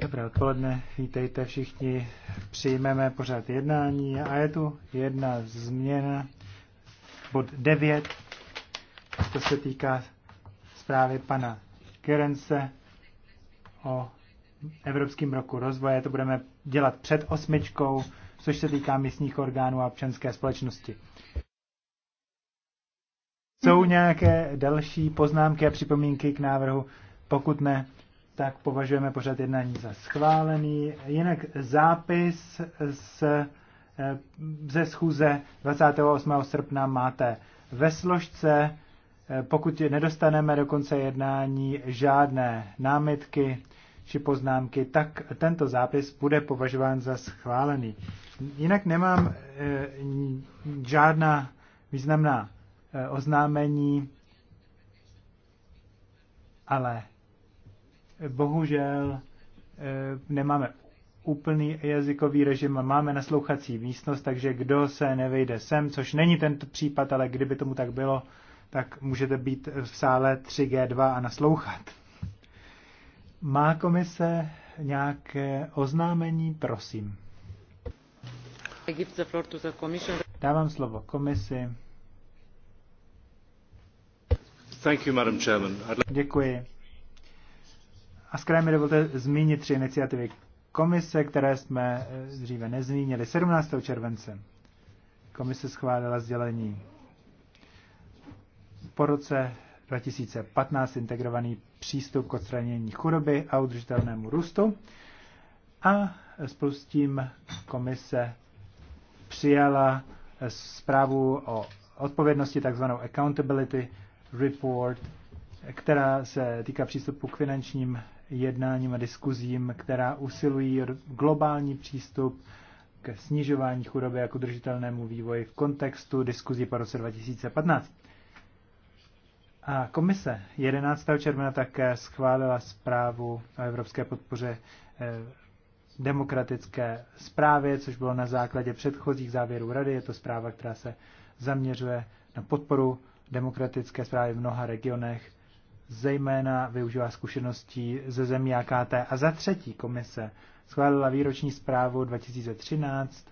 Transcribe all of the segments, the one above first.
Dobré odpoledne, vítejte všichni. Přijmeme pořád jednání a je tu jedna změna, bod 9. To se týká zprávy pana Kerence o Evropském roku rozvoje. To budeme dělat před osmičkou, což se týká místních orgánů a občanské společnosti. Jsou nějaké další poznámky a připomínky k návrhu pokud ne, tak považujeme pořad jednání za schválený. Jinak zápis z, eh, ze schůze 28. srpna máte ve složce. Eh, pokud nedostaneme do konce jednání žádné námitky či poznámky, tak tento zápis bude považován za schválený. Jinak nemám eh, žádná významná oznámení, ale Bohužel eh, nemáme úplný jazykový režim máme naslouchací místnost, takže kdo se nevejde sem, což není tento případ, ale kdyby tomu tak bylo, tak můžete být v sále 3G2 a naslouchat. Má komise nějaké oznámení? Prosím. Dávám slovo komisi. Děkuji. A zkrátka mi dovolte zmínit tři iniciativy komise, které jsme eh, dříve nezmínili. 17. července komise schválila sdělení po roce 2015 integrovaný přístup k odstranění chudoby a udržitelnému růstu. A spolu s tím komise přijala eh, zprávu o odpovědnosti, takzvanou accountability report, eh, která se týká přístupu k finančním jednáním a diskuzím, která usilují globální přístup ke snižování chudoby a jako k udržitelnému vývoji v kontextu diskuzí po roce 2015. A komise 11. června také schválila zprávu o evropské podpoře eh, demokratické zprávy, což bylo na základě předchozích závěrů rady. Je to zpráva, která se zaměřuje na podporu demokratické zprávy v mnoha regionech zejména využívá zkušeností ze zemí AKT. A za třetí komise schválila výroční zprávu 2013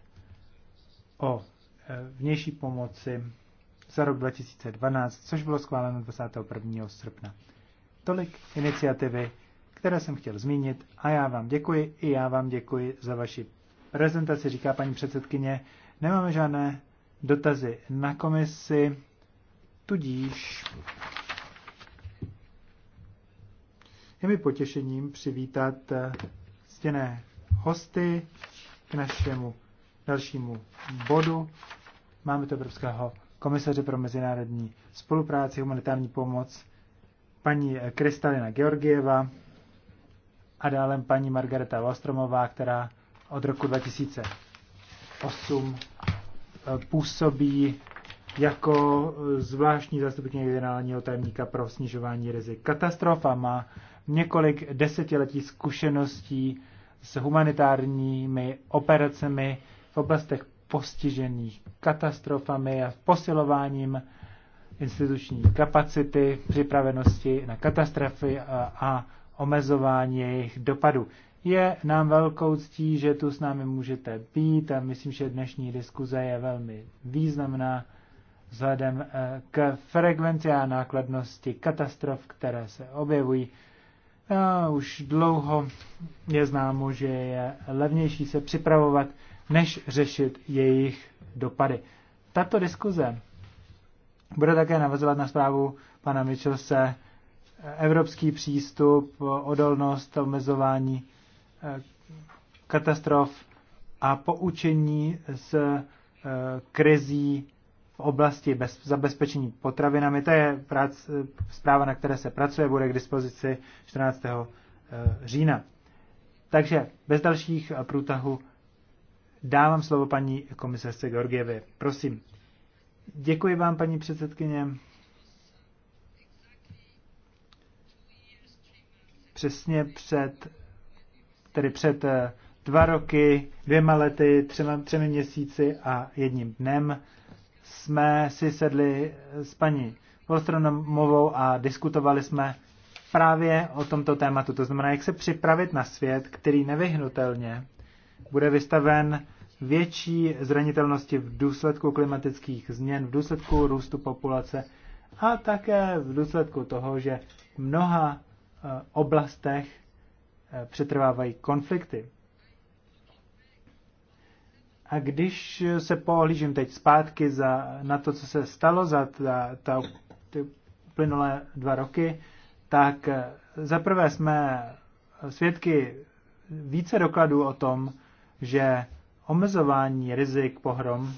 o e, vnější pomoci za rok 2012, což bylo schváleno 21. srpna. Tolik iniciativy, které jsem chtěl zmínit a já vám děkuji i já vám děkuji za vaši prezentaci, říká paní předsedkyně. Nemáme žádné dotazy na komisi, tudíž Je mi potěšením přivítat stěné eh, hosty k našemu dalšímu bodu. Máme to Evropského komisaře pro mezinárodní spolupráci, humanitární pomoc, paní eh, Kristalina Georgieva a dále paní Margareta Vostromová, která od roku 2008 eh, působí jako zvláštní zástupkyně generálního tajemníka pro snižování rizik katastrof a má několik desetiletí zkušeností s humanitárními operacemi v oblastech postižených katastrofami a posilováním instituční kapacity, připravenosti na katastrofy a, a omezování jejich dopadu. Je nám velkou ctí, že tu s námi můžete být a myslím, že dnešní diskuze je velmi významná vzhledem eh, k frekvenci a nákladnosti katastrof, které se objevují a už dlouho je známo, že je levnější se připravovat, než řešit jejich dopady. Tato diskuze bude také navazovat na zprávu pana Michelse evropský přístup, odolnost, omezování eh, katastrof a poučení z eh, krizí v oblasti bez, zabezpečení potravinami. To je prác, zpráva, na které se pracuje, bude k dispozici 14. Eh, října. Takže bez dalších eh, průtahů dávám slovo paní komisařce Georgievy. Prosím. Děkuji vám, paní předsedkyně. Přesně před, tedy před eh, dva roky, dvěma lety, třema, třemi měsíci a jedním dnem jsme si sedli s paní Volstronomovou a diskutovali jsme právě o tomto tématu. To znamená, jak se připravit na svět, který nevyhnutelně bude vystaven větší zranitelnosti v důsledku klimatických změn, v důsledku růstu populace a také v důsledku toho, že v mnoha eh, oblastech eh, přetrvávají konflikty. A když se pohlížím teď zpátky za, na to, co se stalo za ta, ta, ty plynulé dva roky, tak eh, zaprvé jsme svědky více dokladů o tom, že omezování rizik pohrom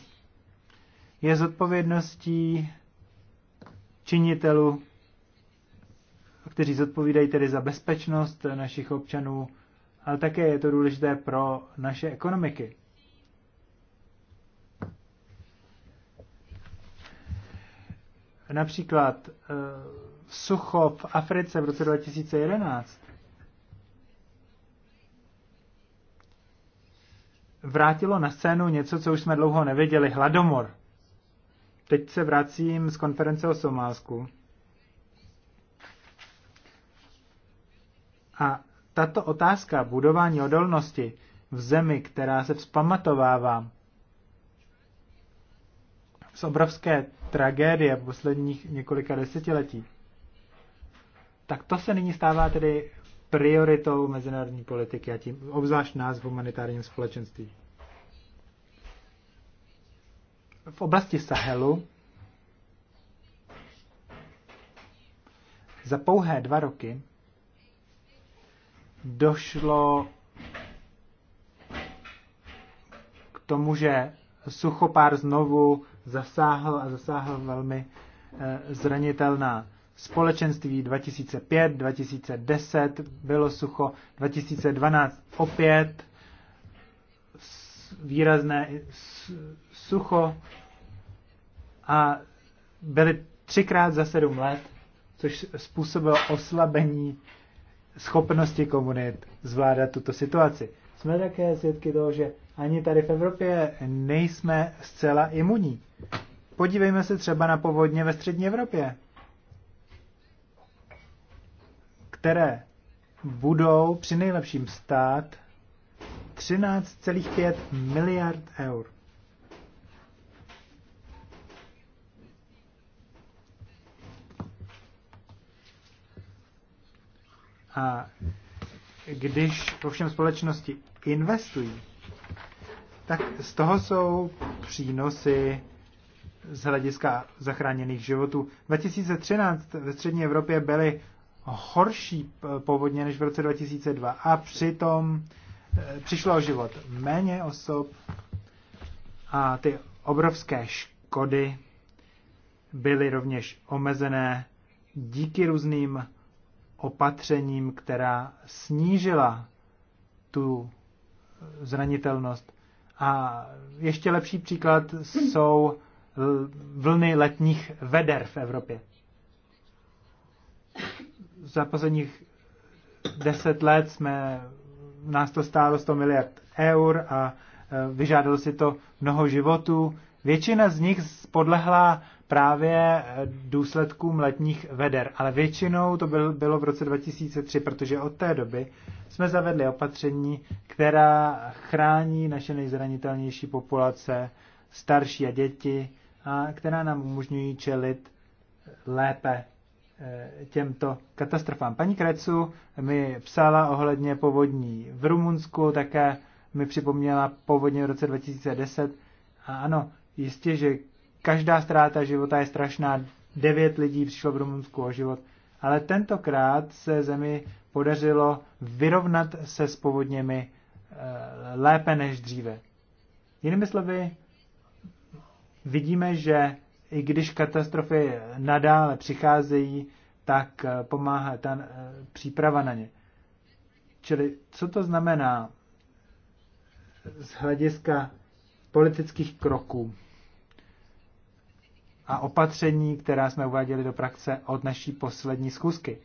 je zodpovědností činitelů, kteří zodpovídají tedy za bezpečnost našich občanů, ale také je to důležité pro naše ekonomiky. Například eh, sucho v Africe v roce 2011 vrátilo na scénu něco, co už jsme dlouho neviděli, hladomor. Teď se vracím z konference o Somálsku. A tato otázka budování odolnosti v zemi, která se vzpamatovává z obrovské tragédie posledních několika desetiletí, tak to se nyní stává tedy prioritou mezinárodní politiky a tím obzvlášť nás v humanitárním společenství. V oblasti Sahelu za pouhé dva roky došlo k tomu, že suchopár znovu zasáhl a zasáhl velmi eh, zranitelná společenství 2005, 2010 bylo sucho, 2012 opět výrazné sucho a byly třikrát za sedm let, což způsobilo oslabení schopnosti komunit zvládat tuto situaci jsme také svědky toho, že ani tady v Evropě nejsme zcela imunní. Podívejme se třeba na povodně ve střední Evropě, které budou při nejlepším stát 13,5 miliard eur. A když ovšem společnosti investují, tak z toho jsou přínosy z hlediska zachráněných životů. V 2013 ve střední Evropě byly horší povodně než v roce 2002 a přitom e, přišlo o život méně osob a ty obrovské škody byly rovněž omezené díky různým opatřením, která snížila tu zranitelnost. A ještě lepší příklad jsou vlny letních veder v Evropě. Za posledních deset let jsme, nás to stálo 100 miliard eur a e, vyžádalo si to mnoho životů. Většina z nich podlehla právě důsledkům letních veder. Ale většinou to bylo v roce 2003, protože od té doby jsme zavedli opatření, která chrání naše nejzranitelnější populace, starší a děti, a která nám umožňují čelit lépe e, těmto katastrofám. Paní Krecu mi psala ohledně povodní v Rumunsku, také mi připomněla povodně v roce 2010. A ano, jistě, že Každá ztráta života je strašná. Devět lidí přišlo v Rumunsku o život. Ale tentokrát se zemi podařilo vyrovnat se s povodněmi eh, lépe než dříve. Jinými slovy, vidíme, že i když katastrofy nadále přicházejí, tak eh, pomáhá ta eh, příprava na ně. Čili co to znamená z hlediska politických kroků? a opatření, která jsme uváděli do praxe od naší poslední zkusky.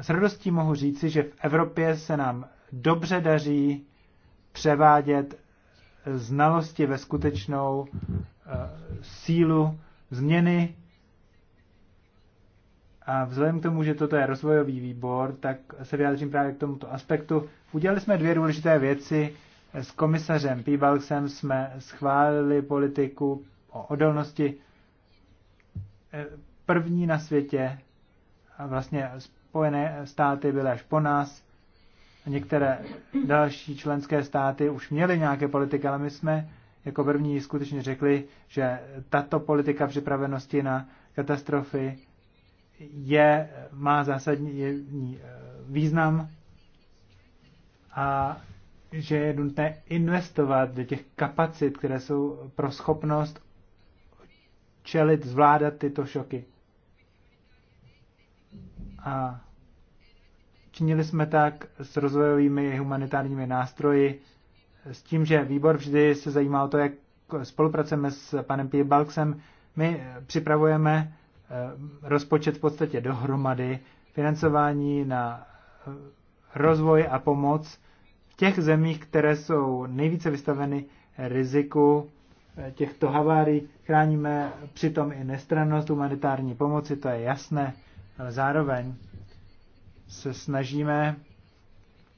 S radostí mohu říci, že v Evropě se nám dobře daří převádět znalosti ve skutečnou eh, sílu změny. A vzhledem k tomu, že toto je rozvojový výbor, tak se vyjádřím právě k tomuto aspektu. Udělali jsme dvě důležité věci. S komisařem Pibalksem jsme schválili politiku o odolnosti eh, první na světě a vlastně Spojené státy byly až po nás. A některé další členské státy už měly nějaké politiky, ale my jsme jako první skutečně řekli, že tato politika připravenosti na katastrofy je, má zásadní eh, význam a že je nutné investovat do těch kapacit, které jsou pro schopnost čelit, zvládat tyto šoky. A činili jsme tak s rozvojovými humanitárními nástroji, s tím, že výbor vždy se zajímá o to, jak spolupracujeme s panem P. Balksem. My eh, připravujeme eh, rozpočet v podstatě dohromady, financování na eh, rozvoj a pomoc v těch zemích, které jsou nejvíce vystaveny riziku Eh, těchto havárií. Chráníme přitom i nestrannost humanitární pomoci, to je jasné, ale zároveň se snažíme,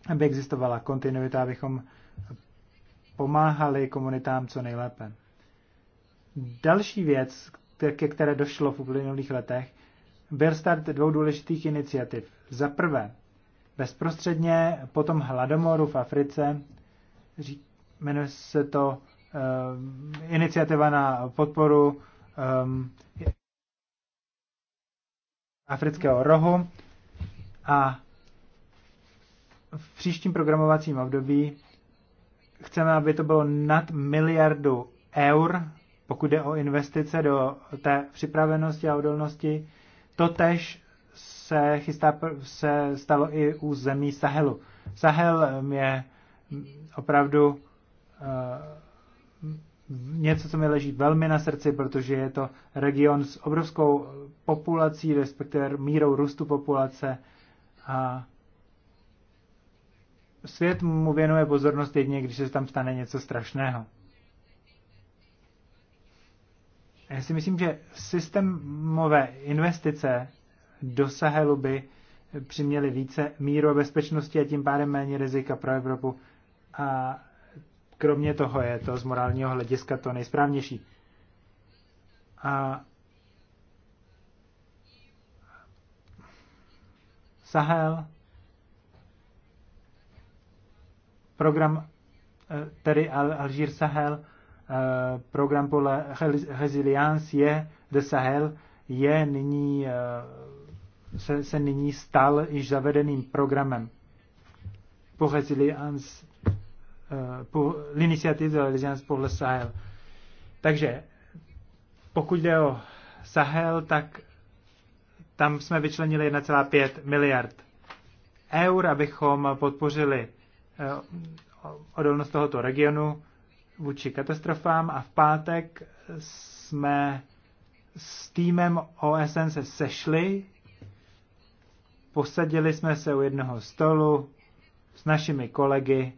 aby existovala kontinuita, abychom pomáhali komunitám co nejlépe. Další věc, ke které došlo v uplynulých letech, byl start dvou důležitých iniciativ. Za prvé, bezprostředně po tom hladomoru v Africe, jmenuje se to Eh, iniciativa na podporu ehm, afrického rohu a v příštím programovacím období chceme, aby to bylo nad miliardu eur, pokud jde o investice do té připravenosti a odolnosti. Totež se, chystá, se stalo i u zemí Sahelu. Sahel ehm, je opravdu eh, něco, co mi leží velmi na srdci, protože je to region s obrovskou populací, respektive mírou růstu populace a svět mu věnuje pozornost jedině, když se tam stane něco strašného. Já si myslím, že systémové investice do Sahelu by přiměly více míru a bezpečnosti a tím pádem méně rizika pro Evropu a kromě toho je to z morálního hlediska to nejsprávnější. A Sahel, program eh, tedy Alžír Sahel, eh, program podle Resilience je de Sahel, je nyní, eh, se, se nyní stal již zavedeným programem. Po Resilience Eh, pour l'initiative de l'Alliance pour le Sahel. Takže pokud jde o Sahel, tak tam jsme vyčlenili 1,5 miliard eur, abychom podpořili eh, odolnost tohoto regionu vůči katastrofám a v pátek jsme s týmem OSN se sešli, posadili jsme se u jednoho stolu s našimi kolegy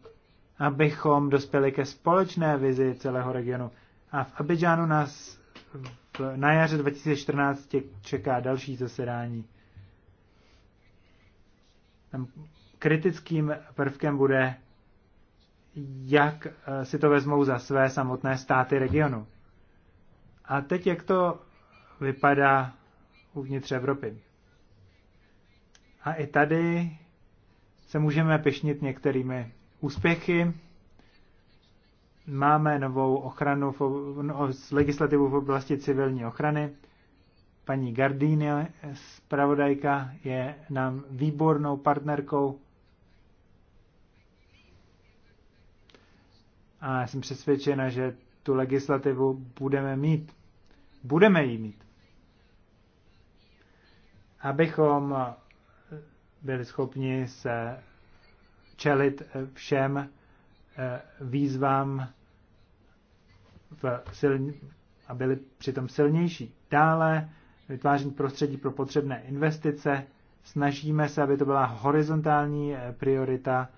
abychom dospěli ke společné vizi celého regionu. A v Abidžánu nás v, na jaře 2014 čeká další zasedání. Tam kritickým prvkem bude, jak eh, si to vezmou za své samotné státy regionu. A teď, jak to vypadá uvnitř Evropy. A i tady se můžeme pišnit některými úspěchy. Máme novou ochranu, no, legislativu v oblasti civilní ochrany. Paní Gardini, zpravodajka, je nám výbornou partnerkou. A já jsem přesvědčena, že tu legislativu budeme mít. Budeme ji mít. Abychom byli schopni se čelit eh, všem eh, výzvám v siln- a byli přitom silnější. Dále vytváření prostředí pro potřebné investice. Snažíme se, aby to byla horizontální eh, priorita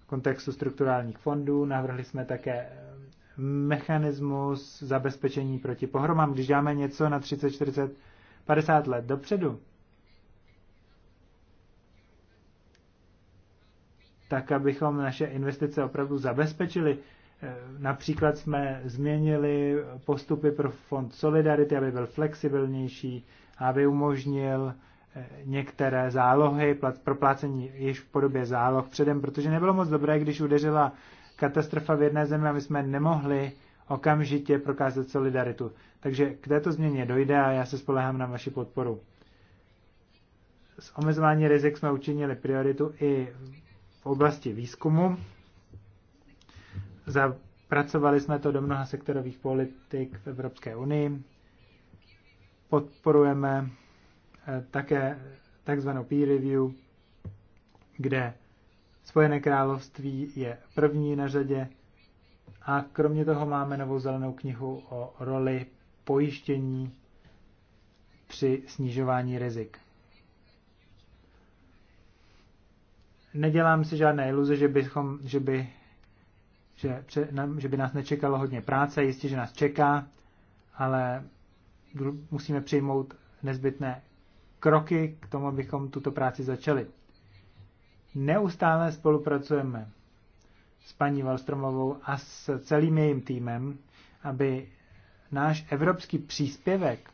v kontextu strukturálních fondů. Navrhli jsme také mechanismus zabezpečení proti pohromám. Když dáme něco na 30, 40, 50 let dopředu, tak abychom naše investice opravdu zabezpečili. Eh, například jsme změnili postupy pro fond Solidarity, aby byl flexibilnější, aby umožnil eh, některé zálohy pro plácení již v podobě záloh předem, protože nebylo moc dobré, když udeřila katastrofa v jedné zemi a my jsme nemohli okamžitě prokázat solidaritu. Takže k této změně dojde a já se spolehám na vaši podporu. Z omezování rizik jsme učinili prioritu i v oblasti výzkumu. Zapracovali jsme to do mnoha sektorových politik v Evropské unii. Podporujeme eh, také takzvanou peer review, kde Spojené království je první na řadě a kromě toho máme novou zelenou knihu o roli pojištění při snižování rizik. nedělám si žádné iluze, že, bychom, že, by, že, že by nás nečekalo hodně práce, jistě, že nás čeká, ale musíme přijmout nezbytné kroky k tomu, abychom tuto práci začali. Neustále spolupracujeme s paní Valstromovou a s celým jejím týmem, aby náš evropský příspěvek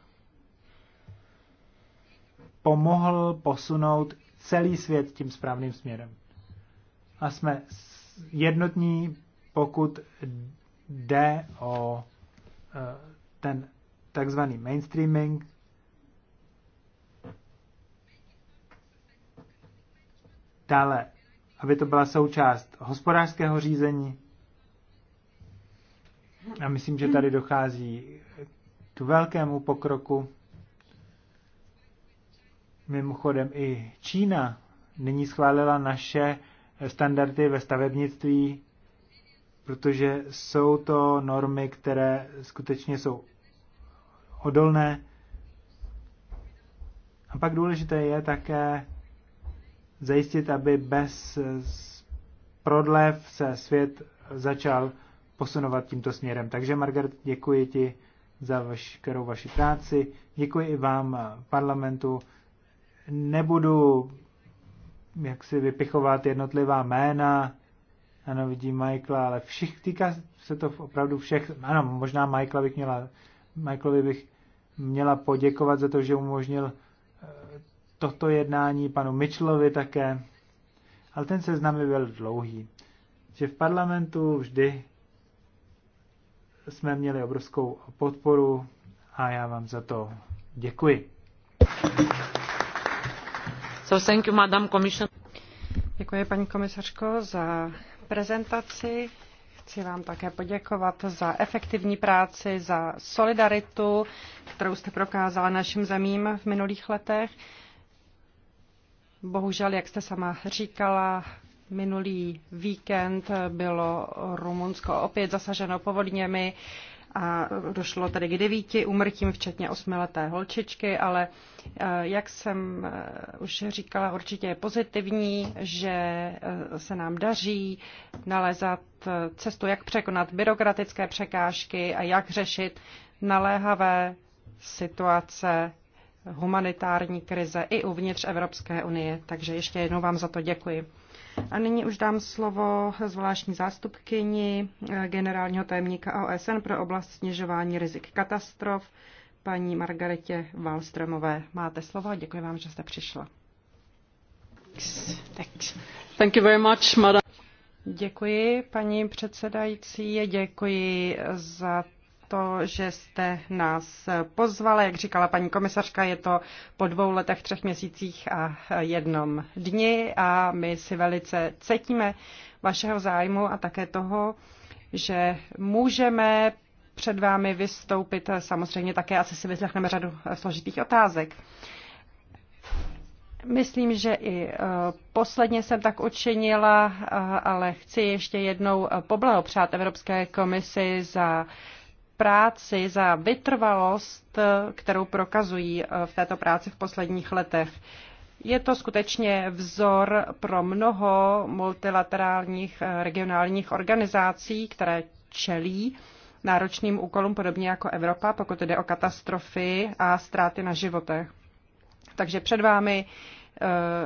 pomohl posunout celý svět tím správným směrem. A jsme jednotní, pokud jde o eh, ten takzvaný mainstreaming, dále, aby to byla součást hospodářského řízení. A myslím, že tady dochází k velkému pokroku. Mimochodem i Čína nyní schválila naše standardy ve stavebnictví, protože jsou to normy, které skutečně jsou odolné. A pak důležité je také zajistit, aby bez prodlev se svět začal posunovat tímto směrem. Takže Margaret, děkuji ti za veškerou vaši práci, děkuji i vám parlamentu nebudu jak si vypichovat jednotlivá jména, ano, vidím Michaela, ale všich, týká se to opravdu všech, ano, možná Michaela bych měla, Michaelovi bych měla poděkovat za to, že umožnil eh, toto jednání panu Mitchellovi také, ale ten seznam by byl dlouhý. Že v parlamentu vždy jsme měli obrovskou podporu a já vám za to děkuji. Madam Děkuji, paní komisařko, za prezentaci. Chci vám také poděkovat za efektivní práci, za solidaritu, kterou jste prokázala našim zemím v minulých letech. Bohužel, jak jste sama říkala, minulý víkend bylo Rumunsko opět zasaženo povodněmi a došlo tedy k devíti umrtím, včetně osmileté holčičky, ale eh, jak jsem eh, už říkala, určitě je pozitivní, že eh, se nám daří nalézat cestu, jak překonat byrokratické překážky a jak řešit naléhavé situace humanitární krize i uvnitř Evropské unie. Takže ještě jednou vám za to děkuji. A nyní už dám slovo zvláštní zástupkyni eh, generálního tajemníka OSN pro oblast snižování rizik katastrof, paní Margaretě Wallströmové. Máte slovo a děkuji vám, že jste přišla. Thank you very much, madam. Děkuji, paní předsedající, děkuji za to, že jste nás pozvala. Jak říkala paní komisařka, je to po dvou letech, třech měsících a jednom dni a my si velice cítíme vašeho zájmu a také toho, že můžeme před vámi vystoupit. Samozřejmě také asi si vyslechneme řadu složitých otázek. Myslím, že i eh, posledně jsem tak učinila, eh, ale chci ještě jednou poblahopřát Evropské komisi za práci, za vytrvalost, eh, kterou prokazují eh, v této práci v posledních letech. Je to skutečně vzor pro mnoho multilaterálních eh, regionálních organizací, které čelí náročným úkolům, podobně jako Evropa, pokud jde o katastrofy a ztráty na životech. Takže před vámi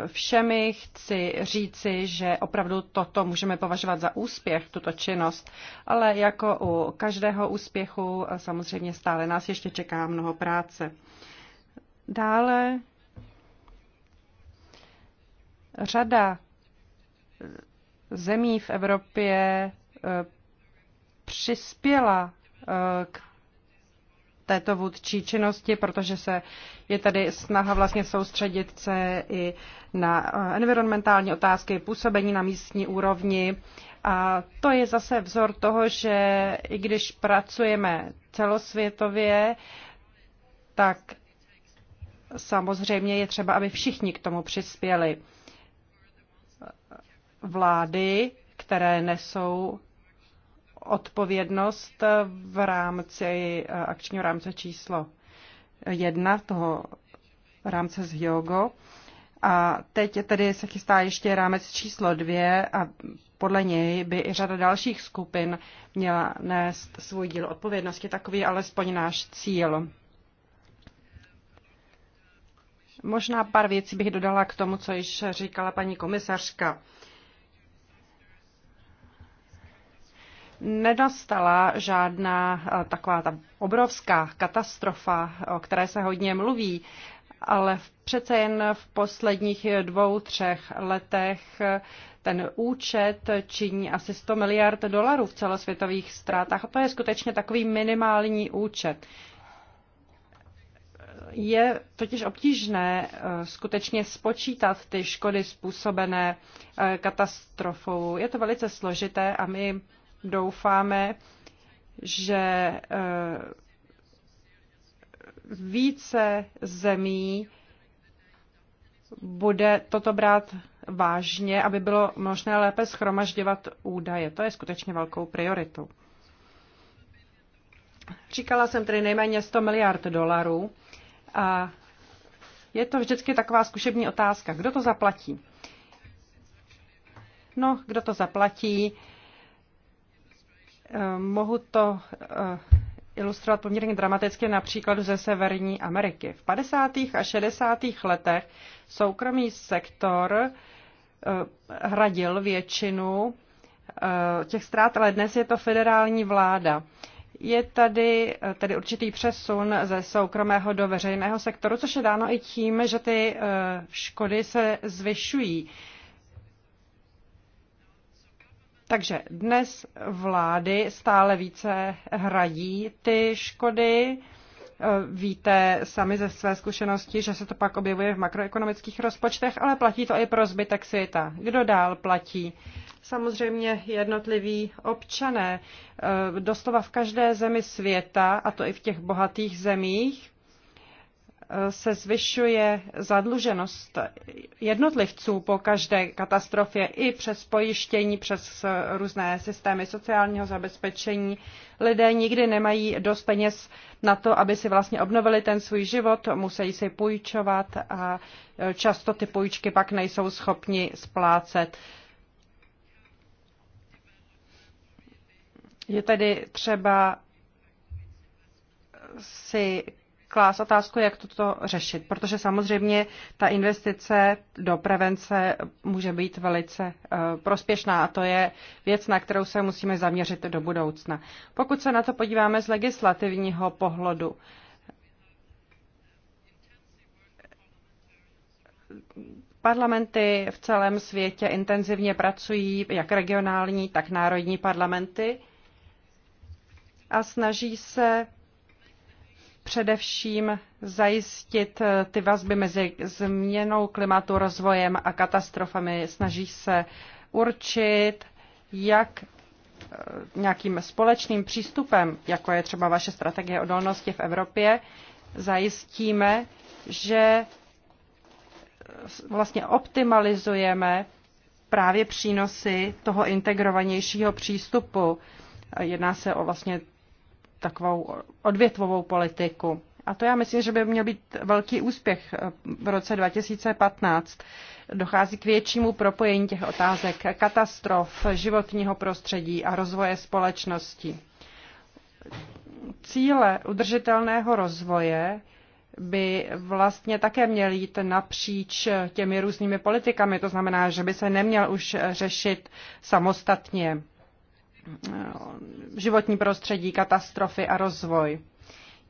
všemi. Chci říci, že opravdu toto můžeme považovat za úspěch, tuto činnost, ale jako u každého úspěchu samozřejmě stále nás ještě čeká mnoho práce. Dále řada zemí v Evropě eh, přispěla eh, k této vůdčí činnosti, protože se je tady snaha vlastně soustředit se i na eh, environmentální otázky, působení na místní úrovni. A to je zase vzor toho, že i když pracujeme celosvětově, tak samozřejmě je třeba, aby všichni k tomu přispěli. Vlády, které nesou odpovědnost v rámci eh, akčního rámce číslo jedna toho rámce z Hyogo. A teď tedy se chystá ještě rámec číslo dvě a podle něj by i řada dalších skupin měla nést svůj díl odpovědnosti. Takový je alespoň náš cíl. Možná pár věcí bych dodala k tomu, co již říkala paní komisařka. nenastala žádná eh, taková ta obrovská katastrofa, o které se hodně mluví, ale přece jen v posledních dvou, třech letech eh, ten účet činí asi 100 miliard dolarů v celosvětových ztrátách. A to je skutečně takový minimální účet. Je totiž obtížné eh, skutečně spočítat ty škody způsobené katastrofou. Je to velice složité a my doufáme, že eh, více zemí bude toto brát vážně, aby bylo možné lépe schromažďovat údaje. To je skutečně velkou prioritou. Říkala jsem tedy nejméně 100 miliard dolarů a je to vždycky taková zkušební otázka. Kdo to zaplatí? No, kdo to zaplatí? Eh, mohu to eh, ilustrovat poměrně dramaticky na příkladu ze Severní Ameriky. V 50. a 60. letech soukromý sektor eh, hradil většinu těch ztrát, ale dnes je to federální vláda. Je tady tedy určitý přesun ze soukromého do veřejného sektoru, což je dáno i tím, že ty škody se zvyšují. Takže dnes vlády stále více hradí ty škody. Eh, víte sami ze své zkušenosti, že se to pak objevuje v makroekonomických rozpočtech, ale platí to i pro zbytek světa. Kdo dál platí? Samozřejmě jednotliví občané. Eh, Doslova v každé zemi světa, a to i v těch bohatých zemích, se zvyšuje zadluženost jednotlivců po každé katastrofě i přes pojištění, přes eh, různé systémy sociálního zabezpečení. Lidé nikdy nemají dost peněz na to, aby si vlastně obnovili ten svůj život, musí si půjčovat a eh, často ty půjčky pak nejsou schopni splácet. Je tedy třeba si klást otázku, jak toto řešit, protože samozřejmě ta investice do prevence může být velice eh, prospěšná a to je věc, na kterou se musíme zaměřit do budoucna. Pokud se na to podíváme z legislativního pohledu, Parlamenty v celém světě intenzivně pracují, jak regionální, tak národní parlamenty, a snaží se především zajistit eh, ty vazby mezi změnou klimatu, rozvojem a katastrofami. Snaží se určit, jak eh, nějakým společným přístupem, jako je třeba vaše strategie odolnosti v Evropě, zajistíme, že eh, vlastně optimalizujeme právě přínosy toho integrovanějšího přístupu. Jedná se o vlastně takovou odvětvovou politiku. A to já myslím, že by měl být velký úspěch v roce 2015. Dochází k většímu propojení těch otázek katastrof, životního prostředí a rozvoje společnosti. Cíle udržitelného rozvoje by vlastně také měl jít napříč těmi různými politikami. To znamená, že by se neměl už řešit samostatně. Eh, životní prostředí, katastrofy a rozvoj.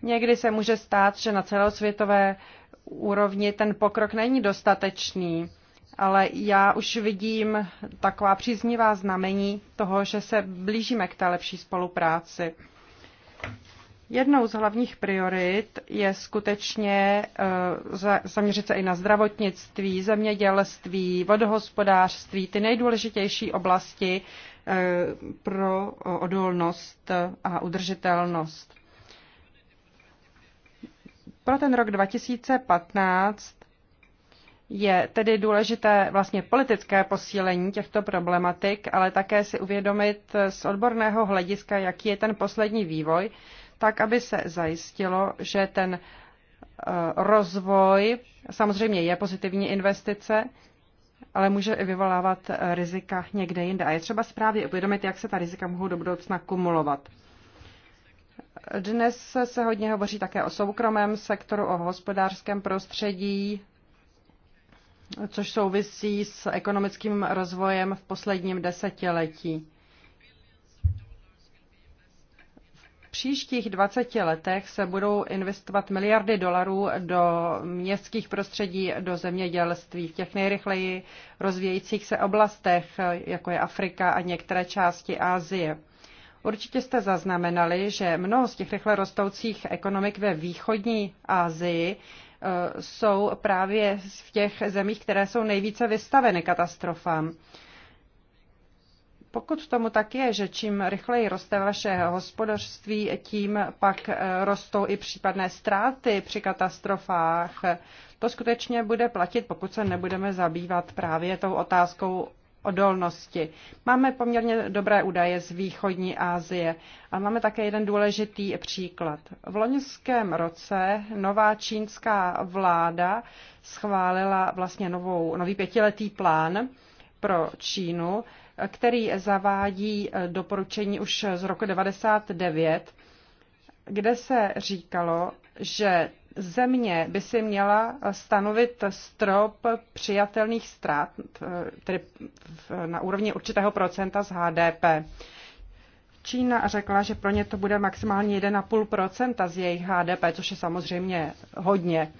Někdy se může stát, že na celosvětové úrovni ten pokrok není dostatečný, ale já už vidím taková příznivá znamení toho, že se blížíme k té lepší spolupráci. Jednou z hlavních priorit je skutečně eh, zaměřit se i na zdravotnictví, zemědělství, vodohospodářství, ty nejdůležitější oblasti, Eh, pro odolnost a udržitelnost. Pro ten rok 2015 je tedy důležité vlastně politické posílení těchto problematik, ale také si uvědomit z odborného hlediska, jaký je ten poslední vývoj, tak aby se zajistilo, že ten eh, rozvoj samozřejmě je pozitivní investice, ale může i vyvolávat eh, rizika někde jinde. A je třeba správně uvědomit, jak se ta rizika mohou do budoucna kumulovat. Dnes se hodně hovoří také o soukromém sektoru, o hospodářském prostředí, což souvisí s ekonomickým rozvojem v posledním desetiletí. příštích 20 letech se budou investovat miliardy dolarů do městských prostředí, do zemědělství v těch nejrychleji rozvíjejících se oblastech, jako je Afrika a některé části Asie. Určitě jste zaznamenali, že mnoho z těch rychle rostoucích ekonomik ve východní Asii eh, jsou právě v těch zemích, které jsou nejvíce vystaveny katastrofám. Pokud tomu tak je, že čím rychleji roste vaše hospodařství, tím pak eh, rostou i případné ztráty při katastrofách. To skutečně bude platit, pokud se nebudeme zabývat právě tou otázkou odolnosti. Máme poměrně dobré údaje z východní Asie a máme také jeden důležitý příklad. V loňském roce nová čínská vláda schválila vlastně novou, nový pětiletý plán pro Čínu, který zavádí eh, doporučení už z roku 99, kde se říkalo, že země by si měla stanovit strop přijatelných ztrát, eh, tedy na úrovni určitého procenta z HDP. Čína řekla, že pro ně to bude maximálně 1,5 z jejich HDP, což je samozřejmě hodně.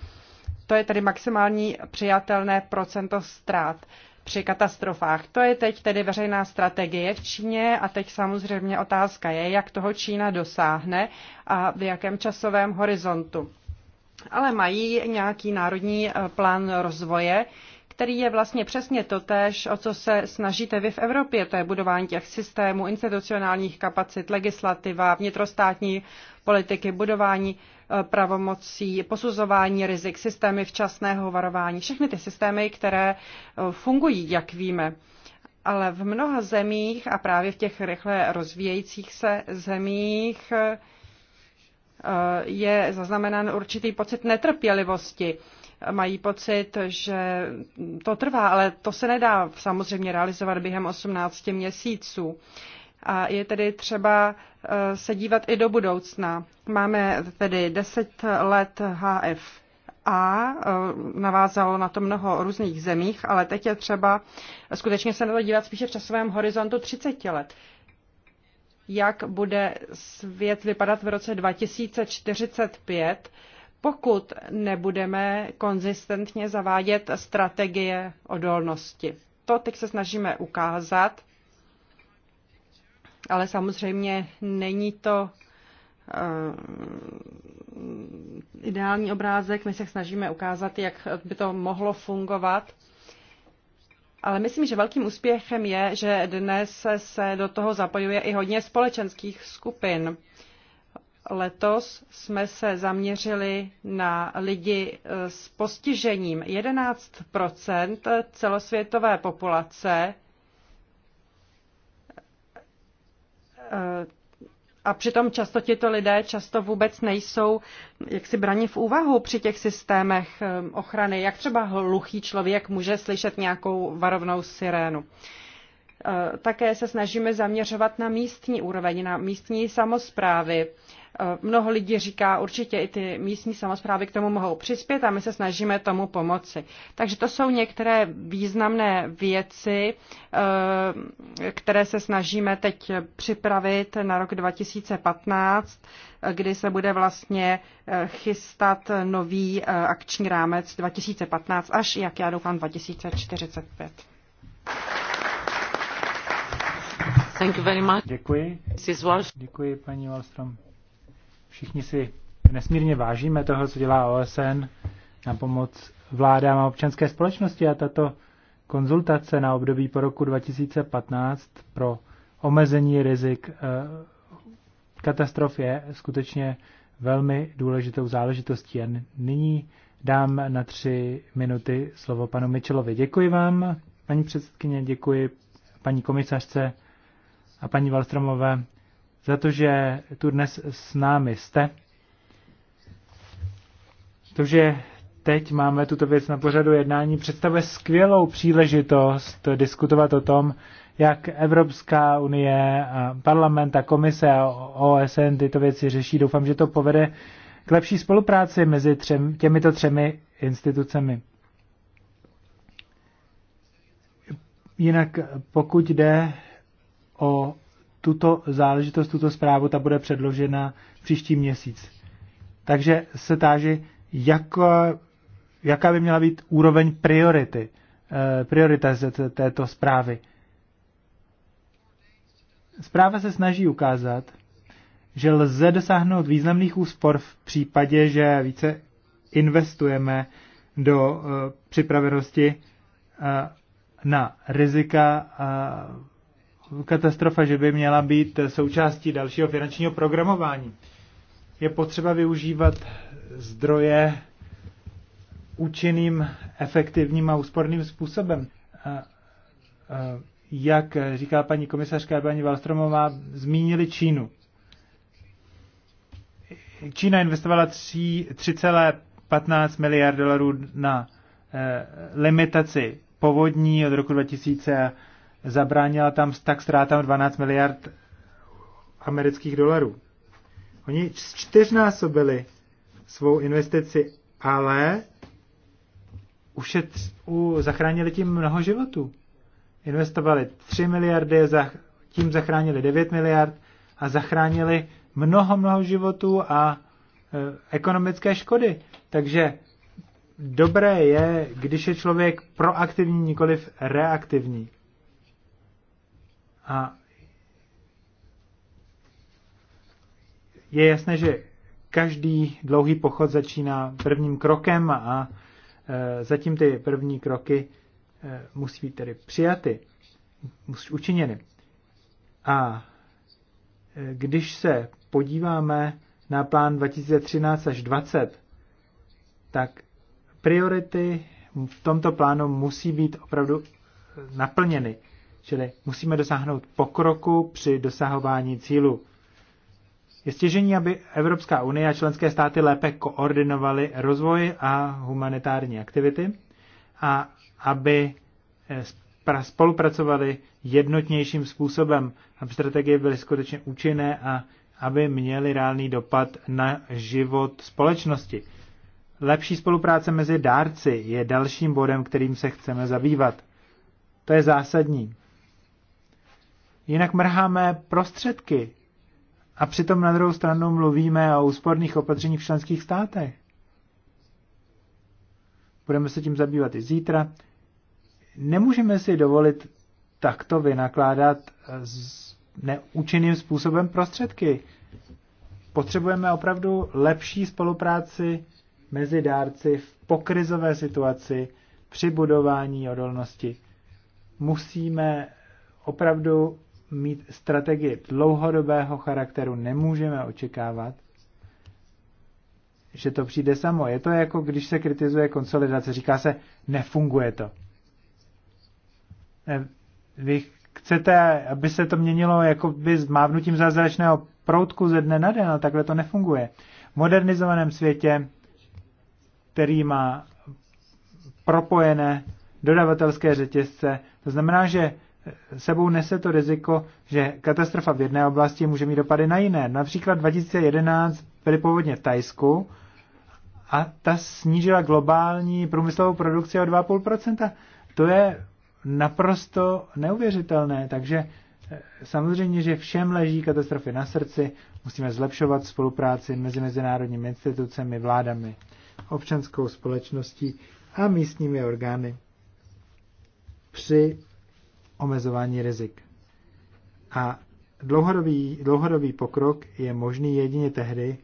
To je tedy maximální přijatelné procento ztrát při katastrofách. To je teď tedy veřejná strategie v Číně a teď samozřejmě otázka je, jak toho Čína dosáhne a v jakém časovém horizontu. Ale mají nějaký národní eh, plán rozvoje, který je vlastně přesně totéž, o co se snažíte vy v Evropě. To je budování těch systémů, institucionálních kapacit, legislativa, vnitrostátní politiky, budování Eh, pravomocí, posuzování rizik, systémy včasného varování, všechny ty systémy, které eh, fungují, jak víme. Ale v mnoha zemích a právě v těch rychle rozvíjejících se zemích eh, je zaznamenán určitý pocit netrpělivosti. Mají pocit, že to trvá, ale to se nedá samozřejmě realizovat během 18 měsíců. A je tedy třeba Eh, se dívat i do budoucna. Máme tedy 10 let HF a eh, navázalo na to mnoho různých zemích, ale teď je třeba skutečně se na to dívat spíše v časovém horizontu 30 let. Jak bude svět vypadat v roce 2045, pokud nebudeme konzistentně zavádět strategie odolnosti. To teď se snažíme ukázat ale samozřejmě není to eh, ideální obrázek. My se snažíme ukázat, jak by to mohlo fungovat. Ale myslím, že velkým úspěchem je, že dnes se do toho zapojuje i hodně společenských skupin. Letos jsme se zaměřili na lidi eh, s postižením. 11 celosvětové populace a přitom často tito lidé často vůbec nejsou jaksi braní v úvahu při těch systémech eh, ochrany. Jak třeba hluchý člověk může slyšet nějakou varovnou sirénu. Uh, Eh, také se snažíme zaměřovat na místní úroveň, na místní samozprávy. Eh, mnoho lidí říká, určitě i ty místní samozprávy k tomu mohou přispět a my se snažíme tomu pomoci. Takže to jsou některé významné věci, eh, které se snažíme teď připravit na rok 2015, kdy se bude vlastně chystat nový akční rámec 2015 až, jak já doufám, 2045. Děkuji. Děkuji, paní Wallström. Všichni si nesmírně vážíme toho, co dělá OSN na pomoc vládám a občanské společnosti a tato konzultace na období po roku 2015 pro omezení rizik eh, katastrof je skutečně velmi důležitou záležitostí. A nyní dám na tři minuty slovo panu Michelovi. Děkuji vám, paní předsedkyně, děkuji paní komisařce a paní Valstromové za to, že tu dnes s námi jste. To, že teď máme tuto věc na pořadu jednání, představuje skvělou příležitost diskutovat o tom, jak Evropská unie, a parlament a komise a OSN tyto věci řeší. Doufám, že to povede k lepší spolupráci mezi třem, těmito třemi institucemi. Jinak pokud jde o tuto záležitost, tuto zprávu, ta bude předložena příští měsíc. Takže se táži, jak, jaká by měla být úroveň priority, eh, prioritizace této zprávy. Zpráva se snaží ukázat, že lze dosáhnout významných úspor v případě, že více investujeme do eh, připravenosti eh, na rizika katastrofa, že by měla být součástí dalšího finančního programování. Je potřeba využívat zdroje účinným, efektivním a úsporným způsobem. A, a, jak říká paní komisařka a paní Valstromová, zmínili Čínu. Čína investovala 3,15 miliard dolarů na eh, limitaci povodní od roku 2000 zabránila tam tak ztrátám 12 miliard amerických dolarů. Oni čtyřnásobili svou investici, ale ušetř, u, zachránili tím mnoho životů. Investovali 3 miliardy, za, tím zachránili 9 miliard a zachránili mnoho, mnoho životů a e, ekonomické škody. Takže dobré je, když je člověk proaktivní, nikoliv reaktivní. A je jasné, že každý dlouhý pochod začíná prvním krokem a e, zatím ty první kroky e, musí být tedy přijaty, musí učiněny. A e, když se podíváme na plán 2013 až 20, tak priority v tomto plánu musí být opravdu naplněny. Čili musíme dosáhnout pokroku při dosahování cílu. Je stěžení, aby Evropská unie a členské státy lépe koordinovaly rozvoj a humanitární aktivity a aby eh, spolupracovali jednotnějším způsobem, aby strategie byly skutečně účinné a aby měly reálný dopad na život společnosti. Lepší spolupráce mezi dárci je dalším bodem, kterým se chceme zabývat. To je zásadní. Jinak mrháme prostředky. A přitom na druhou stranu mluvíme o úsporných opatřeních v členských státech. Budeme se tím zabývat i zítra. Nemůžeme si dovolit takto vynakládat s neúčinným způsobem prostředky. Potřebujeme opravdu lepší spolupráci mezi dárci v pokrizové situaci při budování odolnosti. Musíme opravdu mít strategii dlouhodobého charakteru, nemůžeme očekávat, že to přijde samo. Je to jako, když se kritizuje konsolidace, říká se, nefunguje to. Vy chcete, aby se to měnilo jako by s mávnutím zázračného proutku ze dne na den, ale takhle to nefunguje. V modernizovaném světě, který má propojené dodavatelské řetězce, to znamená, že sebou nese to riziko, že katastrofa v jedné oblasti může mít dopady na jiné. Například 2011 byly povodně v Tajsku a ta snížila globální průmyslovou produkci o 2,5%. To je naprosto neuvěřitelné, takže eh, samozřejmě, že všem leží katastrofy na srdci, musíme zlepšovat spolupráci mezi mezinárodními institucemi, vládami, občanskou společností a místními orgány při omezování rizik. A dlouhodobý, dlouhodobý pokrok je možný jedině tehdy,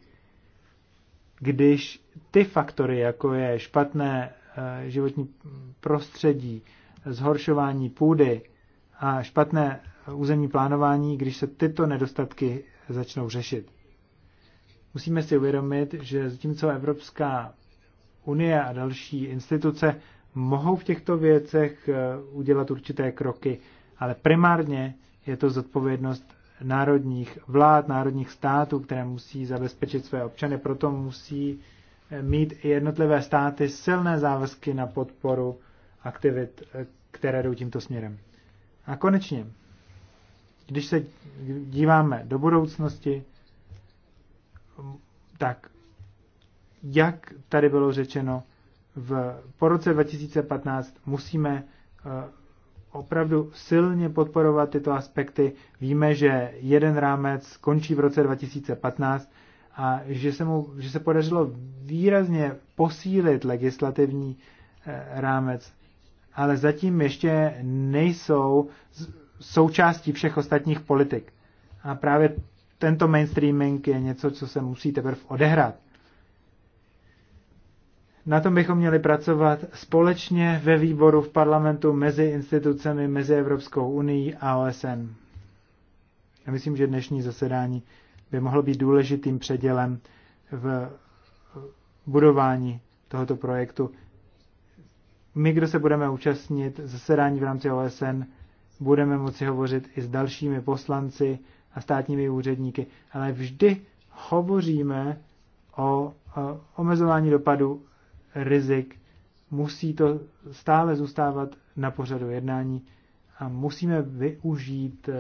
když ty faktory, jako je špatné eh, životní prostředí, zhoršování půdy a špatné eh, územní plánování, když se tyto nedostatky začnou řešit. Musíme si uvědomit, že zatímco Evropská unie a další instituce mohou v těchto věcech eh, udělat určité kroky, ale primárně je to zodpovědnost národních vlád, národních států, které musí zabezpečit své občany, proto musí eh, mít jednotlivé státy silné závazky na podporu aktivit, eh, které jdou tímto směrem. A konečně, když se díváme do budoucnosti, tak jak tady bylo řečeno, v, po roce 2015 musíme eh, opravdu silně podporovat tyto aspekty. Víme, že jeden rámec končí v roce 2015 a že se, mu, že se podařilo výrazně posílit legislativní eh, rámec, ale zatím ještě nejsou součástí všech ostatních politik. A právě tento mainstreaming je něco, co se musí teprve odehrát. Na tom bychom měli pracovat společně ve výboru v parlamentu mezi institucemi, mezi Evropskou unii a OSN. Já myslím, že dnešní zasedání by mohlo být důležitým předělem v budování tohoto projektu. My, kdo se budeme účastnit zasedání v rámci OSN, budeme moci hovořit i s dalšími poslanci a státními úředníky, ale vždy hovoříme o omezování dopadu rizik, musí to stále zůstávat na pořadu jednání a musíme využít eh,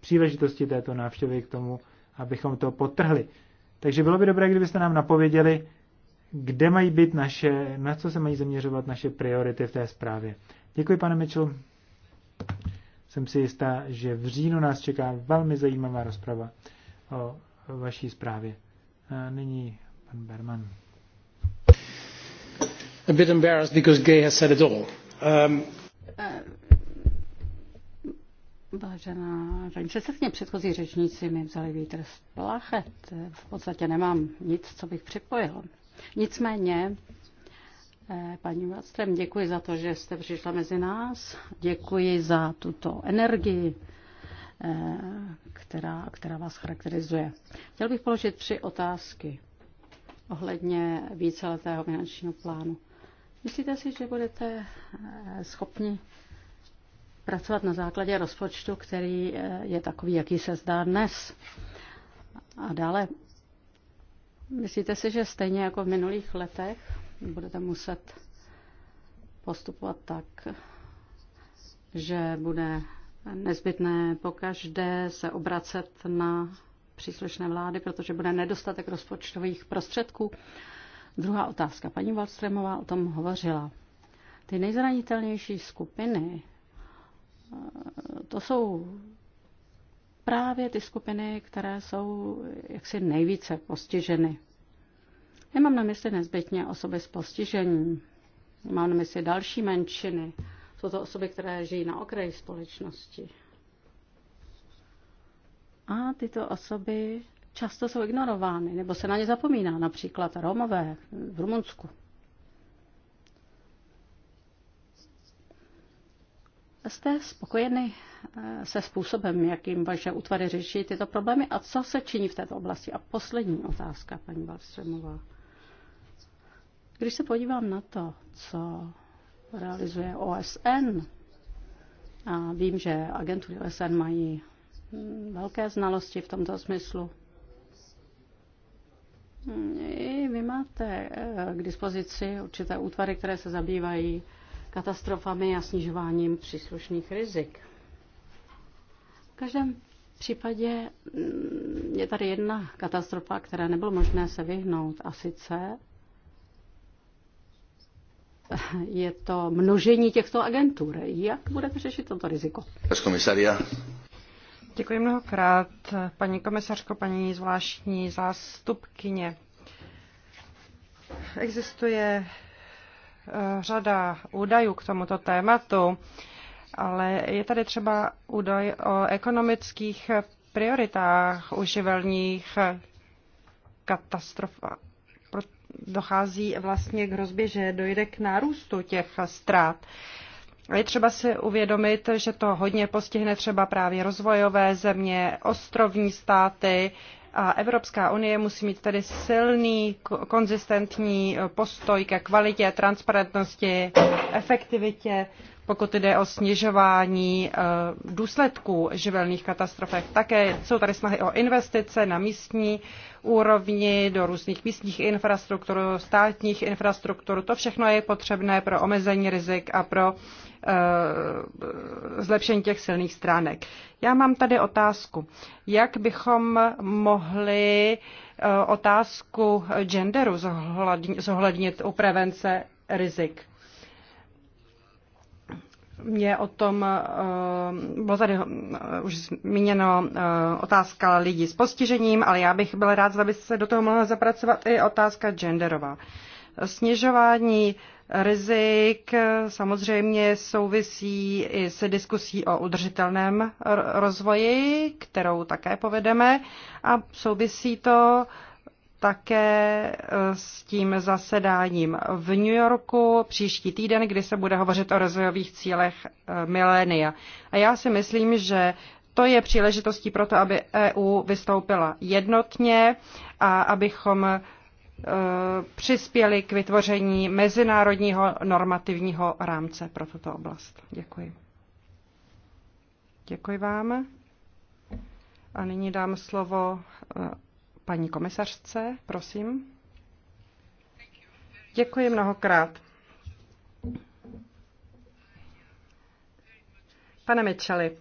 příležitosti této návštěvy k tomu, abychom to potrhli. Takže bylo by dobré, kdybyste nám napověděli, kde mají být naše, na co se mají zaměřovat naše priority v té zprávě. Děkuji, pane Mitchell. Jsem si jistá, že v říjnu nás čeká velmi zajímavá rozprava o vaší zprávě. A nyní pan Berman a bit embarrassed because Gay has said it all. Um, eh, Vážená paní předsedkyně, předchozí řečníci mi vzali vítr z plachet. V podstatě nemám nic, co bych připojil. Nicméně, eh, paní Vlastrem, děkuji za to, že jste přišla mezi nás. Děkuji za tuto energii, eh, která, která vás charakterizuje. Chtěl bych položit tři otázky ohledně víceletého finančního plánu. Myslíte si, že budete eh, schopni pracovat na základě rozpočtu, který eh, je takový, jaký se zdá dnes? A dále, myslíte si, že stejně jako v minulých letech budete muset postupovat tak, že bude nezbytné pokaždé se obracet na příslušné vlády, protože bude nedostatek rozpočtových prostředků? Druhá otázka. Paní Waldstremová, o tom hovořila. Ty nejzranitelnější skupiny, eh, to jsou právě ty skupiny, které jsou jaksi nejvíce postiženy. Nemám na mysli nezbytně osoby s postižením, mám na mysli další menšiny. Jsou to osoby, které žijí na okraji společnosti. A tyto osoby často jsou ignorovány nebo se na ně zapomíná, například Romové v Rumunsku. Jste spokojeny eh, se způsobem, jakým vaše útvary řeší tyto problémy a co se činí v této oblasti? A poslední otázka, paní Valstřemová. Když se podívám na to, co realizuje OSN, a vím, že agentury OSN mají hm, velké znalosti v tomto smyslu, vy máte eh, k dispozici určité útvary, které se zabývají katastrofami a snižováním příslušných rizik. V každém případě mm, je tady jedna katastrofa, které nebylo možné se vyhnout, a sice je to množení těchto agentur. Jak budete řešit toto riziko? Děkuji mnohokrát, paní komisařko, paní zvláštní zástupkyně. Existuje eh, řada údajů k tomuto tématu, ale je tady třeba údaj o ekonomických prioritách uživelních živelních katastrof. Dochází vlastně k hrozbě, že dojde k nárůstu těch ztrát je třeba si uvědomit, že to hodně postihne třeba právě rozvojové země, ostrovní státy a Evropská unie musí mít tedy silný, konzistentní postoj ke kvalitě, transparentnosti, efektivitě, pokud jde o snižování eh, důsledků živelných katastrofek. Také jsou tady snahy o investice na místní úrovni, do různých místních infrastruktur, státních infrastruktur. To všechno je potřebné pro omezení rizik a pro eh, zlepšení těch silných stránek. Já mám tady otázku. Jak bychom mohli eh, otázku genderu zohlednit u prevence rizik? mě o tom, eh, bylo tady eh, už zmíněno eh, otázka lidí s postižením, ale já bych byl rád, aby se do toho mohla zapracovat i otázka genderová. Snižování rizik samozřejmě souvisí i se diskusí o udržitelném rozvoji, kterou také povedeme a souvisí to také eh, s tím zasedáním v New Yorku příští týden, kdy se bude hovořit o rozvojových cílech eh, milénia. A já si myslím, že to je příležitostí pro to, aby EU vystoupila jednotně a abychom eh, přispěli k vytvoření mezinárodního normativního rámce pro tuto oblast. Děkuji. Děkuji vám. A nyní dám slovo paní komisařce, prosím. Děkuji mnohokrát. Pane Mitchelli,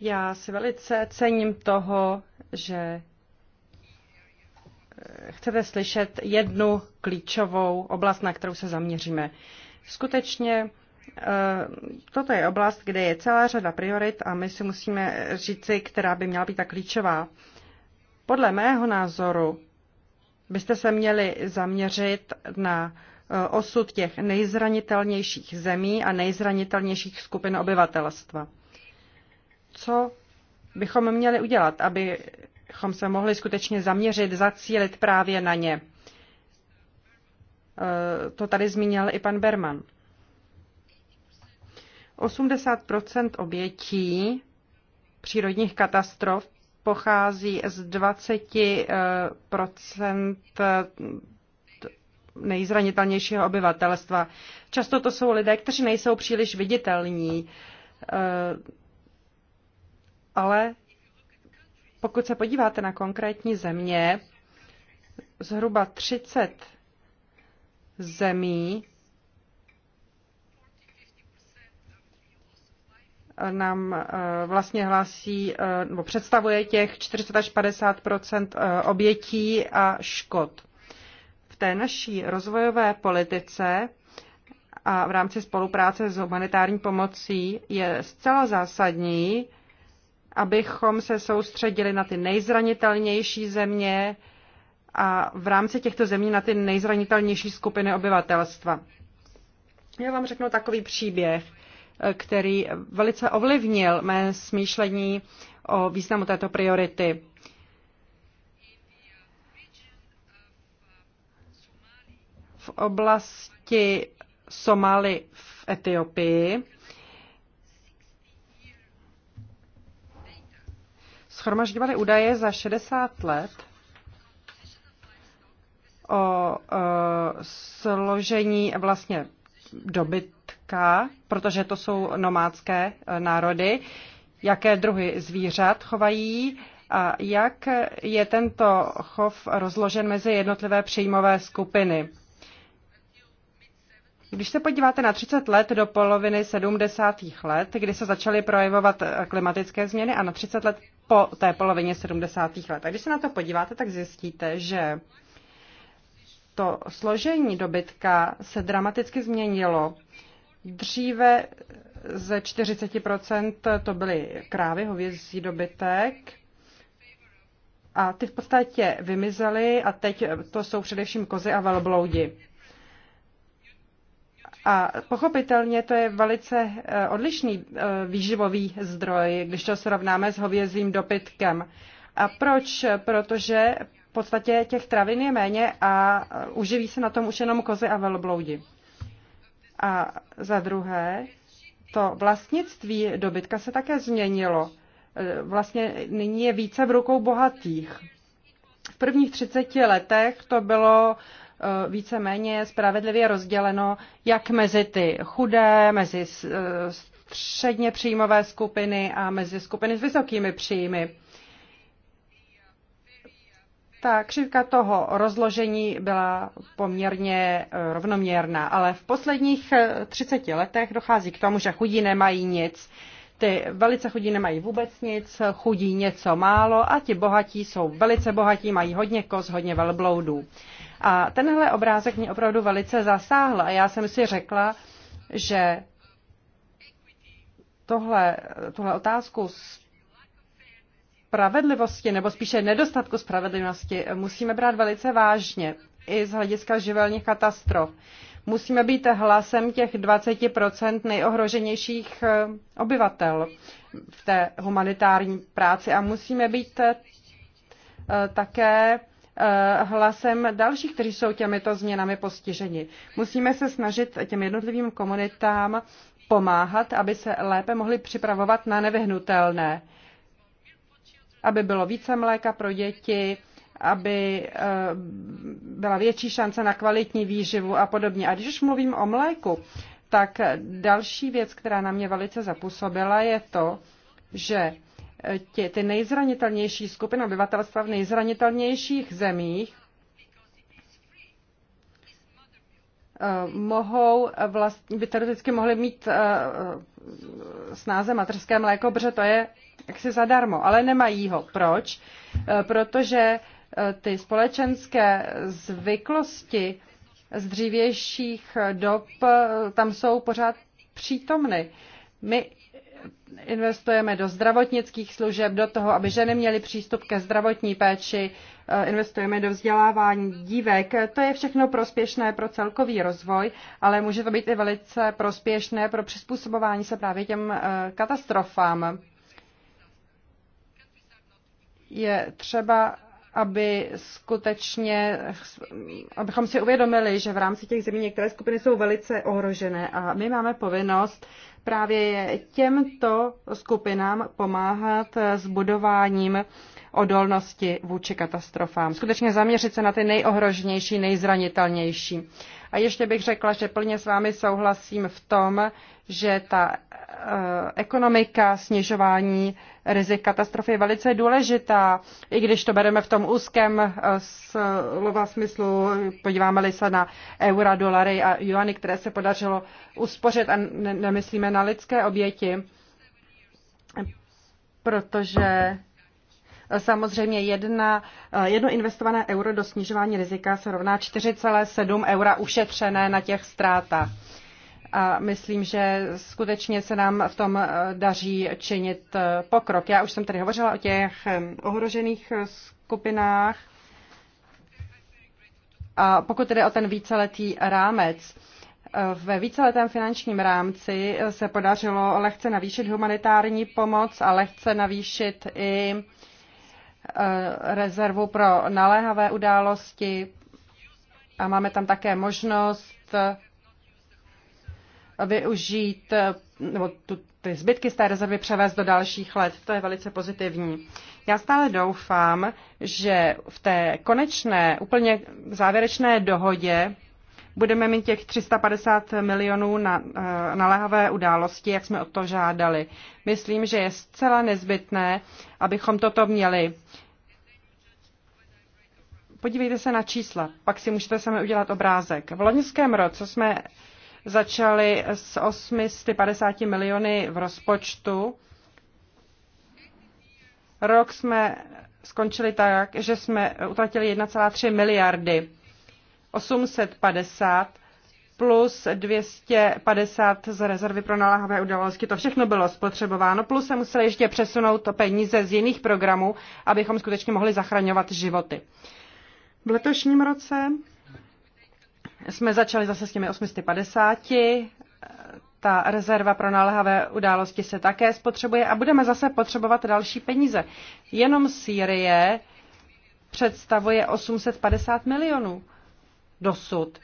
já si velice cením toho, že eh, chcete slyšet jednu klíčovou oblast, na kterou se zaměříme. Skutečně eh, toto je oblast, kde je celá řada priorit a my si musíme říci, která by měla být ta klíčová. Podle mého názoru byste se měli zaměřit na eh, osud těch nejzranitelnějších zemí a nejzranitelnějších skupin obyvatelstva. Co bychom měli udělat, abychom se mohli skutečně zaměřit, zacílit právě na ně? Eh, to tady zmínil i pan Berman. 80 obětí přírodních katastrof pochází z 20 eh, eh, nejzranitelnějšího obyvatelstva. Často to jsou lidé, kteří nejsou příliš viditelní, eh, ale pokud se podíváte na konkrétní země, zhruba 30 zemí nám eh, vlastně hlásí, eh, nebo představuje těch 40 až 50 eh, obětí a škod. V té naší rozvojové politice a v rámci spolupráce s humanitární pomocí je zcela zásadní, abychom se soustředili na ty nejzranitelnější země a v rámci těchto zemí na ty nejzranitelnější skupiny obyvatelstva. Já vám řeknu takový příběh který velice ovlivnil mé smýšlení o významu této priority. V oblasti Somali v Etiopii schromažďovali údaje za 60 let o e, složení vlastně dobyt jaká, protože to jsou nomádské e, národy, jaké druhy zvířat chovají a jak je tento chov rozložen mezi jednotlivé příjmové skupiny. Když se podíváte na 30 let do poloviny 70. let, kdy se začaly projevovat e, klimatické změny a na 30 let po té polovině 70. let. A když se na to podíváte, tak zjistíte, že to složení dobytka se dramaticky změnilo. Dříve ze 40% to byly krávy, hovězí dobytek. A ty v podstatě vymizely a teď to jsou především kozy a velbloudi. A pochopitelně to je velice eh, odlišný eh, výživový zdroj, když to srovnáme s hovězím dopytkem. A proč? Protože v podstatě těch travin je méně a eh, uživí se na tom už jenom kozy a velbloudi. A za druhé, to vlastnictví dobytka se také změnilo. E, vlastně nyní je více v rukou bohatých. V prvních 30 letech to bylo e, víceméně spravedlivě rozděleno jak mezi ty chudé, mezi e, středně příjmové skupiny a mezi skupiny s vysokými příjmy ta křivka toho rozložení byla poměrně eh, rovnoměrná, ale v posledních 30 eh, letech dochází k tomu, že chudí nemají nic. Ty velice chudí nemají vůbec nic, chudí něco málo a ti bohatí jsou velice bohatí, mají hodně kos, hodně velbloudů. A tenhle obrázek mě opravdu velice zasáhl a já jsem si řekla, že tohle, tuhle otázku s spravedlivosti, nebo spíše nedostatku spravedlivosti, musíme brát velice vážně i z hlediska živelních katastrof. Musíme být hlasem těch 20 nejohroženějších eh, obyvatel v té humanitární práci a musíme být eh, také eh, hlasem dalších, kteří jsou těmito změnami postiženi. Musíme se snažit těm jednotlivým komunitám pomáhat, aby se lépe mohli připravovat na nevyhnutelné aby bylo více mléka pro děti, aby eh, byla větší šance na kvalitní výživu a podobně. A když už mluvím o mléku, tak další věc, která na mě velice zapůsobila, je to, že eh, ty nejzranitelnější skupiny obyvatelstva v nejzranitelnějších zemích Eh, mohou vlastně, by teoreticky mohli mít eh, eh, snáze materské mléko, protože to je jaksi zadarmo, ale nemají ho. Proč? Protože ty společenské zvyklosti z dřívějších dob tam jsou pořád přítomny. My investujeme do zdravotnických služeb, do toho, aby ženy měly přístup ke zdravotní péči, eh, investujeme do vzdělávání dívek. To je všechno prospěšné pro celkový rozvoj, ale může to být i velice prospěšné pro přizpůsobování se právě těm eh, katastrofám. Je třeba aby skutečně, abychom si uvědomili, že v rámci těch zemí některé skupiny jsou velice ohrožené a my máme povinnost právě těmto skupinám pomáhat s budováním odolnosti vůči katastrofám. Skutečně zaměřit se na ty nejohrožnější, nejzranitelnější. A ještě bych řekla, že plně s vámi souhlasím v tom, že ta eh, ekonomika snižování rizik katastrofy je velice důležitá, i když to bereme v tom úzkém eh, slova smyslu, podíváme-li se na eura, dolary a juany, které se podařilo uspořit a nemyslíme na lidské oběti, protože Samozřejmě jedna, eh, jedno investované euro do snižování rizika se rovná 4,7 eura ušetřené na těch ztrátách. A myslím, že skutečně se nám v tom eh, daří činit eh, pokrok. Já už jsem tady hovořila o těch ohrožených skupinách. A pokud jde o ten víceletý rámec, ve víceletém finančním rámci se podařilo lehce navýšit humanitární pomoc a lehce navýšit i Eh, rezervu pro naléhavé události a máme tam také možnost eh, využít eh, nebo tu, ty zbytky z té rezervy převést do dalších let. To je velice pozitivní. Já stále doufám, že v té konečné, úplně závěrečné dohodě budeme mít těch 350 milionů na eh, naléhavé události, jak jsme o to žádali. Myslím, že je zcela nezbytné, abychom toto měli. Podívejte se na čísla, pak si můžete sami udělat obrázek. V loňském roce jsme začali s 850 miliony v rozpočtu. Rok jsme skončili tak, že jsme utratili 1,3 miliardy. 850 plus 250 z rezervy pro naléhavé události. To všechno bylo spotřebováno, plus se museli ještě přesunout peníze z jiných programů, abychom skutečně mohli zachraňovat životy. V letošním roce jsme začali zase s těmi 850. Ta rezerva pro naléhavé události se také spotřebuje a budeme zase potřebovat další peníze. Jenom Sýrie představuje 850 milionů dosud.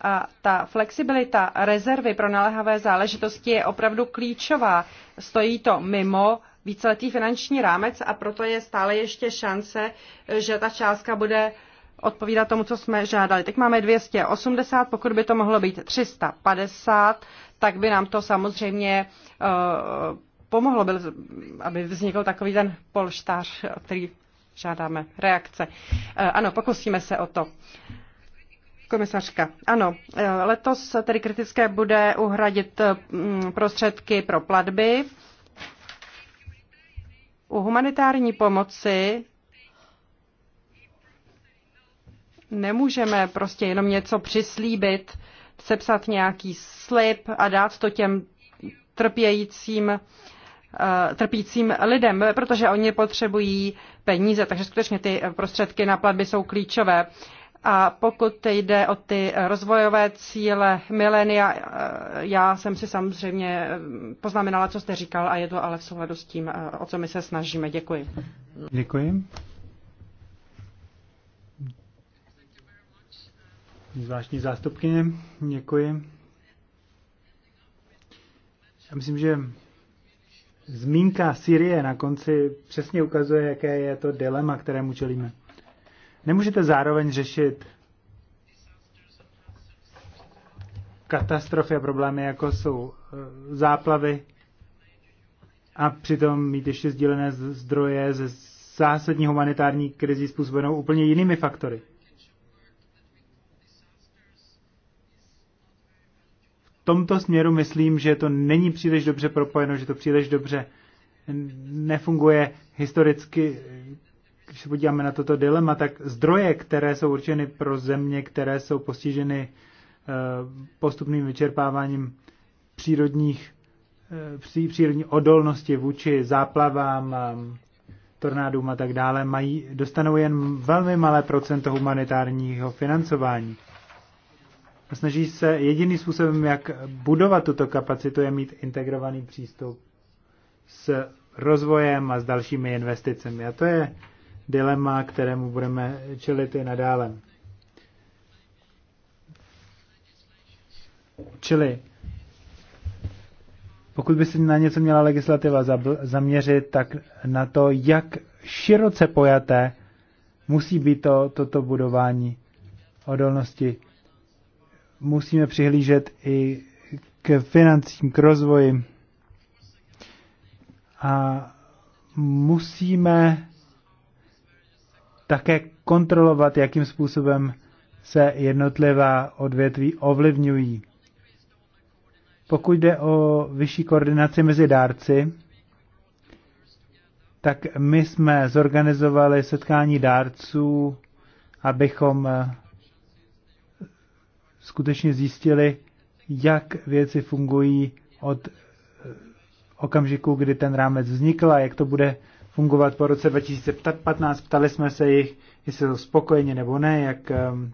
A ta flexibilita rezervy pro naléhavé záležitosti je opravdu klíčová. Stojí to mimo víceletý finanční rámec a proto je stále ještě šance, že ta částka bude odpovídat tomu, co jsme žádali. Teď máme 280, pokud by to mohlo být 350, tak by nám to samozřejmě uh, pomohlo, aby vznikl takový ten polštář, který žádáme reakce. Eh, ano, pokusíme se o to. Komisařka, ano, eh, letos tedy kritické bude uhradit mm, prostředky pro platby. U humanitární pomoci nemůžeme prostě jenom něco přislíbit, sepsat nějaký slib a dát to těm trpějícím Eh, trpícím lidem, protože oni potřebují peníze, takže skutečně ty prostředky na platby jsou klíčové. A pokud jde o ty rozvojové cíle milénia, eh, já jsem si samozřejmě poznamenala, co jste říkal a je to ale v souhledu s tím, eh, o co my se snažíme. Děkuji. Děkuji. Zvláštní zástupkyně, děkuji. Já myslím, že zmínka Syrie na konci přesně ukazuje, jaké je to dilema, kterému čelíme. Nemůžete zároveň řešit katastrofy a problémy, jako jsou eh, záplavy, a přitom mít ještě sdílené zdroje ze zásadní humanitární krizi způsobenou úplně jinými faktory. tomto směru myslím, že to není příliš dobře propojeno, že to příliš dobře nefunguje historicky. Když se podíváme na toto dilema, tak zdroje, které jsou určeny pro země, které jsou postiženy eh, postupným vyčerpáváním přírodních, eh, přírodní odolnosti vůči záplavám, eh, tornádům a tak dále, mají, dostanou jen velmi malé procento humanitárního financování. A snaží se jediný způsobem, jak budovat tuto kapacitu, je mít integrovaný přístup s rozvojem a s dalšími investicemi. A to je dilema, kterému budeme čelit i nadále. Čili pokud by se na něco měla legislativa zaměřit, tak na to, jak široce pojaté musí být to, toto budování odolnosti musíme přihlížet i k financím, k rozvoji. A musíme také kontrolovat, jakým způsobem se jednotlivá odvětví ovlivňují. Pokud jde o vyšší koordinaci mezi dárci, tak my jsme zorganizovali setkání dárců, abychom skutečně zjistili, jak věci fungují od eh, okamžiku, kdy ten rámec vznikl a jak to bude fungovat po roce 2015. Ptali jsme se jich, jestli jsou spokojeni nebo ne, jak ehm,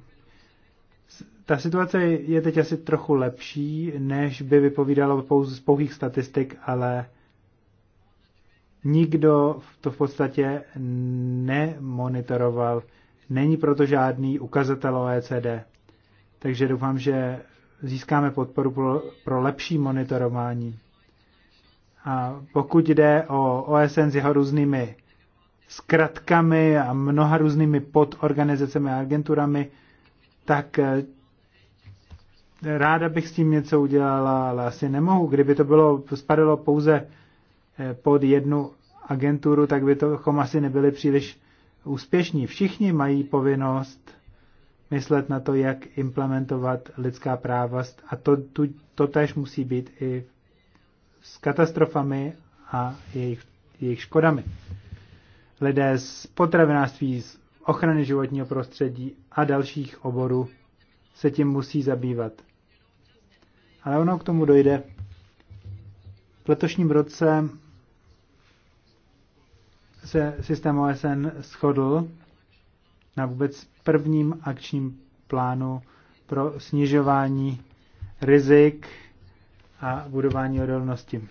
ta situace je teď asi trochu lepší, než by vypovídalo pouze z pouhých statistik, ale nikdo to v podstatě nemonitoroval. Není proto žádný ukazatel OECD. Takže doufám, že získáme podporu pro, pro lepší monitorování. A pokud jde o OSN s jeho různými zkratkami a mnoha různými podorganizacemi a agenturami, tak eh, ráda bych s tím něco udělala, ale asi nemohu. Kdyby to bylo, spadalo pouze eh, pod jednu agenturu, tak by to asi nebyli příliš úspěšní. Všichni mají povinnost myslet na to, jak implementovat lidská práva a to, tu, to tež musí být i s katastrofami a jejich, jejich škodami. Lidé z potravinářství, z ochrany životního prostředí a dalších oborů se tím musí zabývat. Ale ono k tomu dojde. V letošním roce se systém OSN shodl na vůbec prvním akčním plánu pro snižování rizik a budování odolnosti.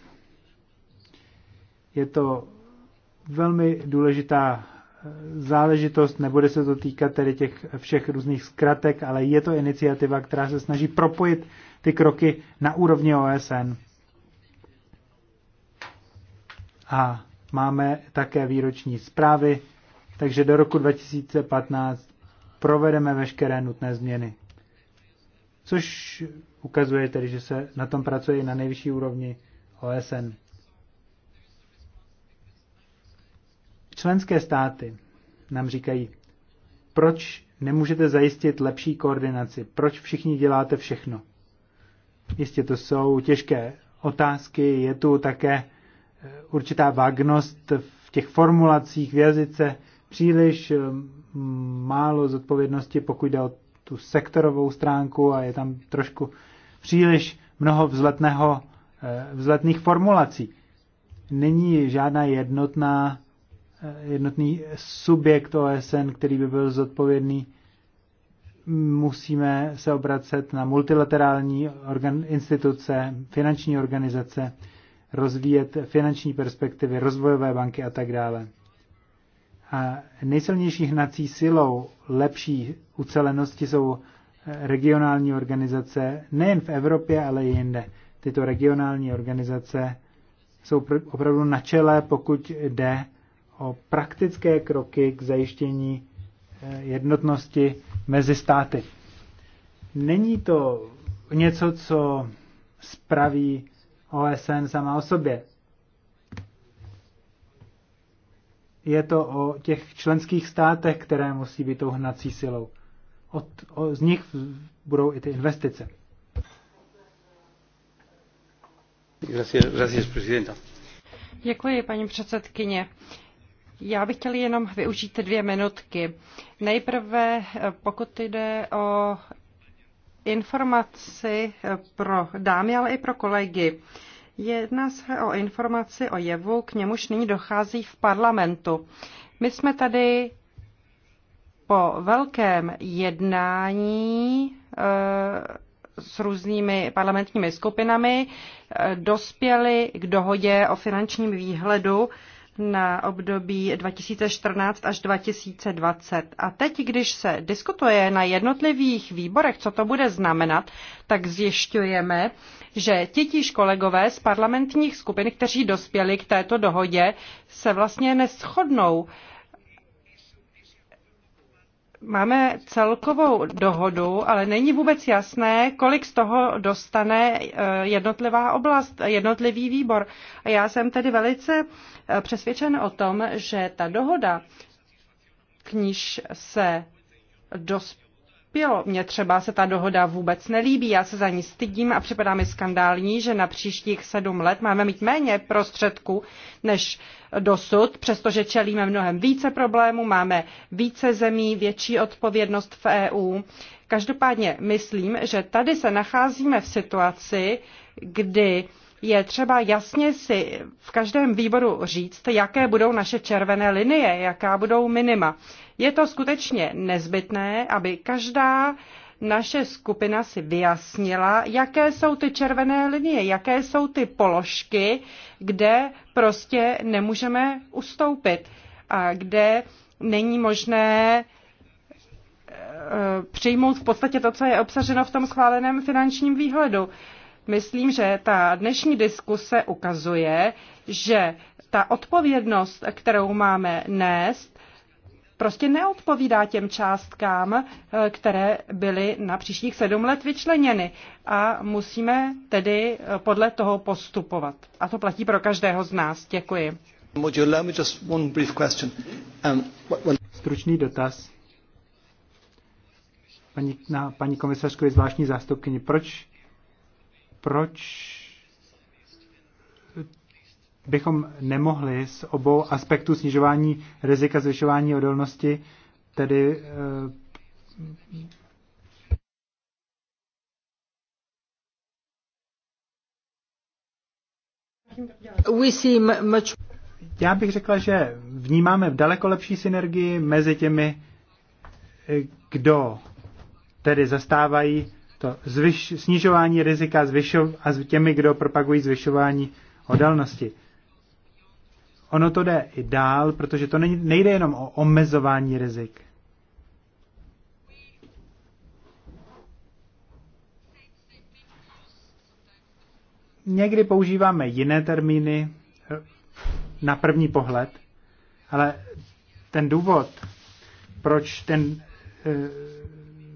Je to velmi důležitá eh, záležitost, nebude se to týkat tedy těch všech různých zkratek, ale je to iniciativa, která se snaží propojit ty kroky na úrovni OSN. A máme také výroční zprávy takže do roku 2015 provedeme veškeré nutné změny. Což ukazuje tedy, že se na tom pracuje i na nejvyšší úrovni OSN. Členské státy nám říkají, proč nemůžete zajistit lepší koordinaci, proč všichni děláte všechno. Jistě to jsou těžké otázky, je tu také eh, určitá vágnost v těch formulacích v jazyce, příliš eh, málo zodpovědnosti, pokud jde o tu sektorovou stránku a je tam trošku příliš mnoho vzletného, eh, vzletných formulací. Není žádná jednotná, eh, jednotný subjekt OSN, který by byl zodpovědný. Musíme se obracet na multilaterální organ, instituce, finanční organizace, rozvíjet finanční perspektivy, rozvojové banky a tak dále. A nejsilnější hnací silou lepší ucelenosti jsou eh, regionální organizace nejen v Evropě, ale i jinde. Tyto regionální organizace jsou opravdu na čele, pokud jde o praktické kroky k zajištění eh, jednotnosti mezi státy. Není to něco, co spraví OSN sama o sobě. je to o těch členských státech, které musí být tou hnací silou. Od, o, z nich budou i ty investice. Děkuji, paní předsedkyně. Já bych chtěl jenom využít dvě minutky. Nejprve, pokud jde o informaci pro dámy, ale i pro kolegy. Jedná se o informaci o jevu, k němuž nyní dochází v parlamentu. My jsme tady po velkém jednání eh, s různými parlamentními skupinami eh, dospěli k dohodě o finančním výhledu na období 2014 až 2020. A teď, když se diskutuje na jednotlivých výborech, co to bude znamenat, tak zjišťujeme, že titíž kolegové z parlamentních skupin, kteří dospěli k této dohodě, se vlastně neschodnou máme celkovou dohodu, ale není vůbec jasné, kolik z toho dostane eh, jednotlivá oblast, jednotlivý výbor. A já jsem tedy velice eh, přesvědčen o tom, že ta dohoda, k níž se dospěl, bylo. Mně třeba se ta dohoda vůbec nelíbí, já se za ní stydím a připadá mi skandální, že na příštích sedm let máme mít méně prostředků než dosud, přestože čelíme mnohem více problémů, máme více zemí, větší odpovědnost v EU. Každopádně myslím, že tady se nacházíme v situaci, kdy je třeba jasně si v každém výboru říct, jaké budou naše červené linie, jaká budou minima. Je to skutečně nezbytné, aby každá naše skupina si vyjasnila, jaké jsou ty červené linie, jaké jsou ty položky, kde prostě nemůžeme ustoupit a kde není možné eh, přijmout v podstatě to, co je obsaženo v tom schváleném finančním výhledu. Myslím, že ta dnešní diskuse ukazuje, že ta odpovědnost, kterou máme nést, prostě neodpovídá těm částkám, eh, které byly na příštích sedm let vyčleněny. A musíme tedy eh, podle toho postupovat. A to platí pro každého z nás. Děkuji. Um, Stručný dotaz. Paní, na paní komisařku je zvláštní zástupkyni. Proč, proč bychom nemohli z obou aspektů snižování rizika zvyšování odolnosti, tedy eh, We see much... Já bych řekla, že vnímáme v daleko lepší synergii mezi těmi, eh, kdo tedy zastávají to zvyš, snižování rizika zvyšo, a těmi, kdo propagují zvyšování odolnosti ono to jde i dál, protože to nejde jenom o omezování rizik. Někdy používáme jiné termíny eh, na první pohled, ale ten důvod, proč ten eh,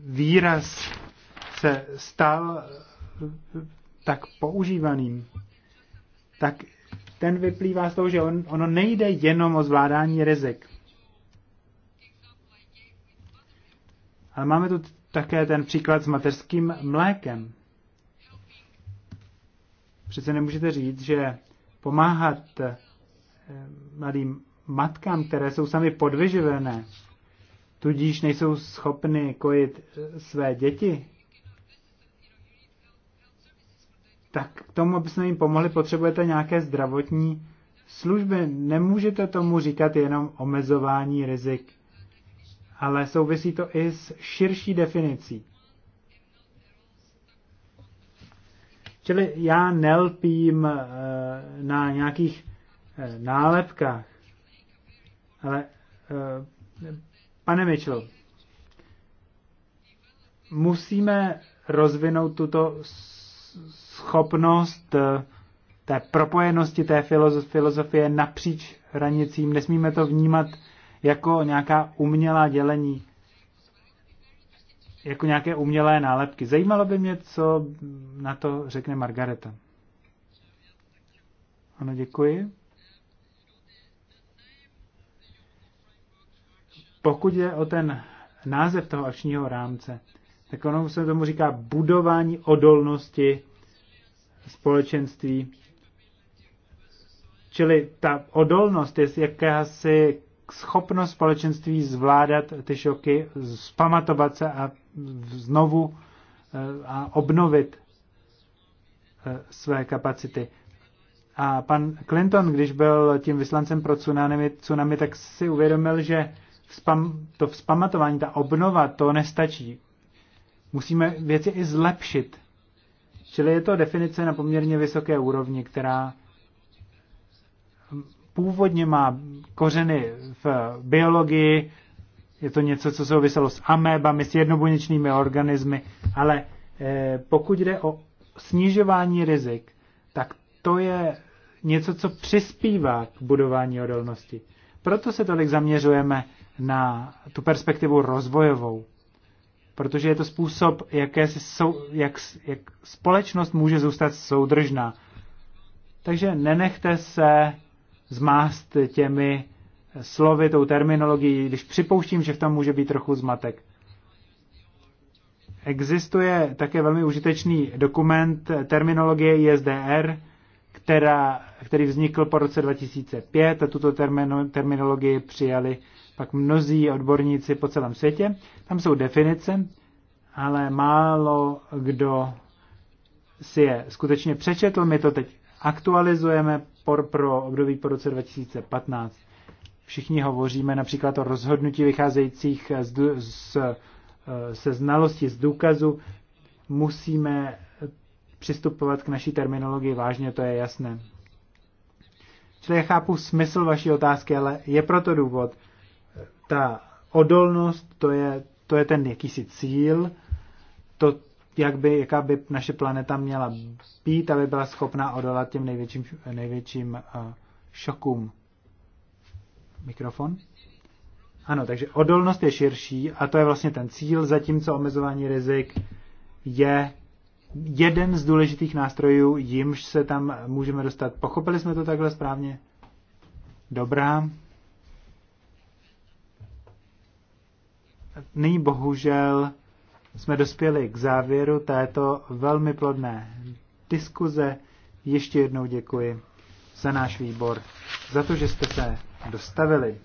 výraz se stal eh, tak používaným, tak ten vyplývá z toho, že on, ono nejde jenom o zvládání rizik. Ale máme tu také ten příklad s mateřským mlékem. Přece nemůžete říct, že pomáhat eh, mladým matkám, které jsou sami podvyživené, tudíž nejsou schopny kojit eh, své děti, tak k tomu, aby jsme jim pomohli, potřebujete nějaké zdravotní služby. Nemůžete tomu říkat jenom omezování rizik, ale souvisí to i s širší definicí. Čili já nelpím eh, na nějakých eh, nálepkách, ale eh, pane Mitchell, musíme rozvinout tuto schopnost eh, té propojenosti té filozofie napříč hranicím. Nesmíme to vnímat jako nějaká umělá dělení, jako nějaké umělé nálepky. Zajímalo by mě, co na to řekne Margareta. Ano, děkuji. Pokud je o ten název toho akčního rámce, tak ono se tomu říká budování odolnosti společenství. Čili ta odolnost je jakási schopnost společenství zvládat ty šoky, zpamatovat se a znovu eh, a obnovit eh, své kapacity. A pan Clinton, když byl tím vyslancem pro tsunami, tsunami tak si uvědomil, že vzpam, to vzpamatování, ta obnova, to nestačí. Musíme věci i zlepšit. Čili je to definice na poměrně vysoké úrovni, která původně má kořeny v biologii, je to něco, co souviselo s amébami, s jednobuněčnými organismy, ale eh, pokud jde o snižování rizik, tak to je něco, co přispívá k budování odolnosti. Proto se tolik zaměřujeme na tu perspektivu rozvojovou protože je to způsob, jaké sou, jak, jak společnost může zůstat soudržná. Takže nenechte se zmást těmi slovy, tou terminologií, když připouštím, že v tom může být trochu zmatek. Existuje také velmi užitečný dokument terminologie ISDR, která, který vznikl po roce 2005 a tuto termino, terminologii přijali pak mnozí odborníci po celém světě. Tam jsou definice, ale málo kdo si je skutečně přečetl. My to teď aktualizujeme pro období po roce 2015. Všichni hovoříme například o rozhodnutí vycházejících z, z, eh, se znalosti z důkazu. Musíme přistupovat k naší terminologii vážně, to je jasné. Čili já chápu smysl vaší otázky, ale je proto důvod, ta odolnost, to je, to je ten jakýsi cíl, to, jak by, jaká by naše planeta měla být, aby byla schopná odolat těm největším, největším eh, šokům. Mikrofon? Ano, takže odolnost je širší a to je vlastně ten cíl, zatímco omezování rizik je jeden z důležitých nástrojů, jimž se tam můžeme dostat. Pochopili jsme to takhle správně? Dobrá. nyní bohužel jsme dospěli k závěru této velmi plodné diskuze. Ještě jednou děkuji za náš výbor, za to, že jste se dostavili.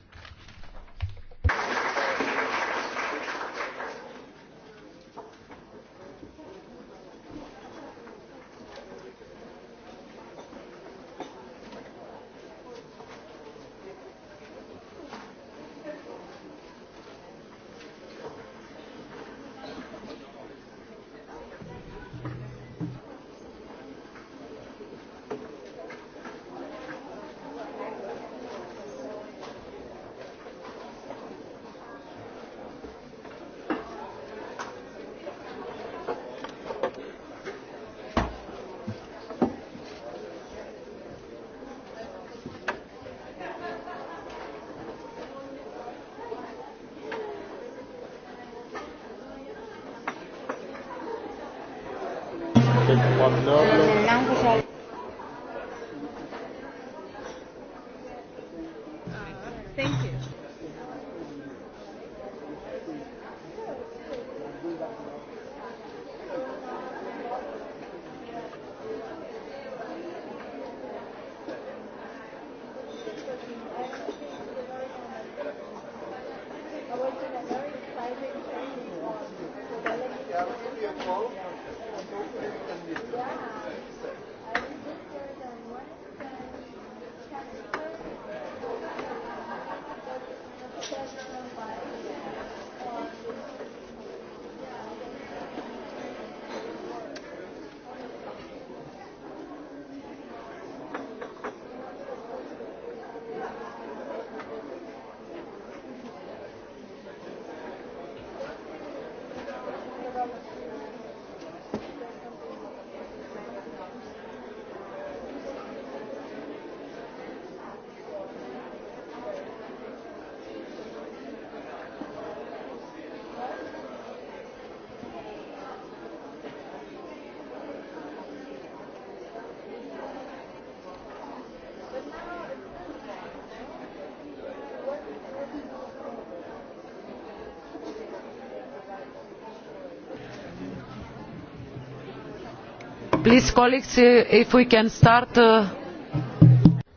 Please, colleagues, if we can start. Uh,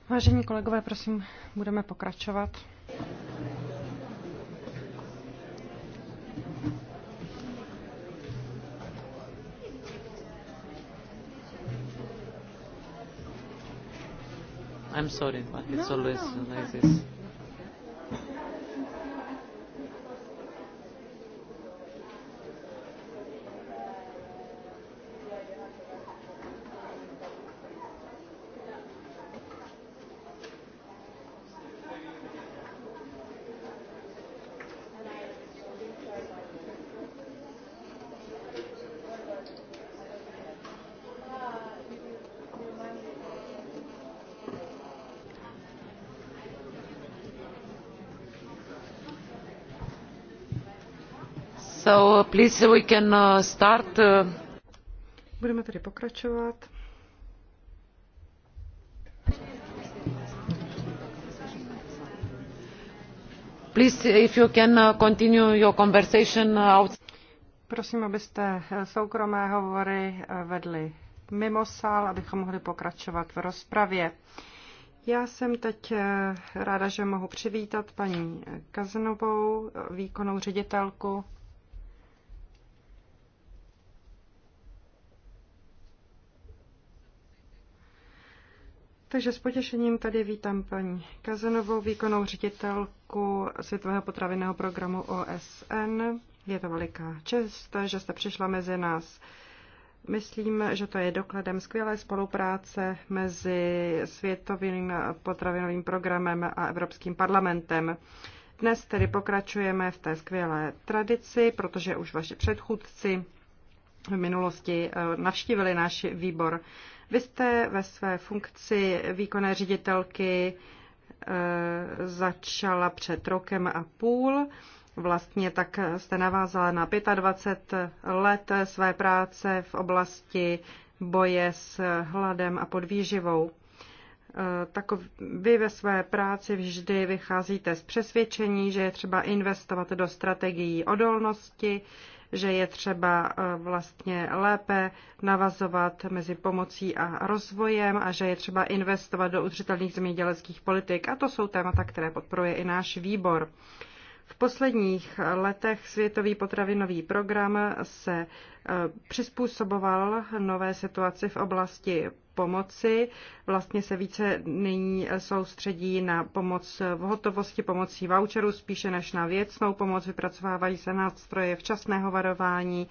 Vážení kolegové, prosím, budeme pokračovat. I'm sorry, but it's no, no always no, like no. this. Please, we can uh, start. Uh. Budeme tedy pokračovat. Please, if you can uh, continue your conversation out. Prosím, abyste eh, soukromé hovory eh, vedli mimo sál, abychom mohli pokračovat v rozpravě. Já jsem teď eh, ráda, že mohu přivítat paní Kaznovou, výkonnou ředitelku Takže s potěšením tady vítám paní Kazenovou, výkonnou ředitelku Světového potravinného programu OSN. Je to veliká čest, že jste přišla mezi nás. Myslím, že to je dokladem skvělé spolupráce mezi Světovým potravinovým programem a Evropským parlamentem. Dnes tedy pokračujeme v té skvělé tradici, protože už vaši předchůdci v minulosti eh, navštívili náš výbor. Vy jste ve své funkci výkonné ředitelky e, začala před rokem a půl. Vlastně tak jste navázala na 25 let své práce v oblasti boje s hladem a podvýživou. Eh, takov, vy ve své práci vždy vycházíte z přesvědčení, že je třeba investovat do strategií odolnosti, že je třeba eh, vlastně lépe navazovat mezi pomocí a rozvojem a že je třeba investovat do udržitelných zemědělských politik. A to jsou témata, které podporuje i náš výbor. V posledních letech Světový potravinový program se eh, přizpůsoboval nové situaci v oblasti pomoci. Vlastně se více nyní soustředí na pomoc v hotovosti pomocí voucherů spíše než na věcnou pomoc. Vypracovávají se nástroje včasného varování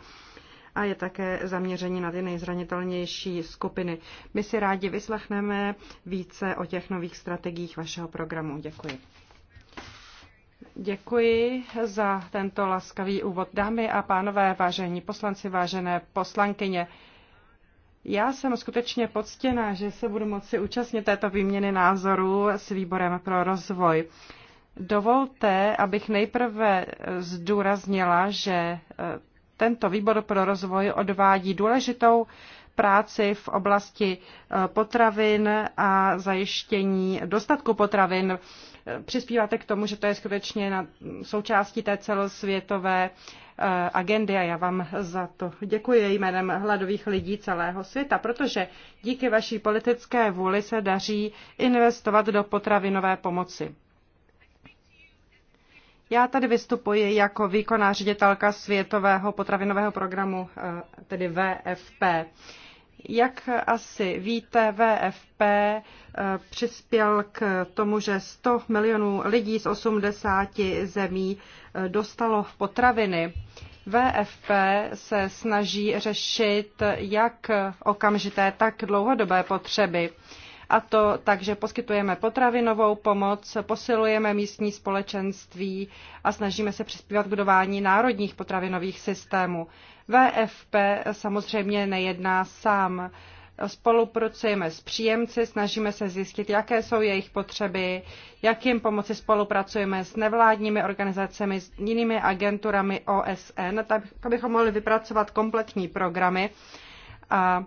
a je také zaměření na ty nejzranitelnější skupiny. My si rádi vyslechneme více o těch nových strategiích vašeho programu. Děkuji. Děkuji za tento laskavý úvod. Dámy a pánové, vážení poslanci, vážené poslankyně, já jsem skutečně poctěná, že se budu moci účastnit této výměny názorů s Výborem pro rozvoj. Dovolte, abych nejprve zdůraznila, že eh, tento výbor pro rozvoj odvádí důležitou práci v oblasti eh, potravin a zajištění dostatku potravin. Eh, přispíváte k tomu, že to je skutečně na součástí té celosvětové Eh, agendy a já vám za to děkuji jménem hladových lidí celého světa, protože díky vaší politické vůli se daří investovat do potravinové pomoci. Já tady vystupuji jako výkonná ředitelka Světového potravinového programu, eh, tedy VFP. Jak asi víte, VFP eh, přispěl k tomu, že 100 milionů lidí z 80 zemí eh, dostalo potraviny. VFP se snaží řešit jak okamžité, tak dlouhodobé potřeby. A to tak, že poskytujeme potravinovou pomoc, posilujeme místní společenství a snažíme se přispívat k budování národních potravinových systémů. VFP samozřejmě nejedná sám. Spolupracujeme s příjemci, snažíme se zjistit, jaké jsou jejich potřeby, jak jim pomoci spolupracujeme s nevládními organizacemi, s jinými agenturami OSN, tak abychom mohli vypracovat kompletní programy. A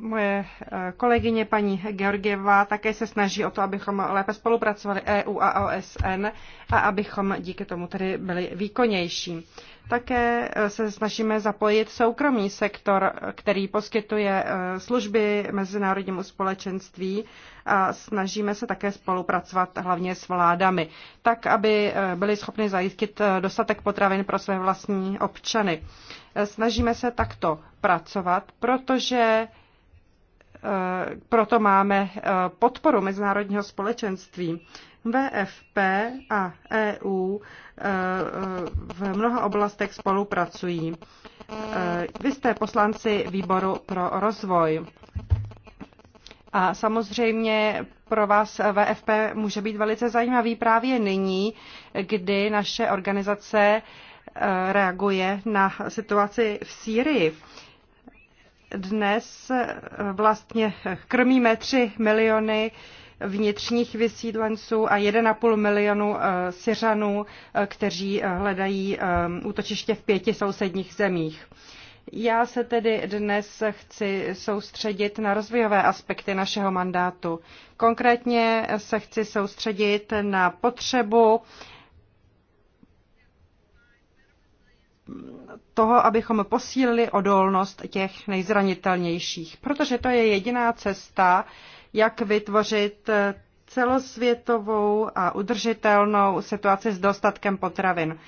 moje eh, kolegyně paní Georgieva také se snaží o to, abychom lépe spolupracovali EU a OSN a abychom díky tomu tedy byli výkonnější. Také eh, se snažíme zapojit soukromý sektor, který poskytuje eh, služby mezinárodnímu společenství a snažíme se také spolupracovat hlavně s vládami, tak aby byli schopni zajistit dostatek potravin pro své vlastní občany. Snažíme se takto pracovat, protože eh, proto máme eh, podporu mezinárodního společenství. VFP a EU eh, v mnoha oblastech spolupracují. Vy jste poslanci výboru pro rozvoj. A samozřejmě pro vás VFP může být velice zajímavý právě nyní, kdy naše organizace reaguje na situaci v Sýrii. Dnes vlastně krmíme 3 miliony vnitřních vysídlenců a 1,5 milionu eh, Syřanů, eh, kteří eh, hledají útočiště v pěti sousedních zemích. Já se tedy dnes chci soustředit na rozvojové aspekty našeho mandátu. Konkrétně se chci soustředit na potřebu toho, abychom posílili odolnost těch nejzranitelnějších, protože to je jediná cesta, jak vytvořit eh, celosvětovou a udržitelnou situaci s dostatkem potravin.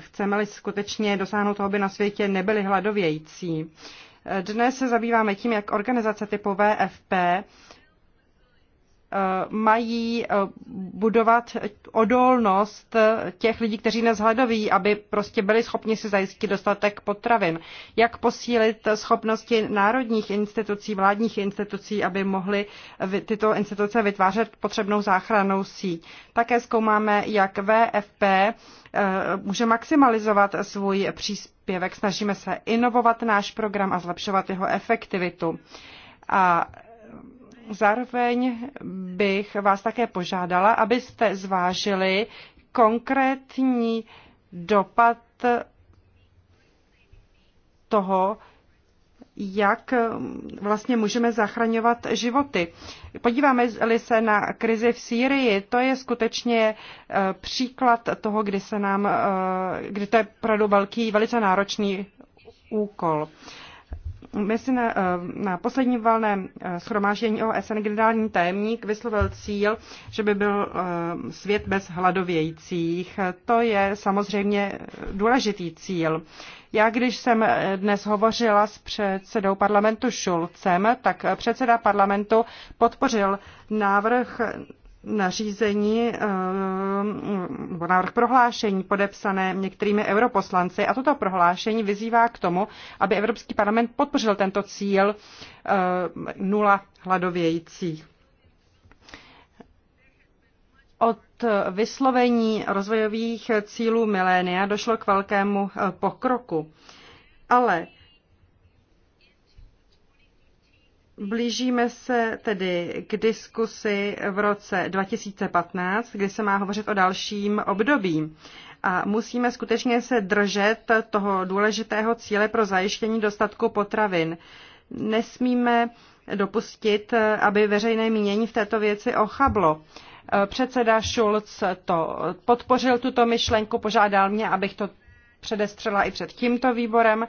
Chceme-li skutečně dosáhnout toho, aby na světě nebyly hladovějící. Eh, dnes se zabýváme tím, jak organizace typu VFP Eh, mají eh, budovat odolnost těch lidí, kteří nezhladoví, aby prostě byli schopni si zajistit dostatek potravin. Jak posílit schopnosti národních institucí, vládních institucí, aby mohly tyto instituce vytvářet potřebnou záchranou síť. Také zkoumáme, jak VFP eh, může maximalizovat svůj příspěvek. Snažíme se inovovat náš program a zlepšovat jeho efektivitu. A Zároveň bych vás také požádala, abyste zvážili konkrétní dopad toho, jak vlastně můžeme zachraňovat životy. Podíváme-li se na krizi v Sýrii, to je skutečně eh, příklad toho, kdy se nám, eh, kdy to je opravdu velký, velice náročný úkol si na, eh, na posledním valném eh, schromáždění OSN generální tajemník vyslovil cíl, že by byl eh, svět bez hladovějících. To je samozřejmě důležitý cíl. Já když jsem dnes hovořila s předsedou parlamentu Šulcem, tak předseda parlamentu podpořil návrh nařízení eh, nebo návrh prohlášení podepsané některými europoslanci a toto prohlášení vyzývá k tomu, aby Evropský parlament podpořil tento cíl eh, nula hladovějících. Od vyslovení rozvojových cílů milénia došlo k velkému eh, pokroku. Ale Blížíme se tedy k diskusi v roce 2015, kdy se má hovořit o dalším období. A musíme skutečně se držet toho důležitého cíle pro zajištění dostatku potravin. Nesmíme dopustit, aby veřejné mínění v této věci ochablo. Předseda Schulz to podpořil tuto myšlenku, požádal mě, abych to předestřela i před tímto výborem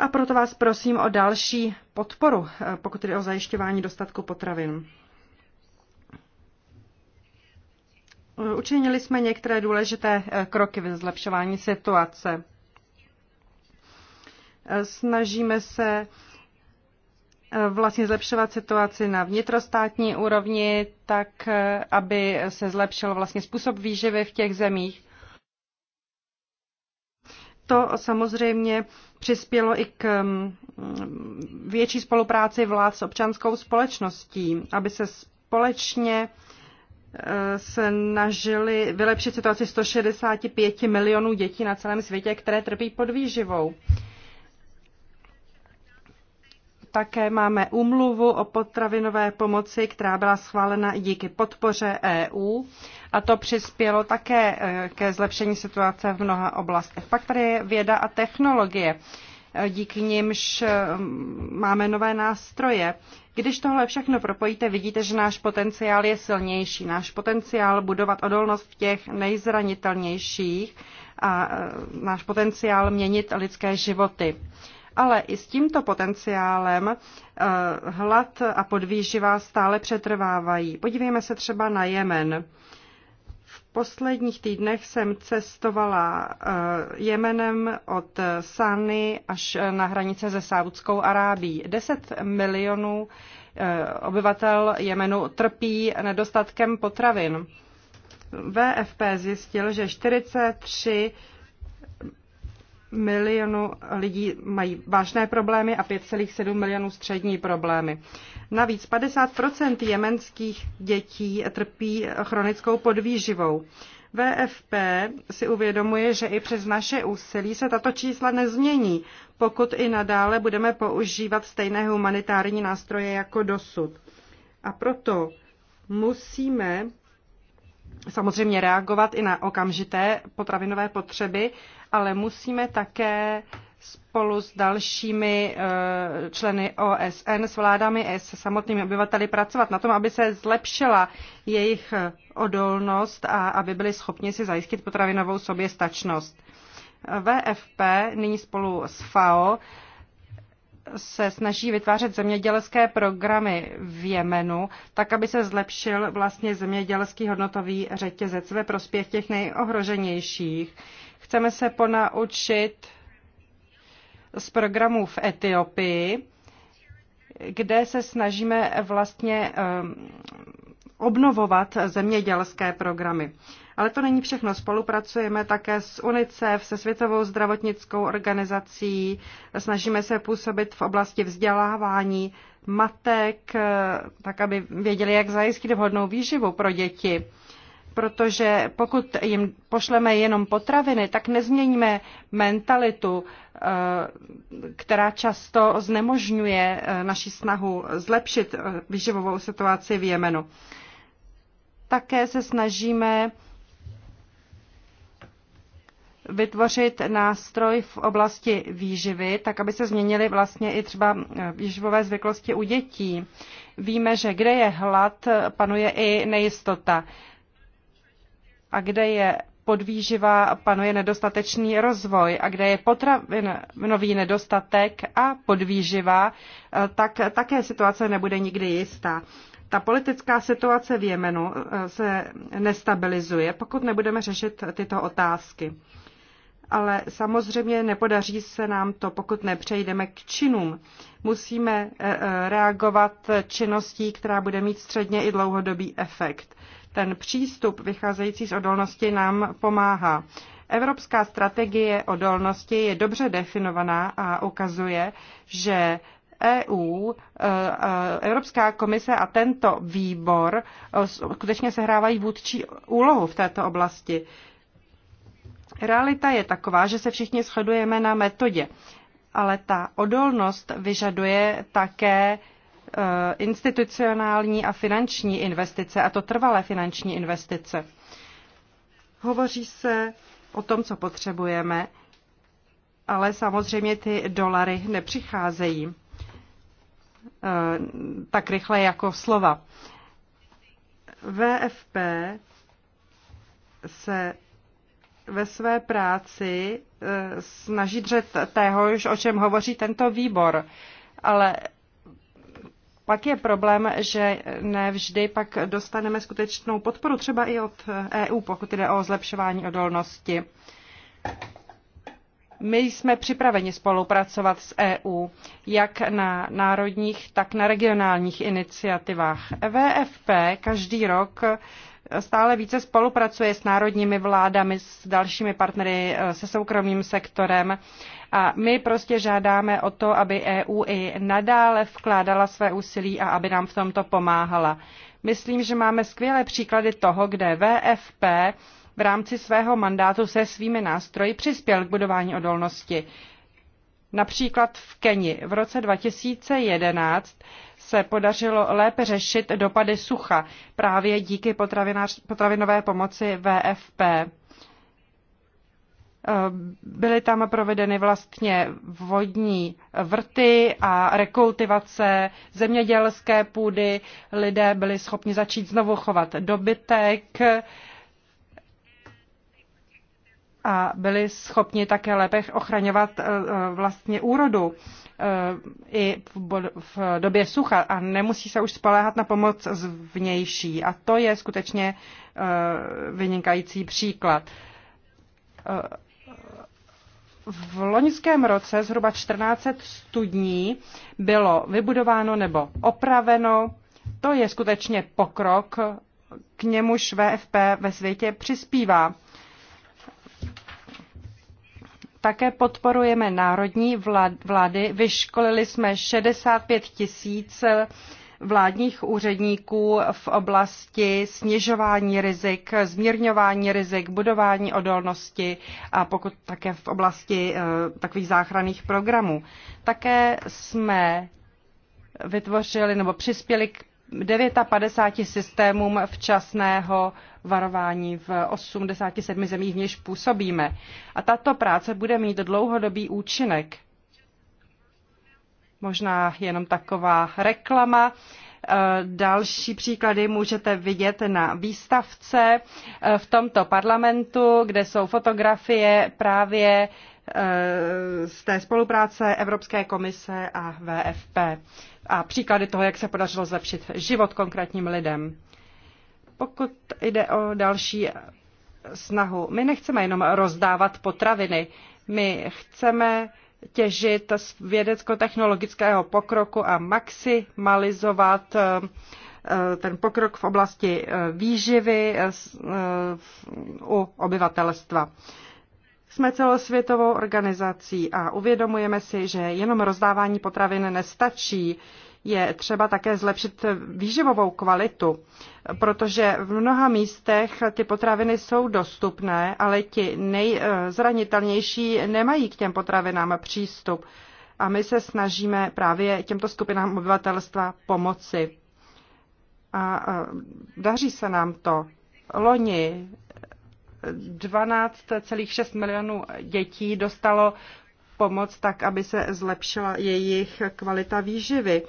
a proto vás prosím o další podporu, eh, pokud jde o zajišťování dostatku potravin. Učinili jsme některé důležité eh, kroky ve zlepšování situace. Eh, snažíme se vlastně zlepšovat situaci na vnitrostátní úrovni, tak aby se zlepšil vlastně způsob výživy v těch zemích. To samozřejmě přispělo i k mm, větší spolupráci vlád s občanskou společností, aby se společně e, snažili vylepšit situaci 165 milionů dětí na celém světě, které trpí podvýživou. výživou také máme umluvu o potravinové pomoci, která byla schválena i díky podpoře EU a to přispělo také eh, ke zlepšení situace v mnoha oblastech. Pak tady je věda a technologie eh, díky nimž eh, máme nové nástroje. Když tohle všechno propojíte, vidíte, že náš potenciál je silnější. Náš potenciál budovat odolnost v těch nejzranitelnějších a náš potenciál měnit lidské životy. Ale i s tímto potenciálem eh, hlad a podvýživa stále přetrvávají. Podívejme se třeba na Jemen. V posledních týdnech jsem cestovala eh, Jemenem od Sany až eh, na hranice se Saudskou Arábí. 10 milionů obyvatel Jemenu trpí nedostatkem potravin. VFP zjistil, že 43 milionů lidí mají vážné problémy a 5,7 milionů střední problémy. Navíc 50 jemenských dětí trpí chronickou podvýživou. VFP si uvědomuje, že i přes naše úsilí se tato čísla nezmění, pokud i nadále budeme používat stejné humanitární nástroje jako dosud. A proto musíme samozřejmě reagovat i na okamžité potravinové potřeby, ale musíme také spolu s dalšími eh, členy OSN, s vládami a s samotnými obyvateli pracovat na tom, aby se zlepšila jejich odolnost a aby byli schopni si zajistit potravinovou soběstačnost. VFP nyní spolu s FAO se snaží vytvářet zemědělské programy v Jemenu, tak aby se zlepšil vlastně zemědělský hodnotový řetězec ve prospěch těch nejohroženějších. Chceme se ponaučit z programů v Etiopii, kde se snažíme vlastně ehm, obnovovat zemědělské programy. Ale to není všechno. Spolupracujeme také s UNICEF, se Světovou zdravotnickou organizací, snažíme se působit v oblasti vzdělávání matek, eh, tak aby věděli, jak zajistit vhodnou výživu pro děti protože pokud jim pošleme jenom potraviny, tak nezměníme mentalitu, eh, která často znemožňuje eh, naši snahu zlepšit eh, výživovou situaci v Jemenu. Také se snažíme vytvořit nástroj v oblasti výživy, tak aby se změnily vlastně i třeba výživové zvyklosti u dětí. Víme, že kde je hlad, panuje i nejistota a kde je podvýživa panuje nedostatečný rozvoj a kde je potravinový nedostatek a podvýživa, eh, tak také situace nebude nikdy jistá. Ta politická situace v Jemenu eh, se nestabilizuje, pokud nebudeme řešit tyto otázky. Ale samozřejmě nepodaří se nám to, pokud nepřejdeme k činům. Musíme eh, reagovat činností, která bude mít středně i dlouhodobý efekt. Ten přístup vycházející z odolnosti nám pomáhá. Evropská strategie odolnosti je dobře definovaná a ukazuje, že EU, e, e, Evropská komise a tento výbor e, skutečně sehrávají vůdčí úlohu v této oblasti. Realita je taková, že se všichni shodujeme na metodě, ale ta odolnost vyžaduje také Eh, institucionální a finanční investice, a to trvalé finanční investice. Hovoří se o tom, co potřebujeme, ale samozřejmě ty dolary nepřicházejí eh, tak rychle jako slova. VFP se ve své práci eh, snaží dřet téhož, o čem hovoří tento výbor, ale pak je problém, že ne vždy pak dostaneme skutečnou podporu třeba i od EU, pokud jde o zlepšování odolnosti. My jsme připraveni spolupracovat s EU, jak na národních, tak na regionálních iniciativách. VFP e každý rok stále více spolupracuje s národními vládami, s dalšími partnery, eh, se soukromým sektorem. A my prostě žádáme o to, aby EU i nadále vkládala své úsilí a aby nám v tomto pomáhala. Myslím, že máme skvělé příklady toho, kde VFP v rámci svého mandátu se svými nástroji přispěl k budování odolnosti. Například v Keni v roce 2011 se podařilo lépe řešit dopady sucha právě díky potravinové pomoci VFP. Eh, byly tam provedeny vlastně vodní vrty a rekultivace zemědělské půdy. Lidé byli schopni začít znovu chovat dobytek a byli schopni také lépe ochraňovat eh, eh, vlastně úrodu eh, i v době sucha a nemusí se už spoléhat na pomoc zvnější. A to je skutečně vynikající příklad. V loňském roce zhruba 14 studní bylo vybudováno nebo opraveno. To je skutečně pokrok, k němuž VFP ve světě přispívá. Také podporujeme národní vlády. Vyškolili jsme 65 tisíc vládních úředníků v oblasti snižování rizik, zmírňování rizik, budování odolnosti a pokud také v oblasti eh, takových záchranných programů. Také jsme vytvořili nebo přispěli k 59 systémům včasného varování v 87 zemích, v něž působíme. A tato práce bude mít dlouhodobý účinek. Možná jenom taková reklama. Eh, další příklady můžete vidět na výstavce eh, v tomto parlamentu, kde jsou fotografie právě eh, z té spolupráce Evropské komise a VFP a příklady toho, jak se podařilo zlepšit život konkrétním lidem. Pokud jde o další snahu, my nechceme jenom rozdávat potraviny, my chceme těžit z vědecko-technologického pokroku a maximalizovat eh, eh, ten pokrok v oblasti eh, výživy u obyvatelstva. Jsme celosvětovou organizací a uvědomujeme si, že jenom rozdávání potravin nestačí je třeba také zlepšit výživovou kvalitu, protože v mnoha místech ty potraviny jsou dostupné, ale ti nejzranitelnější nemají k těm potravinám přístup. A my se snažíme právě těmto skupinám obyvatelstva pomoci. A daří se nám to. Loni 12,6 milionů dětí dostalo pomoc tak, aby se zlepšila jejich kvalita výživy.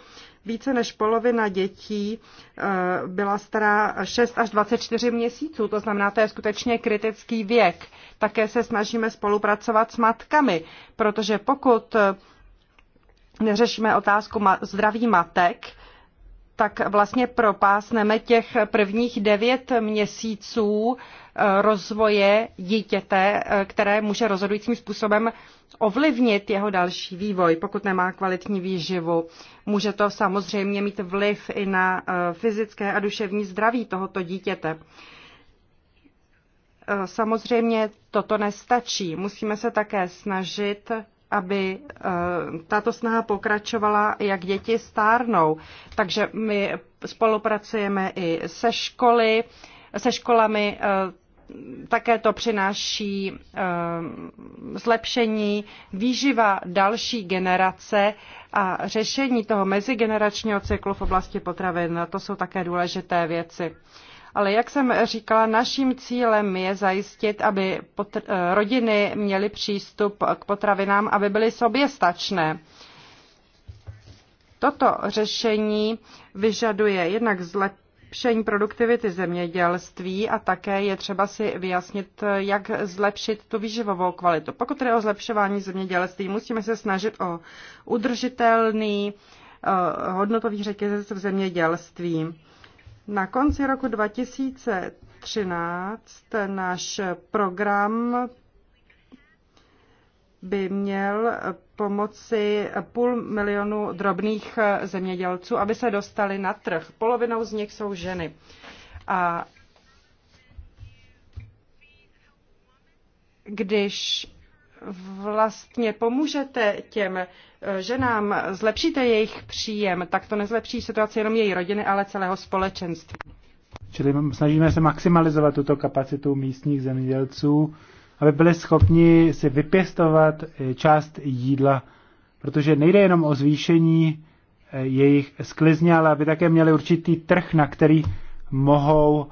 Více než polovina dětí eh, byla stará 6 až 24 měsíců, to znamená, to je skutečně kritický věk. Také se snažíme spolupracovat s matkami, protože pokud eh, neřešíme otázku zdraví matek, tak vlastně propásneme těch prvních devět měsíců eh, rozvoje dítěte, eh, které může rozhodujícím způsobem ovlivnit jeho další vývoj, pokud nemá kvalitní výživu. Může to samozřejmě mít vliv i na eh, fyzické a duševní zdraví tohoto dítěte. Samozřejmě toto nestačí. Musíme se také snažit aby eh, tato snaha pokračovala, jak děti stárnou. Takže my spolupracujeme i se školy, se školami, eh, také to přináší eh, zlepšení výživa další generace a řešení toho mezigeneračního cyklu v oblasti potravin. To jsou také důležité věci. Ale jak jsem říkala, naším cílem je zajistit, aby eh, rodiny měly přístup k potravinám, aby byly soběstačné. Toto řešení vyžaduje jednak zlepšení produktivity zemědělství a také je třeba si vyjasnit, jak zlepšit tu výživovou kvalitu. Pokud tedy o zlepšování zemědělství, musíme se snažit o udržitelný eh, hodnotový řetězec v zemědělství. Na konci roku 2013 náš program by měl pomoci půl milionu drobných zemědělců, aby se dostali na trh. Polovinou z nich jsou ženy. A když vlastně pomůžete těm eh, ženám, zlepšíte jejich příjem, tak to nezlepší situaci jenom její rodiny, ale celého společenství. Čili snažíme se maximalizovat tuto kapacitu místních zemědělců, aby byli schopni si vypěstovat eh, část jídla, protože nejde jenom o zvýšení eh, jejich sklizně, ale aby také měli určitý trh, na který mohou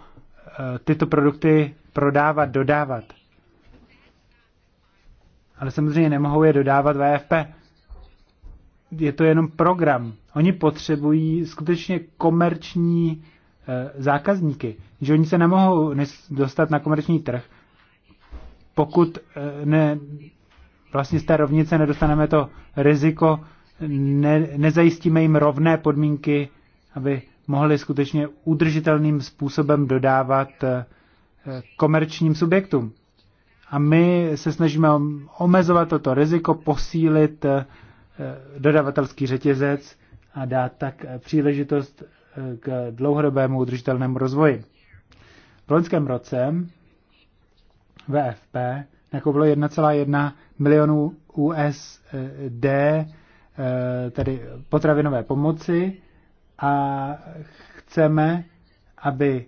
tyto produkty prodávat, dodávat ale samozřejmě nemohou je dodávat VFP. Je to jenom program. Oni potřebují skutečně komerční eh, zákazníky, že oni se nemohou dostat na komerční trh, pokud eh, ne, vlastně z té rovnice nedostaneme to riziko, ne, nezajistíme jim rovné podmínky, aby mohli skutečně udržitelným způsobem dodávat eh, komerčním subjektům. A my se snažíme omezovat toto riziko, posílit eh, dodavatelský řetězec a dát tak eh, příležitost eh, k dlouhodobému udržitelnému rozvoji. V loňském roce VFP nakoupilo 1,1 milionů USD, tedy potravinové pomoci, a chceme, aby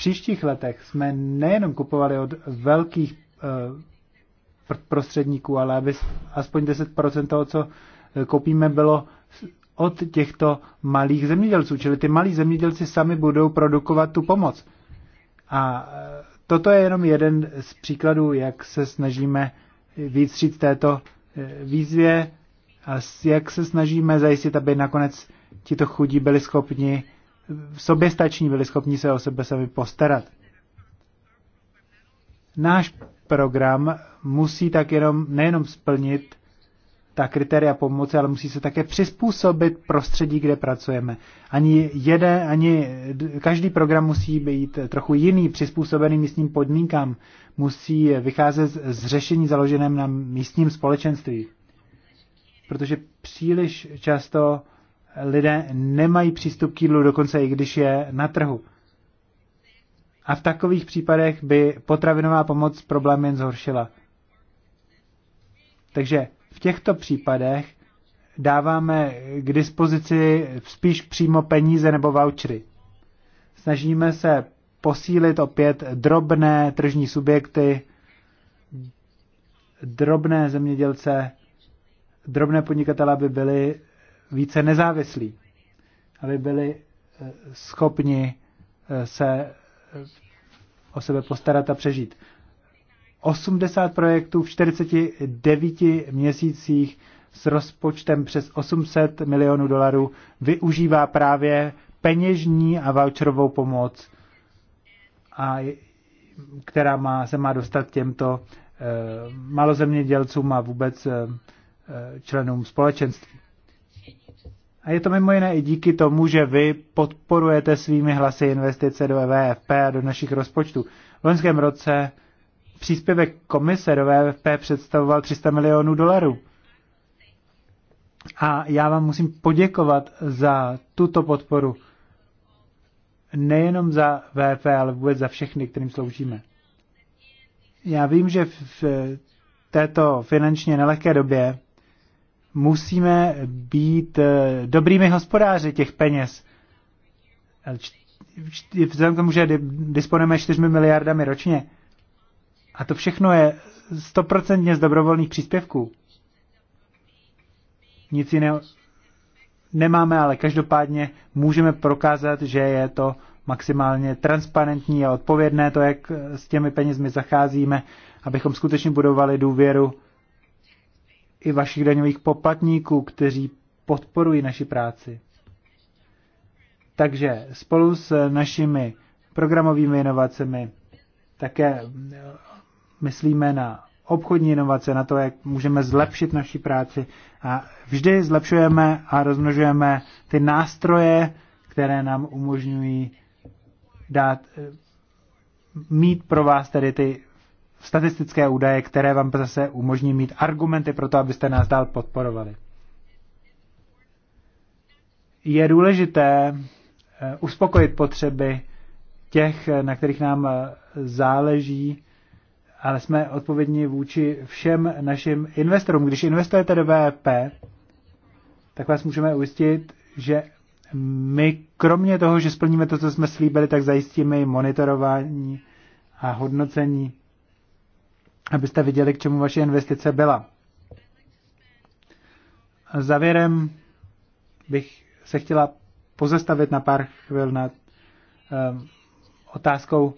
příštích letech jsme nejenom kupovali od velkých eh, prostředníků, ale aby aspoň 10% toho, co eh, koupíme, bylo od těchto malých zemědělců. Čili ty malí zemědělci sami budou produkovat tu pomoc. A eh, toto je jenom jeden z příkladů, jak se snažíme výstřít této výzvě a jak se snažíme zajistit, aby nakonec tito chudí byli schopni soběstační, byli schopni se o sebe sami postarat. Náš program musí tak jenom, nejenom splnit ta kritéria pomoci, ale musí se také přizpůsobit prostředí, kde pracujeme. Ani jeden, ani každý program musí být trochu jiný, přizpůsobený místním podmínkám. Musí vycházet z řešení založeném na místním společenství. Protože příliš často lidé nemají přístup k jídlu, dokonce i když je na trhu. A v takových případech by potravinová pomoc problém jen zhoršila. Takže v těchto případech dáváme k dispozici spíš přímo peníze nebo vouchery. Snažíme se posílit opět drobné tržní subjekty, drobné zemědělce, drobné podnikatele, aby byli více nezávislí, aby byli eh, schopni eh, se eh, o sebe postarat a přežít. 80 projektů v 49 měsících s rozpočtem přes 800 milionů dolarů využívá právě peněžní a voucherovou pomoc, a která má, se má dostat těmto e, malozemědělcům a vůbec e, členům společenství. A je to mimo jiné i díky tomu, že vy podporujete svými hlasy investice do e VFP a do našich rozpočtů. V loňském roce příspěvek komise do e VFP představoval 300 milionů dolarů. A já vám musím poděkovat za tuto podporu. Nejenom za VFP, ale vůbec za všechny, kterým sloužíme. Já vím, že v této finančně nelehké době musíme být eh, dobrými hospodáři těch peněz. Vzhledem k tomu, že disponujeme 4 miliardami ročně. A to všechno je stoprocentně z dobrovolných příspěvků. Nic jiného nemáme, ale každopádně můžeme prokázat, že je to maximálně transparentní a odpovědné to, jak s těmi penězmi zacházíme, abychom skutečně budovali důvěru i vašich daňových poplatníků, kteří podporují naši práci. Takže spolu s našimi programovými inovacemi také eh, myslíme na obchodní inovace, na to, jak můžeme zlepšit naši práci. A vždy zlepšujeme a rozmnožujeme ty nástroje, které nám umožňují dát, eh, mít pro vás tedy ty statistické údaje, které vám zase umožní mít argumenty pro to, abyste nás dál podporovali. Je důležité eh, uspokojit potřeby těch, eh, na kterých nám eh, záleží, ale jsme odpovědní vůči všem našim investorům. Když investujete do VFP, tak vás můžeme ujistit, že my kromě toho, že splníme to, co jsme slíbili, tak zajistíme i monitorování a hodnocení abyste viděli, k čemu vaše investice byla. Závěrem bych se chtěla pozastavit na pár chvil nad um, otázkou uh,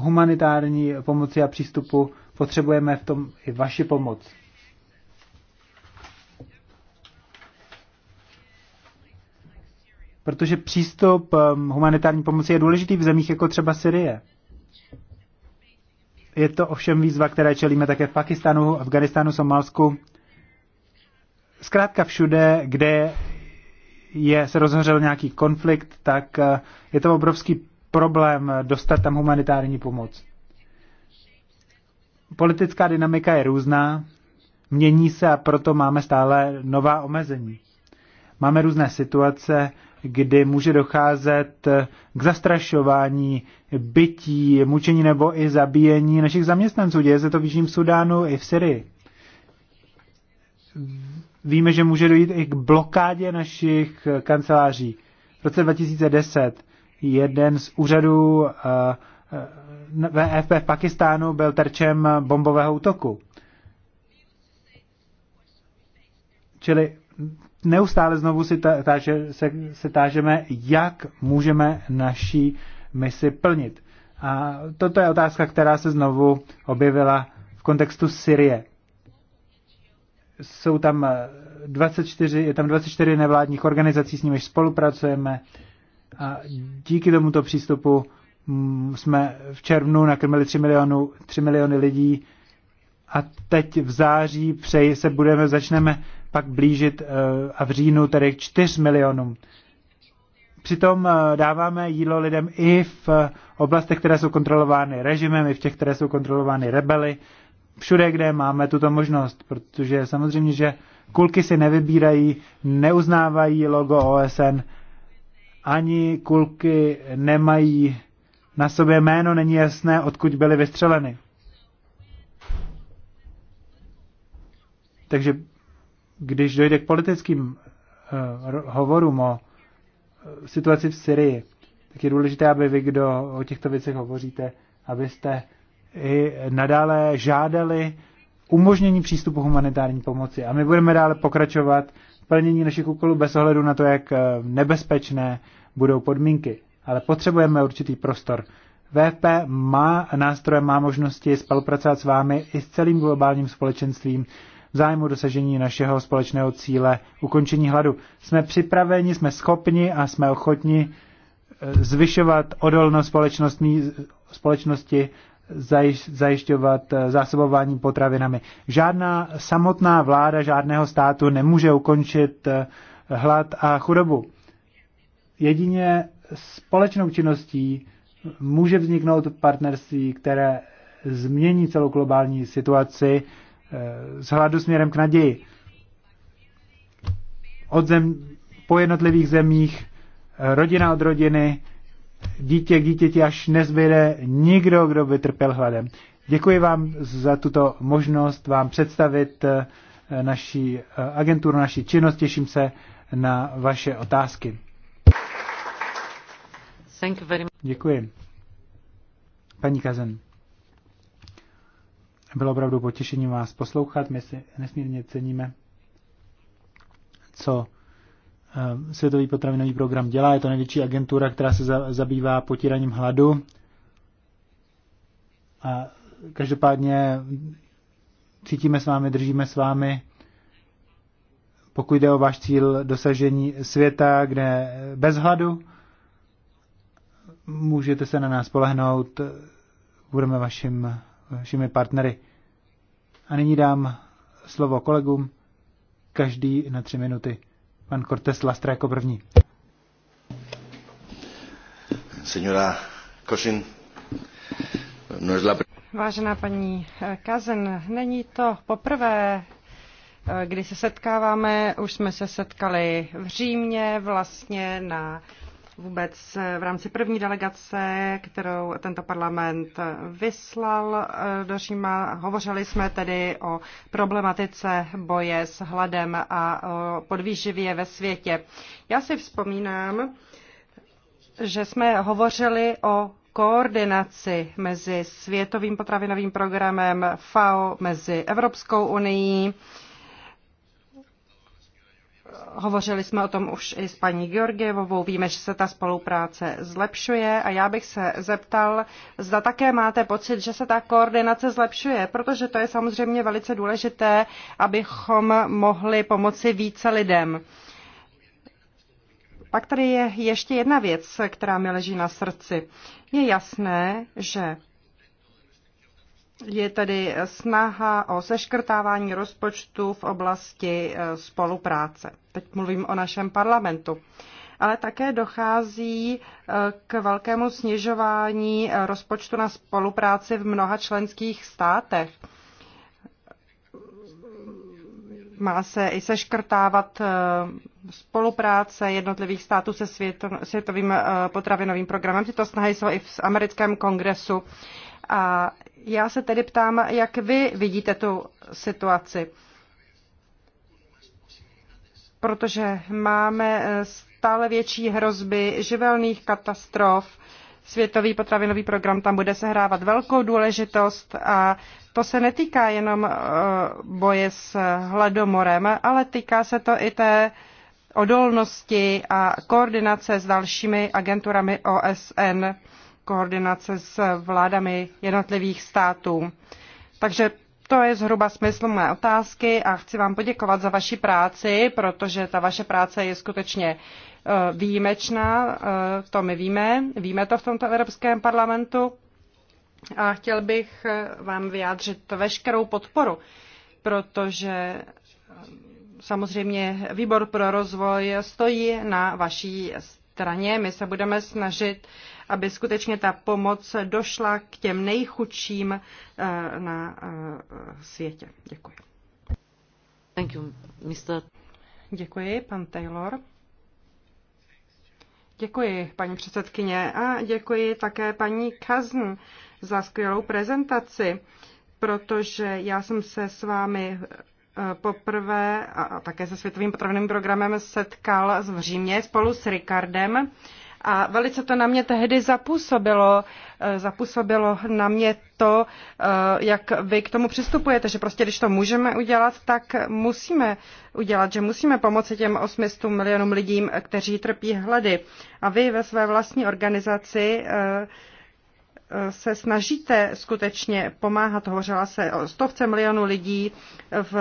humanitární pomoci a přístupu. Potřebujeme v tom i vaši pomoc. Protože přístup um, humanitární pomoci je důležitý v zemích jako třeba Syrie. Je to ovšem výzva, které čelíme také v Pakistanu, Afganistánu, Somálsku. Zkrátka všude, kde je, se rozhořel nějaký konflikt, tak eh, je to obrovský problém dostat tam humanitární pomoc. Politická dynamika je různá, mění se a proto máme stále nová omezení. Máme různé situace, kdy může docházet k zastrašování, bytí, mučení nebo i zabíjení našich zaměstnanců. Děje se to v Jižním Sudánu i v Syrii. Víme, že může dojít i k blokádě našich kanceláří. V roce 2010 jeden z úřadů VFP eh, eh, v Pakistánu byl terčem bombového útoku. Čili neustále znovu si táže, se, se tážeme, jak můžeme naší misi plnit. A toto je otázka, která se znovu objevila v kontextu Syrie. Jsou tam 24, eh, je tam 24 nevládních organizací, s nimiž spolupracujeme a díky tomuto přístupu mm, jsme v červnu nakrmili 3, milionu, 3 miliony lidí a teď v září přeji se budeme, začneme pak blížit eh, a v říjnu tedy k 4 milionům. Přitom eh, dáváme jídlo lidem i v eh, oblastech, které jsou kontrolovány režimem, i v těch, které jsou kontrolovány rebely, všude, kde máme tuto možnost, protože samozřejmě, že kulky si nevybírají, neuznávají logo OSN, ani kulky nemají na sobě jméno, není jasné, odkud byly vystřeleny. Takže když dojde k politickým eh, hovorům o eh, situaci v Syrii, tak je důležité, aby vy, kdo o těchto věcech hovoříte, abyste i nadále žádali umožnění přístupu humanitární pomoci. A my budeme dále pokračovat v plnění našich úkolů bez ohledu na to, jak eh, nebezpečné budou podmínky. Ale potřebujeme určitý prostor. VFP má nástroje, má možnosti spolupracovat s vámi i s celým globálním společenstvím v zájmu dosažení našeho společného cíle ukončení hladu. Jsme připraveni, jsme schopni a jsme ochotni eh, zvyšovat odolnost společnosti, zajišťovat eh, zásobování potravinami. Žádná samotná vláda žádného státu nemůže ukončit eh, hlad a chudobu. Jedině společnou činností může vzniknout partnerství, které změní celou globální situaci Eh, z hladu směrem k naději. Od zem, po jednotlivých zemích, eh, rodina od rodiny, dítě k dítěti, až nezbyde nikdo, kdo by trpěl hladem. Děkuji vám za tuto možnost vám představit eh, naší agenturu, naší činnost. Těším se na vaše otázky. Děkuji. Paní Kazen. Bylo opravdu potěšením vás poslouchat. My si nesmírně ceníme, co eh, Světový potravinový program dělá. Je to největší agentura, která se zabývá potíraním hladu. A každopádně cítíme s vámi, držíme s vámi. Pokud jde o váš cíl dosažení světa, kde bez hladu, můžete se na nás polehnout. Budeme vaším všemi partnery. A nyní dám slovo kolegům, každý na tři minuty. Pan Cortés Lastra jako první. Senora Košin, no es la... Vážená paní eh, Kazen, není to poprvé, eh, kdy se setkáváme, už jsme se setkali v Římě, vlastně na vůbec eh, v rámci první delegace, kterou tento parlament vyslal eh, do Říma. Hovořili jsme tedy o problematice boje s hladem a o podvýživě ve světě. Já si vzpomínám, že jsme hovořili o koordinaci mezi Světovým potravinovým programem FAO, mezi Evropskou unii, Hovořili jsme o tom už i s paní Georgievovou, víme, že se ta spolupráce zlepšuje a já bych se zeptal, zda také máte pocit, že se ta koordinace zlepšuje, protože to je samozřejmě velice důležité, abychom mohli pomoci více lidem. Pak tady je ještě jedna věc, která mi leží na srdci. Je jasné, že je tedy snaha o seškrtávání rozpočtu v oblasti e, spolupráce. Teď mluvím o našem parlamentu. Ale také dochází e, k velkému snižování e, rozpočtu na spolupráci v mnoha členských státech. Má se i seškrtávat spolupráce jednotlivých států se světovým potravinovým programem. Tyto snahy jsou i v americkém kongresu a já se tedy ptám, jak vy vidíte tu situaci. Protože máme eh, stále větší hrozby živelných katastrof. Světový potravinový program tam bude sehrávat velkou důležitost a to se netýká jenom eh, boje s hladomorem, ale týká se to i té odolnosti a koordinace s dalšími agenturami OSN koordinace s vládami jednotlivých států. Takže to je zhruba smysl mé otázky a chci vám poděkovat za vaši práci, protože ta vaše práce je skutečně eh, výjimečná, eh, to my víme, víme to v tomto Evropském parlamentu a chtěl bych eh, vám vyjádřit veškerou podporu, protože samozřejmě výbor pro rozvoj stojí na vaší straně. My se budeme snažit aby skutečně ta pomoc došla k těm nejchudším eh, na eh, světě. Děkuji. Thank you, Mr. Děkuji, pan Taylor. Děkuji, paní předsedkyně, a děkuji také paní Kazn za skvělou prezentaci, protože já jsem se s vámi eh, poprvé a také se Světovým potravinovým programem setkal v Římě spolu s Ricardem a velice to na mě tehdy zapůsobilo. Eh, zapůsobilo na mě to, eh, jak vy k tomu přistupujete, že prostě když to můžeme udělat, tak musíme udělat, že musíme pomoci těm 800 milionům lidím, kteří trpí hlady. A vy ve své vlastní organizaci eh, se snažíte skutečně pomáhat. Hovořila se o stovce milionů lidí v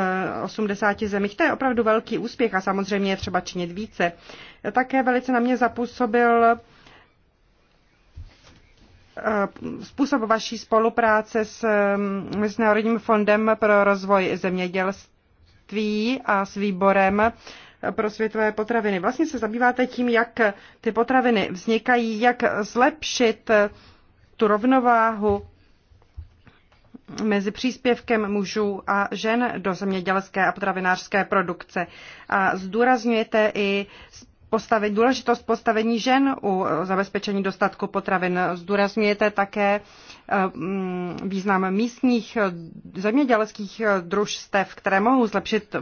80 zemích. To je opravdu velký úspěch a samozřejmě je třeba činit více. Také velice na mě zapůsobil eh, způsob vaší spolupráce s mm, Mezinárodním fondem pro rozvoj zemědělství a s výborem pro světové potraviny. Vlastně se zabýváte tím, jak ty potraviny vznikají, jak zlepšit tu rovnováhu mezi příspěvkem mužů a žen do zemědělské a potravinářské produkce. A zdůrazňujete i postavení, důležitost postavení žen u zabezpečení dostatku potravin. Zdůrazňujete také eh, mm, význam místních eh, zemědělských eh, družstev, které mohou zlepšit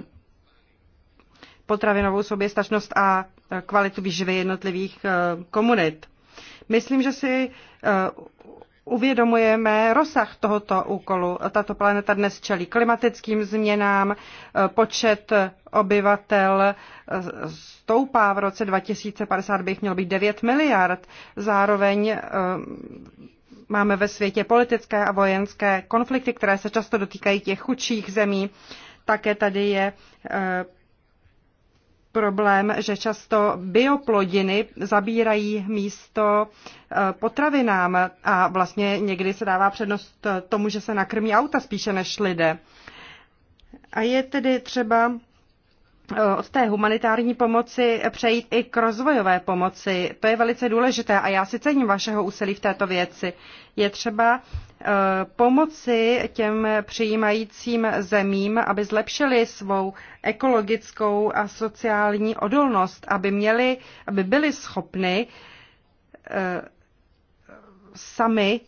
potravinovou soběstačnost a kvalitu výživy jednotlivých komunit. Myslím, že si eh, uvědomujeme rozsah tohoto úkolu. Tato planeta dnes čelí klimatickým změnám, eh, počet obyvatel eh, stoupá, v roce 2050 bych měl být 9 miliard. Zároveň máme ve světě politické a vojenské konflikty, které se často dotýkají těch chudších zemí. Také tady je problém, že často bioplodiny zabírají místo eh, potravinám a vlastně někdy se dává přednost eh, tomu, že se nakrmí auta spíše než lidé. A je tedy třeba Eh, od té humanitární pomoci přejít i k rozvojové pomoci. To je velice důležité a já si cením vašeho úsilí v této věci. Je třeba eh, pomoci těm přijímajícím zemím, aby zlepšili svou ekologickou a sociální odolnost, aby, měli, aby byli schopni eh, sami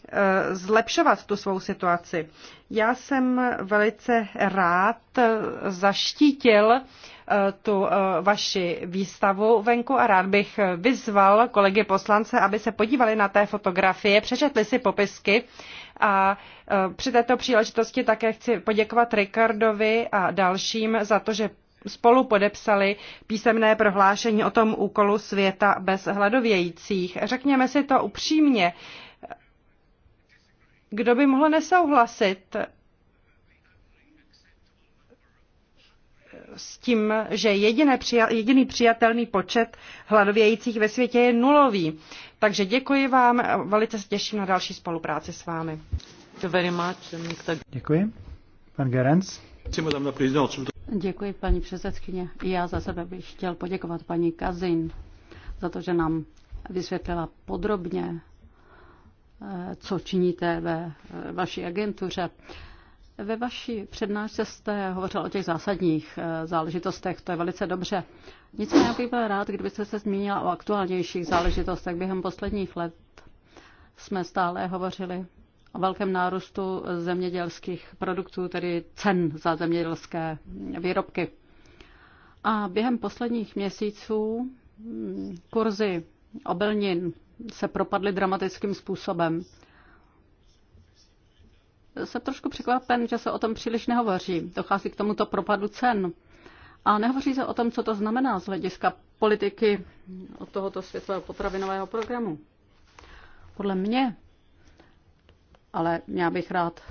zlepšovat tu svou situaci. Já jsem velice rád zaštítil Eh, tu eh, vaši výstavu venku a rád bych vyzval kolegy poslance, aby se podívali na té fotografie, přečetli si popisky a eh, při této příležitosti také chci poděkovat Ricardovi a dalším za to, že spolu podepsali písemné prohlášení o tom úkolu světa bez hladovějících. Řekněme si to upřímně. Kdo by mohl nesouhlasit s tím, že jediné přijat, jediný přijatelný počet hladovějících ve světě je nulový. Takže děkuji vám, velice se těším na další spolupráci s vámi. Děkuji. Pan Gerenc. Děkuji, paní předsedkyně. Já za sebe bych chtěl poděkovat paní Kazin za to, že nám vysvětlila podrobně, eh, co činíte ve eh, vaší agentuře. Ve vaší přednášce jste hovořil o těch zásadních eh, záležitostech, to je velice dobře. Nicméně bych byl rád, kdybyste se zmínila o aktuálnějších záležitostech. Během posledních let jsme stále hovořili o velkém nárůstu zemědělských produktů, tedy cen za zemědělské výrobky. A během posledních měsíců hm, kurzy obelnin se propadly dramatickým způsobem jsem trošku překvapen, že se o tom příliš nehovoří. Dochází k tomuto propadu cen. A nehovoří se o tom, co to znamená z hlediska politiky od tohoto světového potravinového programu. Podle mě, ale já bych rád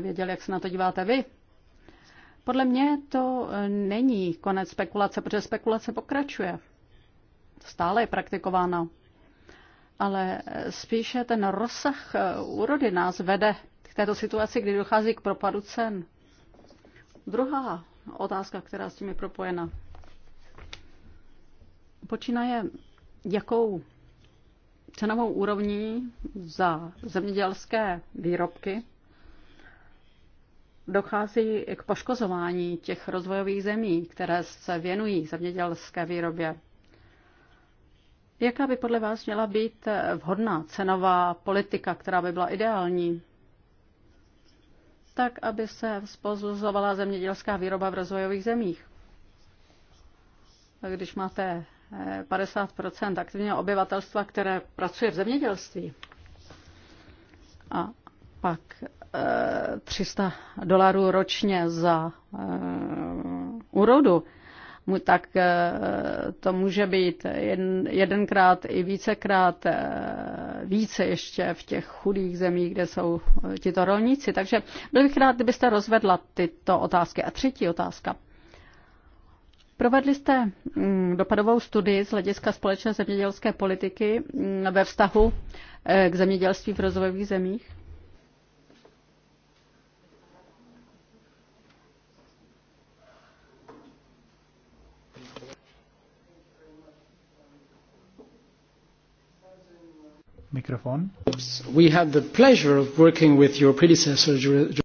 věděl, jak se na to díváte vy, podle mě to není konec spekulace, protože spekulace pokračuje. Stále je praktikována. Ale spíše ten rozsah úrody nás vede k této situaci, kdy dochází k propadu cen. Druhá otázka, která s tím je propojena, počínaje jakou cenovou úrovní za zemědělské výrobky dochází k poškozování těch rozvojových zemí, které se věnují zemědělské výrobě. Jaká by podle vás měla být vhodná cenová politika, která by byla ideální? tak aby se spozuzovala zemědělská výroba v rozvojových zemích. Když máte 50 eh, aktivního obyvatelstva, které pracuje v zemědělství, a pak 300 eh, dolarů ročně za eh, úrodu, tak to může být jedenkrát i vícekrát více ještě v těch chudých zemích, kde jsou eh, tito rolníci. Takže byl bych rád, kdybyste rozvedla tyto otázky. A třetí otázka. Provedli jste mm, dopadovou studii z hlediska společné zemědělské politiky mm, ve vztahu eh, k zemědělství v rozvojových zemích? Mikrofon. We had the pleasure of working with your predecessor.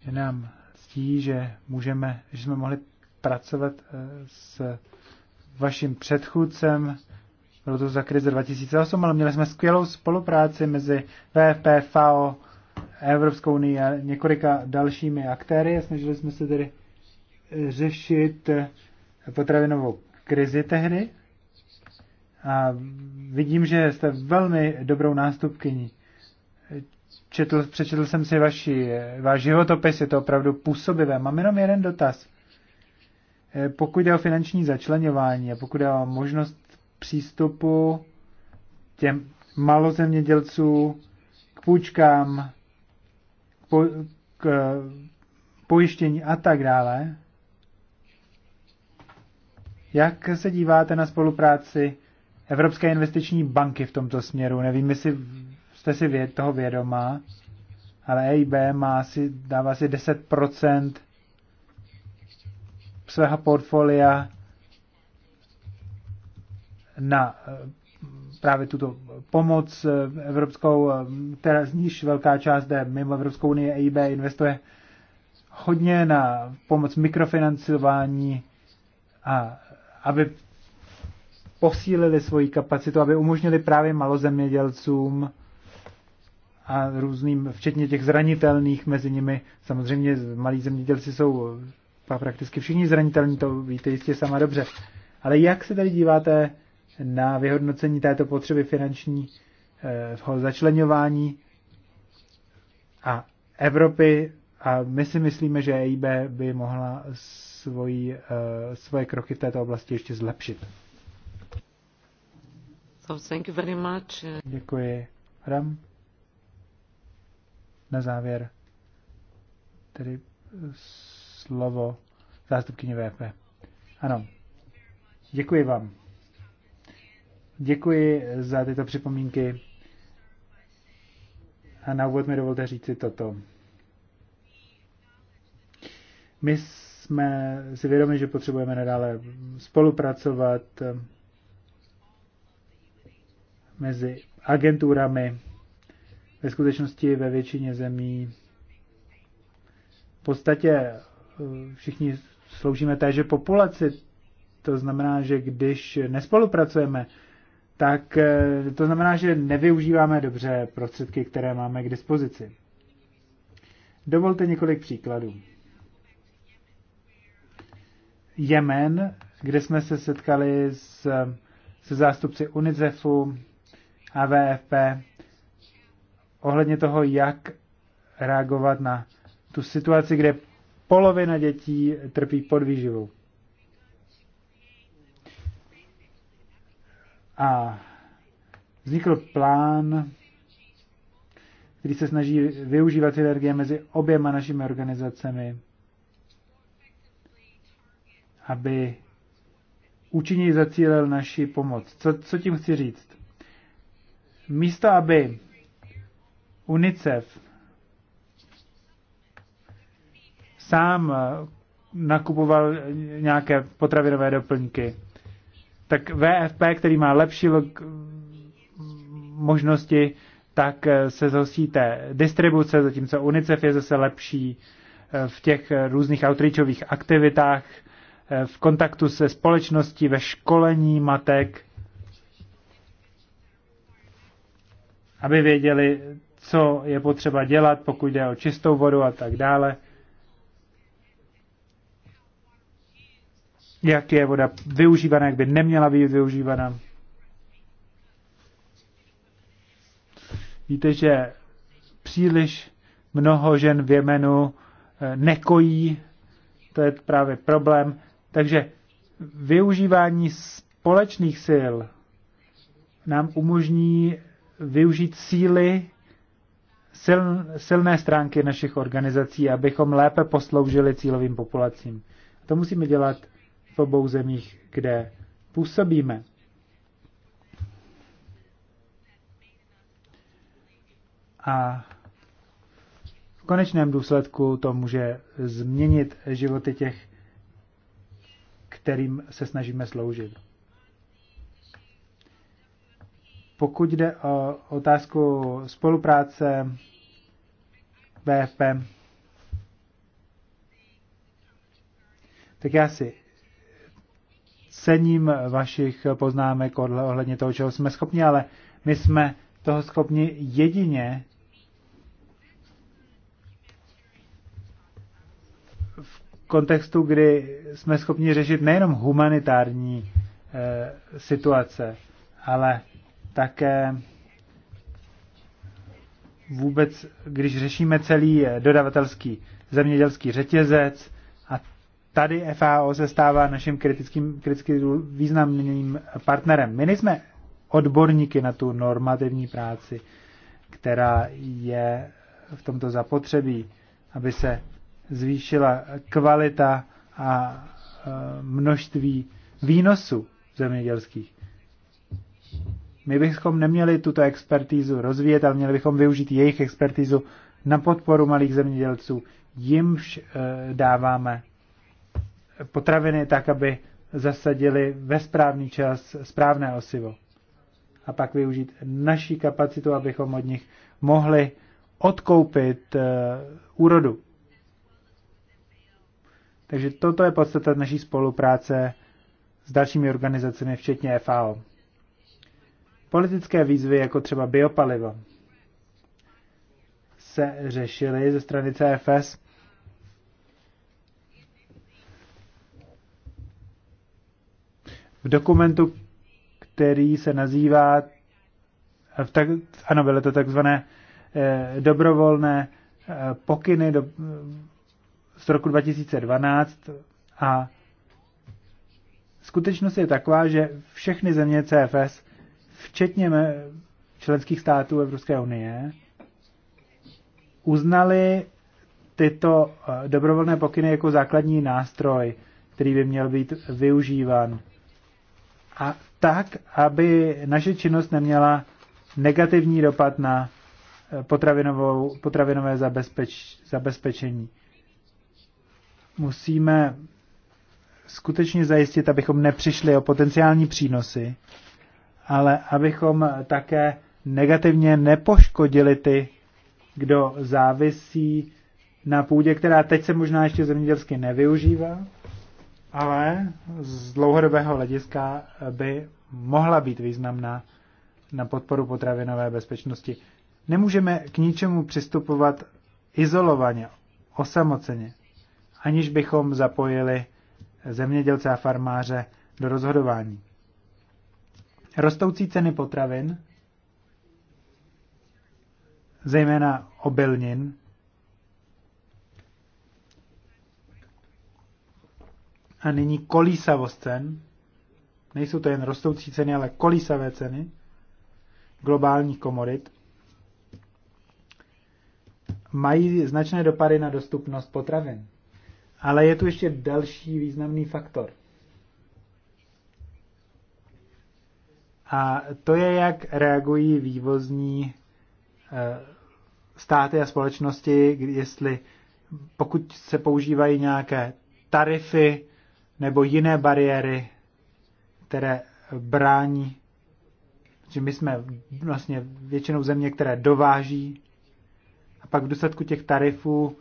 Je nám ctí, že, můžeme, že jsme mohli pracovat eh, s vaším předchůdcem, bylo to za krize 2008, ale měli jsme skvělou spolupráci mezi VFP, FAO, Evropskou unii a několika dalšími aktéry. Snažili jsme se tedy řešit potravinovou krizi tehdy a vidím, že jste velmi dobrou nástupkyní. Četl, přečetl jsem si vaši, váš životopis, je to opravdu působivé. Mám jenom jeden dotaz. E, pokud jde o finanční začlenování a pokud jde o možnost přístupu těm malozemědělců k půjčkám, k, po, k e, pojištění a tak dále, jak se díváte na spolupráci Evropské investiční banky v tomto směru. Nevím, jestli jste si věd, toho vědomá, ale EIB má asi, dává asi 10% svého portfolia na eh, právě tuto pomoc eh, evropskou, eh, která z níž velká část jde mimo Evropskou unii, EIB investuje hodně na pomoc mikrofinancování a aby posílili svoji kapacitu, aby umožnili právě malozemědělcům a různým, včetně těch zranitelných mezi nimi. Samozřejmě malí zemědělci jsou prakticky všichni zranitelní, to víte jistě sama dobře. Ale jak se tady díváte na vyhodnocení této potřeby finanční eh, začlenování a Evropy a my si myslíme, že EIB by mohla svoji, eh, svoje kroky v této oblasti ještě zlepšit. So thank you very much. Děkuji. Ram. Na závěr. Tedy eh, slovo zástupkyně VP. Ano. Děkuji vám. Děkuji za tyto připomínky. A na úvod mi dovolte říci toto. My jsme si vědomi, že potřebujeme nadále spolupracovat, mezi agenturami. Ve skutečnosti ve většině zemí v podstatě eh, všichni sloužíme téže populaci. To znamená, že když nespolupracujeme, tak eh, to znamená, že nevyužíváme dobře prostředky, které máme k dispozici. Dovolte několik příkladů. Jemen, kde jsme se setkali s, se zástupci UNICEFu, AVFP ohledně toho, jak reagovat na tu situaci, kde polovina dětí trpí podvýživou. A vznikl plán, který se snaží využívat synergie mezi oběma našimi organizacemi, aby účinněji zacílil naši pomoc. Co, co tím chci říct? místo aby UNICEF sám eh, nakupoval nějaké potravinové doplňky, tak VFP, který má lepší možnosti, tak eh, se zhostí té distribuce, zatímco UNICEF je zase lepší eh, v těch různých outreachových aktivitách, v kontaktu se společností, ve školení matek, aby věděli, co je potřeba dělat, pokud jde o čistou vodu a tak dále. Jak je voda využívaná, jak by neměla být využívaná. Víte, že příliš mnoho žen v Jemenu eh, nekojí, to je právě problém. Takže využívání společných sil nám umožní využít síly, sil, silné stránky našich organizací, abychom lépe posloužili cílovým populacím. To musíme dělat v obou zemích, kde působíme. A v konečném důsledku to může změnit životy těch, kterým se snažíme sloužit. Pokud jde o otázku spolupráce BFP, tak já si cením vašich poznámek ohledně toho, čeho jsme schopni, ale my jsme toho schopni jedině v kontextu, kdy jsme schopni řešit nejenom humanitární e, situace, ale také vůbec, když řešíme celý dodavatelský zemědělský řetězec a tady FAO se stává naším kritickým, kriticky významným partnerem. My nejsme odborníky na tu normativní práci, která je v tomto zapotřebí, aby se zvýšila kvalita a e, množství výnosů zemědělských. My bychom neměli tuto expertízu rozvíjet, ale měli bychom využít jejich expertízu na podporu malých zemědělců. Jimž eh, dáváme potraviny tak, aby zasadili ve správný čas správné osivo. A pak využít naší kapacitu, abychom od nich mohli odkoupit eh, úrodu. Takže toto je podstata naší spolupráce s dalšími organizacemi, včetně FAO. Politické výzvy, jako třeba biopalivo, se řešily ze strany CFS. V dokumentu, který se nazývá, v tak, ano, byly to takzvané eh, dobrovolné eh, pokyny do, z roku 2012 a skutečnost je taková, že všechny země CFS včetně členských států Evropské unie, uznali tyto eh, dobrovolné pokyny jako základní nástroj, který by měl být využíván. A tak, aby naše činnost neměla negativní dopad na eh, potravinovou, potravinové zabezpeč, zabezpečení. Musíme skutečně zajistit, abychom nepřišli o potenciální přínosy ale abychom také negativně nepoškodili ty, kdo závisí na půdě, která teď se možná ještě zemědělsky nevyužívá, ale z dlouhodobého hlediska by mohla být významná na podporu potravinové bezpečnosti. Nemůžeme k ničemu přistupovat izolovaně, osamoceně, aniž bychom zapojili zemědělce a farmáře do rozhodování. Rostoucí ceny potravin, zejména obilnin, a nyní kolísavost cen, nejsou to jen rostoucí ceny, ale kolísavé ceny globálních komodit, mají značné dopady na dostupnost potravin. Ale je tu ještě další významný faktor – A to je, jak reagují vývozní eh, státy a společnosti, jestli pokud se používají nějaké tarify nebo jiné bariéry, které brání, že my jsme vlastně většinou země, které dováží a pak v důsledku těch tarifů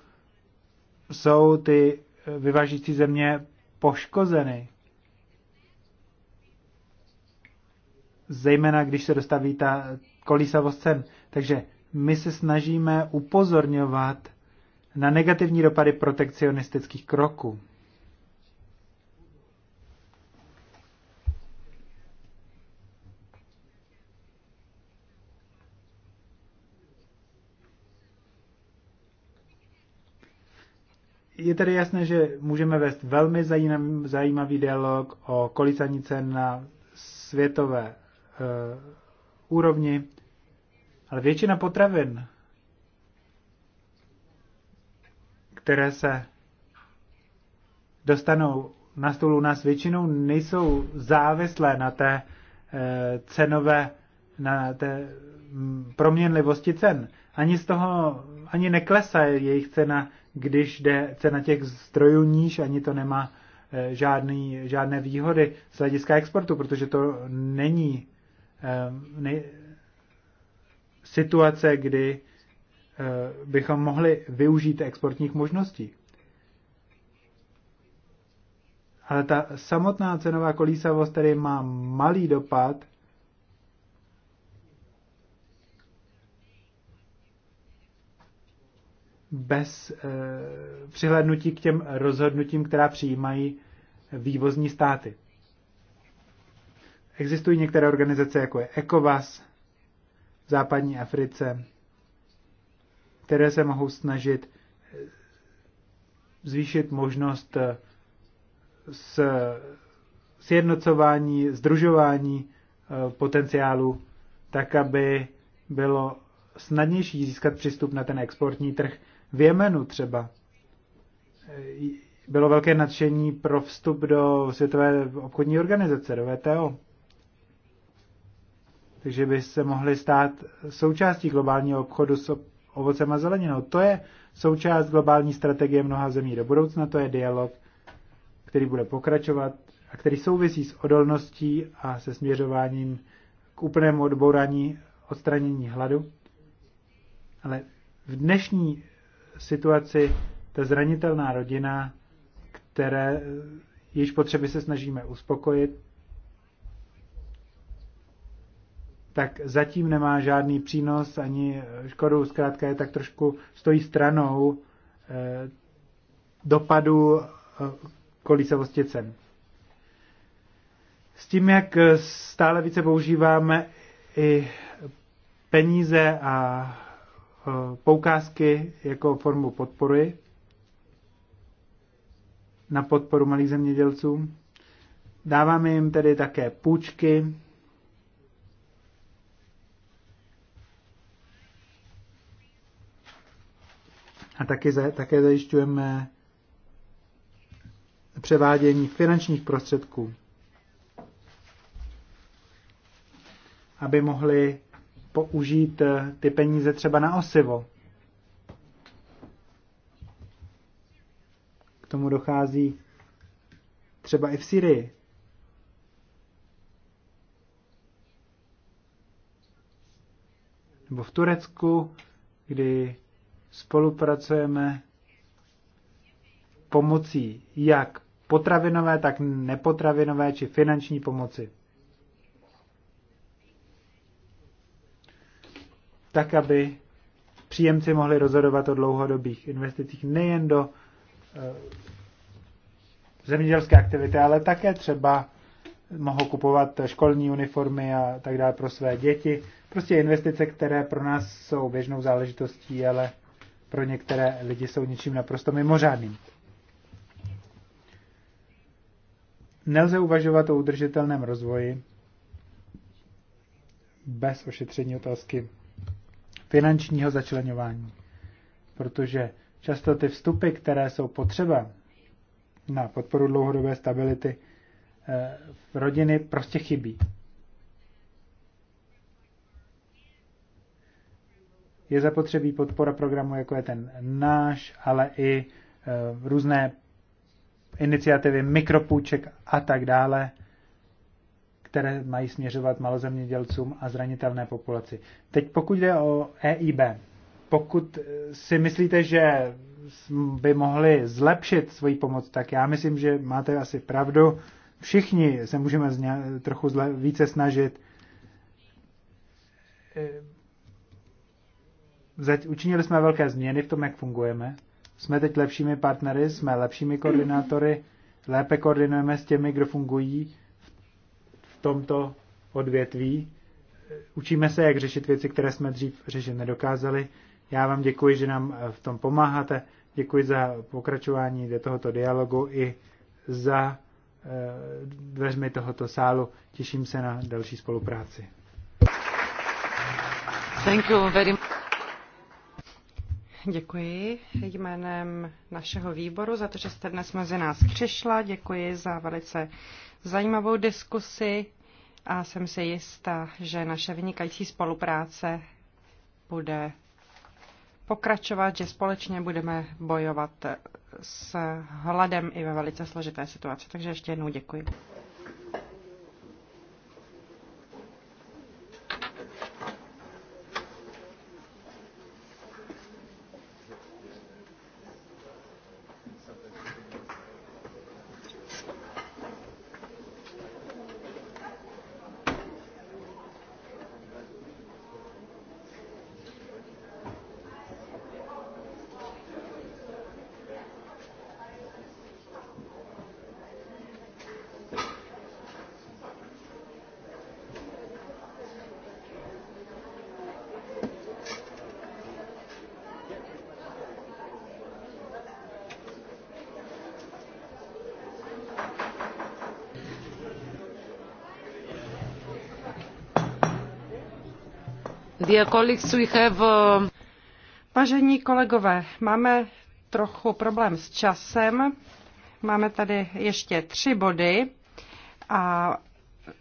jsou ty eh, vyvážící země poškozeny. zejména když se dostaví ta kolísavost cen. Takže my se snažíme upozorňovat na negativní dopady protekcionistických kroků. je tedy jasné, že můžeme vést velmi zajímavý dialog o kolicanice na světové Eh, úrovni, ale většina potravin, které se dostanou na stůl u nás většinou nejsou závislé na té e, cenové, na té mm, proměnlivosti cen. Ani z toho, ani neklesá jejich cena, když jde cena těch strojů níž, ani to nemá e, žádný, žádné výhody z hlediska exportu, protože to není Ehm, ne, situace, kdy eh, bychom mohli využít exportních možností. Ale ta samotná cenová kolísavost tedy má malý dopad bez e, eh, přihlednutí k těm rozhodnutím, která přijímají vývozní státy. Existují některé organizace, jako je ECOVAS v západní Africe, které se mohou snažit eh, zvýšit možnost eh, s sjednocování, združování eh, potenciálu, tak aby bylo snadnější získat přístup na ten exportní trh. V Jemenu třeba bylo velké nadšení pro vstup do Světové obchodní organizace, do VTO takže by se mohly stát součástí globálního obchodu s ovocem a zeleninou. To je součást globální strategie mnoha zemí do budoucna, to je dialog, který bude pokračovat a který souvisí s odolností a se směřováním k úplnému odbourání odstranění hladu. Ale v dnešní situaci ta zranitelná rodina, které již potřeby se snažíme uspokojit, tak zatím nemá žádný přínos ani eh, škodu, zkrátka je tak trošku stojí stranou eh, dopadu eh, kolísavosti cen. S tím, jak stále více používáme i peníze a poukázky jako formu podpory na podporu malých zemědělců, dáváme jim tedy také půjčky, A taky, také zajišťujeme převádění finančních prostředků, aby mohli použít eh, ty peníze třeba na osivo. K tomu dochází třeba i v Syrii. Nebo v Turecku, kdy spolupracujeme pomocí jak potravinové, tak nepotravinové či finanční pomoci. Tak, aby příjemci mohli rozhodovat o dlouhodobých investicích nejen do eh, zemědělské aktivity, ale také třeba mohou kupovat školní uniformy a tak dále pro své děti. Prostě investice, které pro nás jsou běžnou záležitostí, ale pro některé lidi jsou něčím naprosto mimořádným. Nelze uvažovat o udržitelném rozvoji bez ošetření otázky finančního začlenování, protože často ty vstupy, které jsou potřeba na podporu dlouhodobé stability v eh, rodiny, prostě chybí. je zapotřebí podpora programu, jako je ten náš, ale i eh, různé iniciativy mikropůjček a tak dále, které mají směřovat malozemědělcům a zranitelné populaci. Teď pokud jde o EIB, pokud eh, si myslíte, že by mohli zlepšit svoji pomoc, tak já myslím, že máte asi pravdu. Všichni se můžeme zně, trochu zle, více snažit eh, učinili jsme velké změny v tom, jak fungujeme. Jsme teď lepšími partnery, jsme lepšími koordinátory, lépe koordinujeme s těmi, kdo fungují v tomto odvětví. Učíme se, jak řešit věci, které jsme dřív řešit nedokázali. Já vám děkuji, že nám eh, v tom pomáháte. Děkuji za pokračování do tohoto dialogu i za eh, dveřmi tohoto sálu. Těším se na další spolupráci. Thank you very much. Děkuji jménem našeho výboru za to, že jste dnes mezi nás přišla. Děkuji za velice zajímavou diskusi a jsem si jistá, že naše vynikající spolupráce bude pokračovat, že společně budeme bojovat s hladem i ve velice složité situaci. Takže ještě jednou děkuji. Uh, Vážení kolegové, máme trochu problém s časem. Máme tady ještě tři body a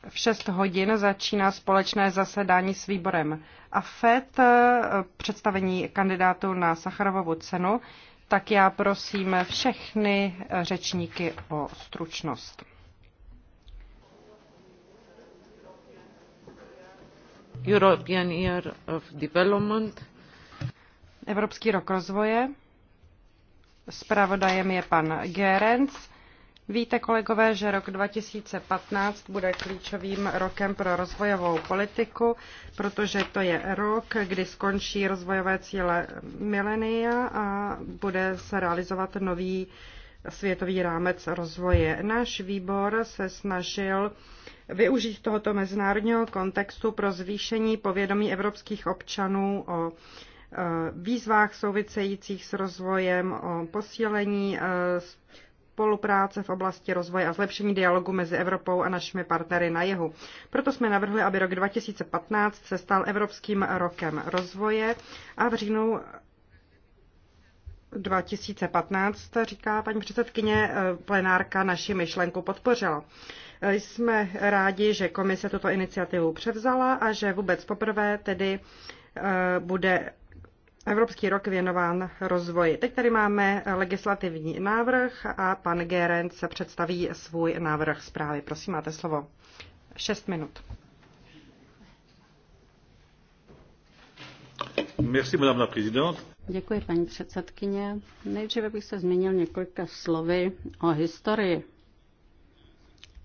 v 6 hodin začíná společné zasedání s výborem AFET, eh, představení kandidátů na Sacharovovu cenu, tak já prosím všechny eh, řečníky o stručnost. Evropský rok rozvoje. Zpravodajem je pan Gerenc. Víte, kolegové, že rok 2015 bude klíčovým rokem pro rozvojovou politiku, protože to je rok, kdy skončí rozvojové cíle milenia a bude se realizovat nový světový rámec rozvoje. Náš výbor se snažil využít tohoto mezinárodního kontextu pro zvýšení povědomí evropských občanů o e, výzvách souvisejících s rozvojem, o posílení e, spolupráce v oblasti rozvoje a zlepšení dialogu mezi Evropou a našimi partnery na jihu. Proto jsme navrhli, aby rok 2015 se stal Evropským rokem rozvoje a v říjnu 2015, říká paní předsedkyně, e, plenárka naši myšlenku podpořila. Jsme rádi, že komise tuto iniciativu převzala a že vůbec poprvé tedy eh, bude Evropský rok věnován rozvoji. Teď tady máme legislativní návrh a pan Gerent se představí svůj návrh zprávy. Prosím, máte slovo. Šest minut. Merci, madame la présidente. Děkuji, paní předsedkyně. Nejdříve bych se zmínil několika slovy o historii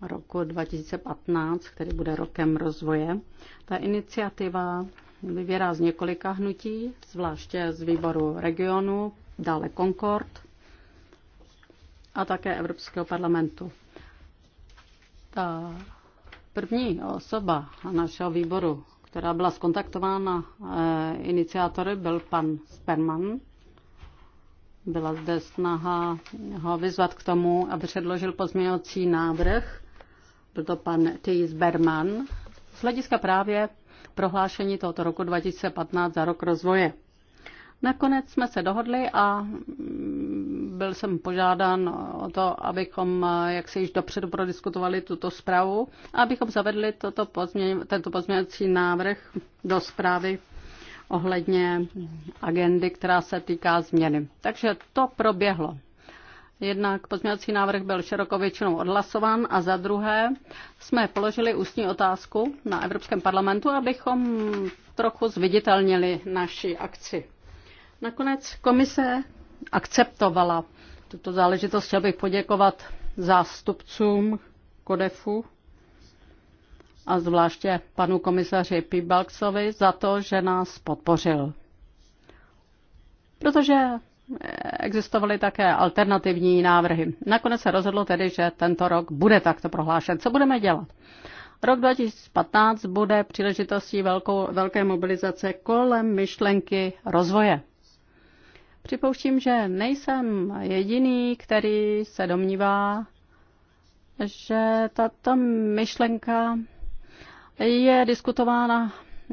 roku 2015, který bude rokem rozvoje. Ta iniciativa vyvěrá z několika hnutí, zvláště z výboru regionu, dále Concord a také Evropského parlamentu. Ta první osoba našeho výboru, která byla skontaktována eh, iniciátory, byl pan Sperman. Byla zde snaha ho vyzvat k tomu, aby předložil pozměňovací návrh, byl to pan Thijs Berman, z hlediska právě prohlášení tohoto roku 2015 za rok rozvoje. Nakonec jsme se dohodli a byl jsem požádán o to, abychom, jak se již dopředu prodiskutovali tuto zprávu, abychom zavedli toto pozměň, tento pozměňovací návrh do zprávy ohledně agendy, která se týká změny. Takže to proběhlo. Jednak pozměňovací návrh byl širokou většinou odhlasován a za druhé jsme položili ústní otázku na Evropském parlamentu, abychom trochu zviditelnili naši akci. Nakonec komise akceptovala tuto záležitost. Chtěl bych poděkovat zástupcům Kodefu a zvláště panu komisaři Pibalksovi za to, že nás podpořil. Protože existovaly také alternativní návrhy. Nakonec se rozhodlo tedy, že tento rok bude takto prohlášen. Co budeme dělat? Rok 2015 bude příležitostí velkou, velké mobilizace kolem myšlenky rozvoje. Připouštím, že nejsem jediný, který se domnívá, že tato myšlenka je diskutována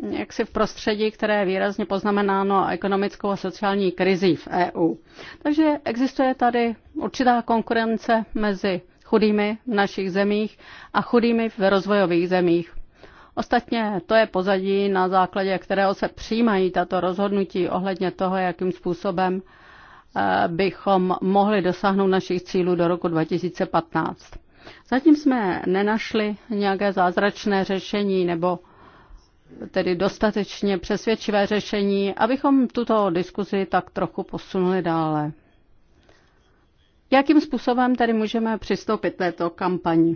jaksi v prostředí, které je výrazně poznamenáno ekonomickou a sociální krizí v EU. Takže existuje tady určitá konkurence mezi chudými v našich zemích a chudými v rozvojových zemích. Ostatně to je pozadí, na základě kterého se přijímají tato rozhodnutí ohledně toho, jakým způsobem eh, bychom mohli dosáhnout našich cílů do roku 2015. Zatím jsme nenašli nějaké zázračné řešení nebo tedy dostatečně přesvědčivé řešení, abychom tuto diskuzi tak trochu posunuli dále. Jakým způsobem tedy můžeme přistoupit této kampani?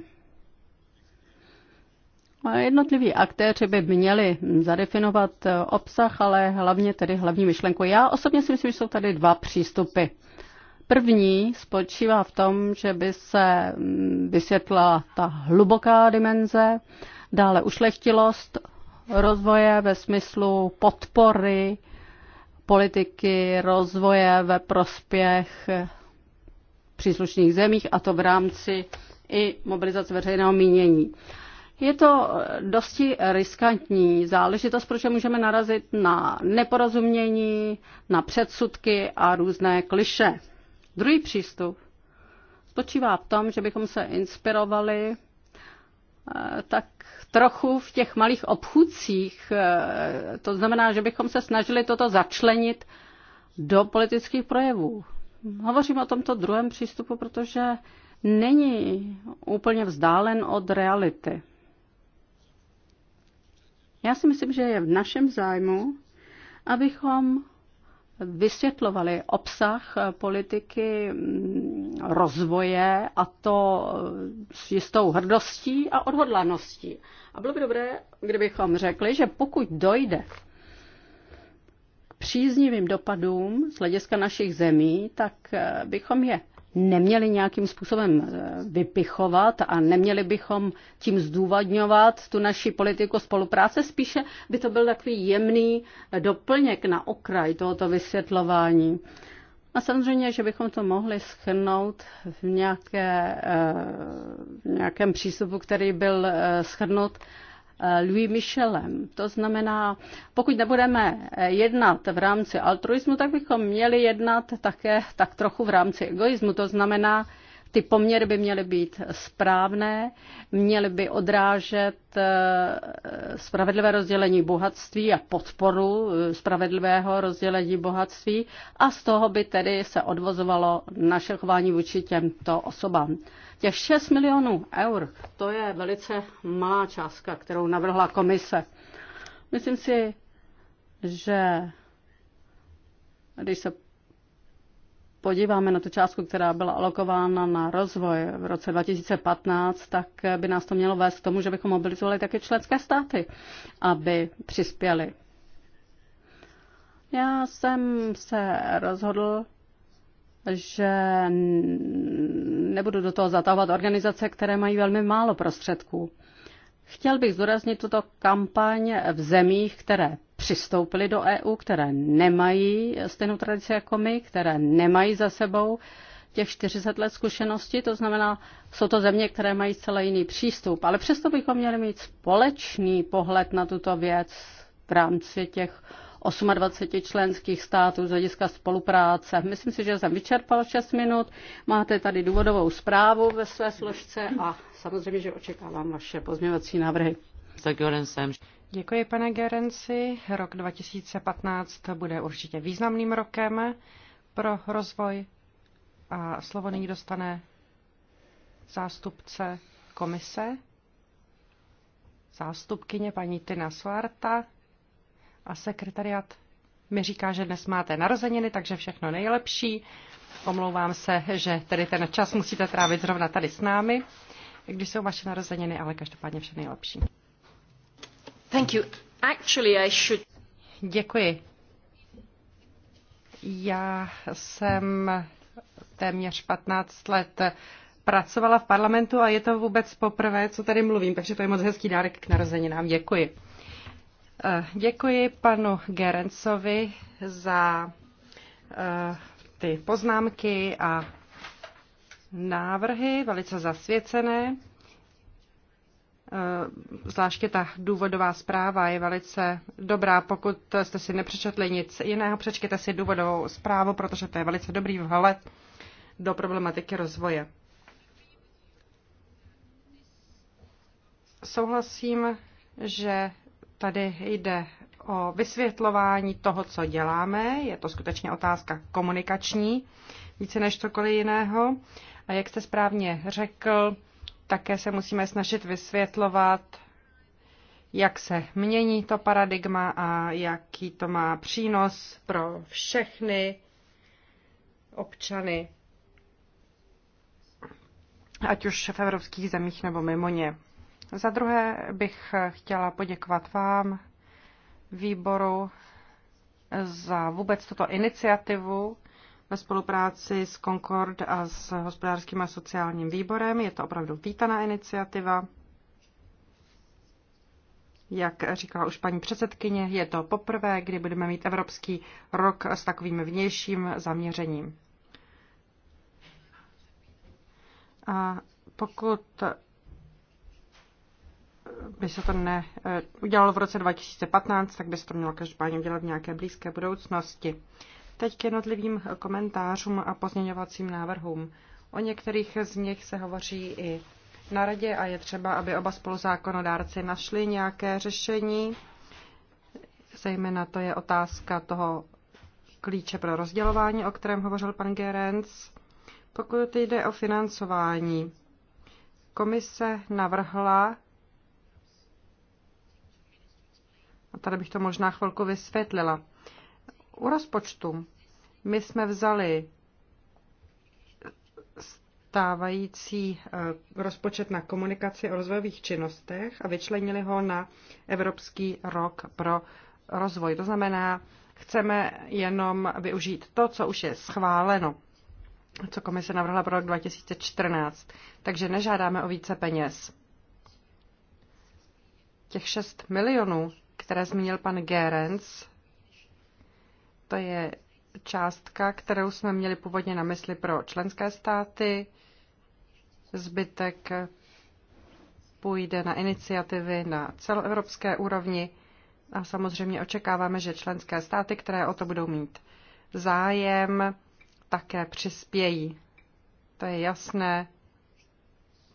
Jednotliví aktéři by měli zadefinovat obsah, ale hlavně tedy hlavní myšlenku. Já osobně si myslím, že jsou tady dva přístupy. První spočívá v tom, že by se vysvětla ta hluboká dimenze, dále ušlechtilost, rozvoje ve smyslu podpory politiky rozvoje ve prospěch příslušných zemích, a to v rámci i mobilizace veřejného mínění. Je to dosti riskantní záležitost, protože můžeme narazit na neporozumění, na předsudky a různé kliše. Druhý přístup spočívá v tom, že bychom se inspirovali eh, tak trochu v těch malých obchůdcích. Eh, to znamená, že bychom se snažili toto začlenit do politických projevů. Hovořím o tomto druhém přístupu, protože není úplně vzdálen od reality. Já si myslím, že je v našem zájmu, abychom vysvětlovali obsah eh, politiky mm, rozvoje a to s jistou hrdostí a odhodlaností. A bylo by dobré, kdybychom řekli, že pokud dojde k příznivým dopadům z hlediska našich zemí, tak eh, bychom je neměli nějakým způsobem eh, vypichovat a neměli bychom tím zdůvodňovat tu naši politiku spolupráce. Spíše by to byl takový jemný eh, doplněk na okraj tohoto vysvětlování. A samozřejmě, že bychom to mohli schrnout v, nějaké, eh, v nějakém přístupu, který byl eh, schrnut eh, Louis Michelem. To znamená, pokud nebudeme jednat v rámci altruismu, tak bychom měli jednat také tak trochu v rámci egoismu. To znamená, ty poměry by měly být správné, měly by odrážet eh, spravedlivé rozdělení bohatství a podporu eh, spravedlivého rozdělení bohatství a z toho by tedy se odvozovalo naše chování vůči těmto osobám. Těch 6 milionů eur, to je velice malá částka, kterou navrhla komise. Myslím si, že když se podíváme na tu částku, která byla alokována na rozvoj v roce 2015, tak by nás to mělo vést k tomu, že bychom mobilizovali také členské státy, aby přispěli. Já jsem se rozhodl, že nebudu do toho zatahovat organizace, které mají velmi málo prostředků. Chtěl bych zdůraznit tuto kampaň v zemích, které přistoupily do EU, které nemají stejnou tradici jako my, které nemají za sebou těch 40 let zkušenosti, to znamená, jsou to země, které mají celý jiný přístup, ale přesto bychom měli mít společný pohled na tuto věc v rámci těch 28 členských států z hlediska spolupráce. Myslím si, že jsem vyčerpal 6 minut. Máte tady důvodovou zprávu ve své složce a samozřejmě, že očekávám vaše pozměňovací návrhy. Tak jsem. Děkuji, pane Gerenci. Rok 2015 bude určitě významným rokem pro rozvoj a slovo nyní dostane zástupce komise, zástupkyně paní Tina Suarta a sekretariat mi říká, že dnes máte narozeniny, takže všechno nejlepší. Omlouvám se, že tedy ten čas musíte trávit zrovna tady s námi, když jsou vaše narozeniny, ale každopádně vše nejlepší. Děkuji. Já jsem téměř 15 let pracovala v parlamentu a je to vůbec poprvé, co tady mluvím, takže to je moc hezký dárek k narozeninám. Děkuji. Eh, děkuji panu Gerencovi za eh, ty poznámky a návrhy, velice zasvěcené. Eh, zvláště ta důvodová zpráva je velice dobrá. Pokud jste si nepřečetli nic jiného, přečtěte si důvodovou zprávu, protože to je velice dobrý vhled do problematiky rozvoje. Souhlasím, že tady jde o vysvětlování toho, co děláme. Je to skutečně otázka komunikační, více než cokoliv jiného. A jak jste správně řekl, také se musíme snažit vysvětlovat, jak se mění to paradigma a jaký to má přínos pro všechny občany, ať už v evropských zemích nebo mimo ně. Za druhé bych chtěla poděkovat vám, výboru, za vůbec tuto iniciativu, ve spolupráci s Concord a s hospodářským a sociálním výborem. Je to opravdu vítaná iniciativa. Jak říkala už paní předsedkyně, je to poprvé, kdy budeme mít Evropský rok s takovým vnějším zaměřením. A pokud by se to neudělalo eh, v roce 2015, tak by se to mělo každopádně udělat v nějaké blízké budoucnosti. Teď k jednotlivým komentářům a pozměňovacím návrhům. O některých z nich se hovoří i na radě a je třeba, aby oba spoluzákonodárci našli nějaké řešení. Zejména to je otázka toho klíče pro rozdělování, o kterém hovořil pan Gerenc. Pokud jde o financování, komise navrhla, a tady bych to možná chvilku vysvětlila, u rozpočtu my jsme vzali stávající eh, rozpočet na komunikaci o rozvojových činnostech a vyčlenili ho na Evropský rok pro rozvoj. To znamená, chceme jenom využít to, co už je schváleno, co komise navrhla pro rok 2014. Takže nežádáme o více peněz. Těch 6 milionů, které zmínil pan Gerens, to je částka, kterou jsme měli původně na mysli pro členské státy. Zbytek půjde na iniciativy na celoevropské úrovni a samozřejmě očekáváme, že členské státy, které o to budou mít zájem, také přispějí. To je jasné.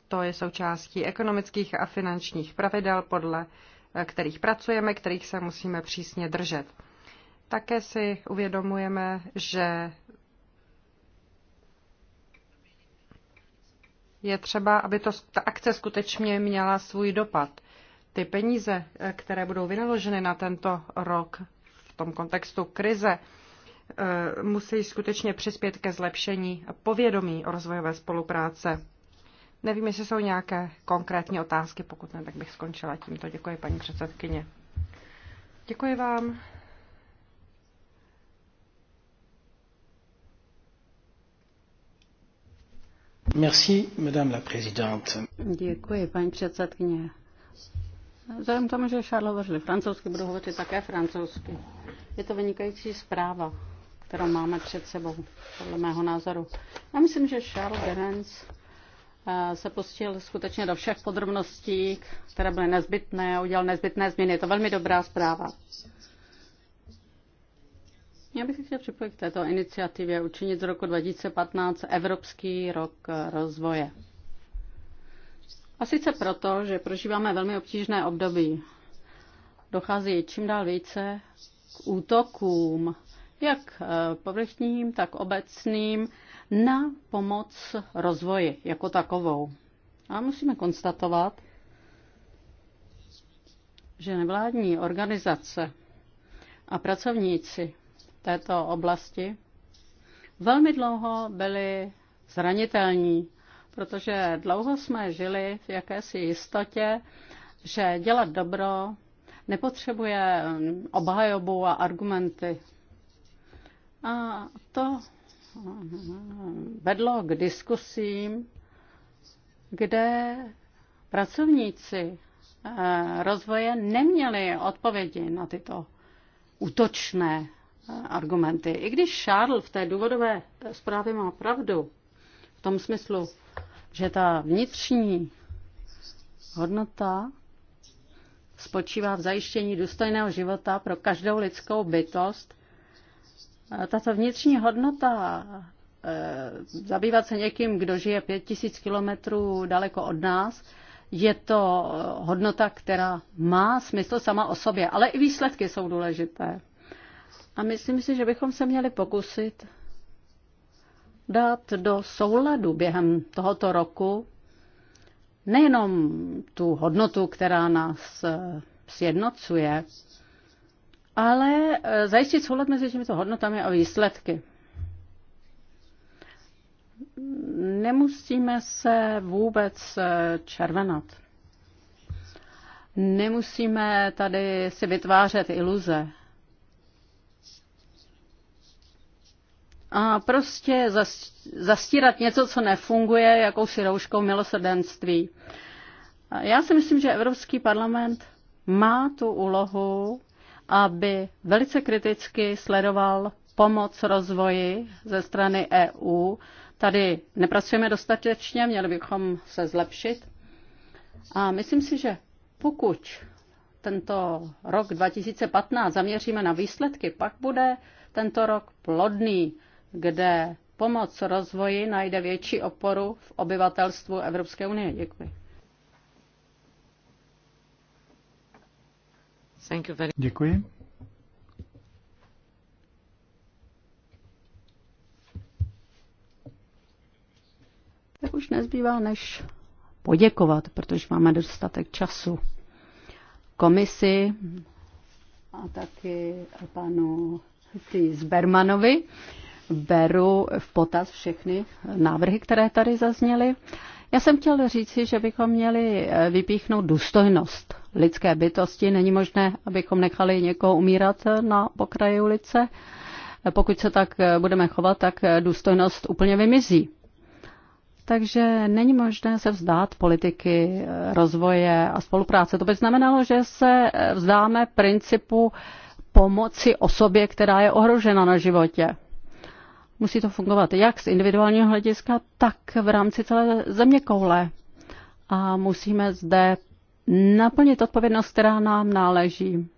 To je součástí ekonomických a finančních pravidel, podle kterých pracujeme, kterých se musíme přísně držet. Také si uvědomujeme, že je třeba, aby to, ta akce skutečně měla svůj dopad. Ty peníze, které budou vynaloženy na tento rok v tom kontextu krize, eh, musí skutečně přispět ke zlepšení povědomí o rozvojové spolupráce. Nevím, jestli jsou nějaké konkrétní otázky, pokud ne, tak bych skončila tímto. Děkuji, paní předsedkyně. Děkuji vám. Merci, madame la présidente. Děkuji, paní předsedkyně. Vzhledem k tomu, že Charles hovořili francouzsky, budu hovořit také francouzsky. Je to vynikající zpráva, kterou máme před sebou, podle mého názoru. Já myslím, že Charles Gerens eh, se pustil skutečně do všech podrobností, které byly nezbytné a udělal nezbytné změny. Je to velmi dobrá zpráva. Já bych se chtěl připojit k této iniciativě učinit z roku 2015 Evropský rok rozvoje. A sice proto, že prožíváme velmi obtížné období. Dochází čím dál více k útokům, jak eh, povrchním, tak obecným, na pomoc rozvoji jako takovou. A musíme konstatovat, že nevládní organizace a pracovníci této oblasti velmi dlouho byli zranitelní, protože dlouho jsme žili v jakési jistotě, že dělat dobro nepotřebuje obhajobu a argumenty. A to vedlo k diskusím, kde pracovníci eh, rozvoje neměli odpovědi na tyto útočné argumenty. I když Charles v té důvodové zprávě má pravdu, v tom smyslu, že ta vnitřní hodnota spočívá v zajištění důstojného života pro každou lidskou bytost, tato vnitřní hodnota eh, zabývat se někým, kdo žije pět tisíc kilometrů daleko od nás, je to hodnota, která má smysl sama o sobě, ale i výsledky jsou důležité. A myslím si, že bychom se měli pokusit dát do souladu během tohoto roku nejenom tu hodnotu, která nás eh, sjednocuje, ale eh, zajistit soulad mezi těmito hodnotami a výsledky. Nemusíme se vůbec eh, červenat. Nemusíme tady si vytvářet iluze. A prostě zastírat něco, co nefunguje, jakousi rouškou milosrdenství. Já si myslím, že Evropský parlament má tu úlohu, aby velice kriticky sledoval pomoc rozvoji ze strany EU. Tady nepracujeme dostatečně, měli bychom se zlepšit. A myslím si, že pokud tento rok 2015 zaměříme na výsledky, pak bude tento rok plodný kde pomoc rozvoji najde větší oporu v obyvatelstvu Evropské unie. Děkuji. Děkuji. Tak už nezbývá než poděkovat, protože máme dostatek času. Komisi a taky panu Tis Bermanovi beru v potaz všechny návrhy, které tady zazněly. Já jsem chtěl říci, že bychom měli eh, vypíchnout důstojnost lidské bytosti. Není možné, abychom nechali někoho umírat eh, na pokraji ulice. Eh, Pokud se tak budeme chovat, tak důstojnost úplně vymizí. Takže není možné se vzdát politiky rozvoje a spolupráce. To by znamenalo, že se vzdáme principu pomoci osobě, která je ohrožena na životě. Musí to fungovat jak z individuálního hlediska, tak v rámci celé země koule. A musíme zde naplnit odpovědnost, která nám náleží.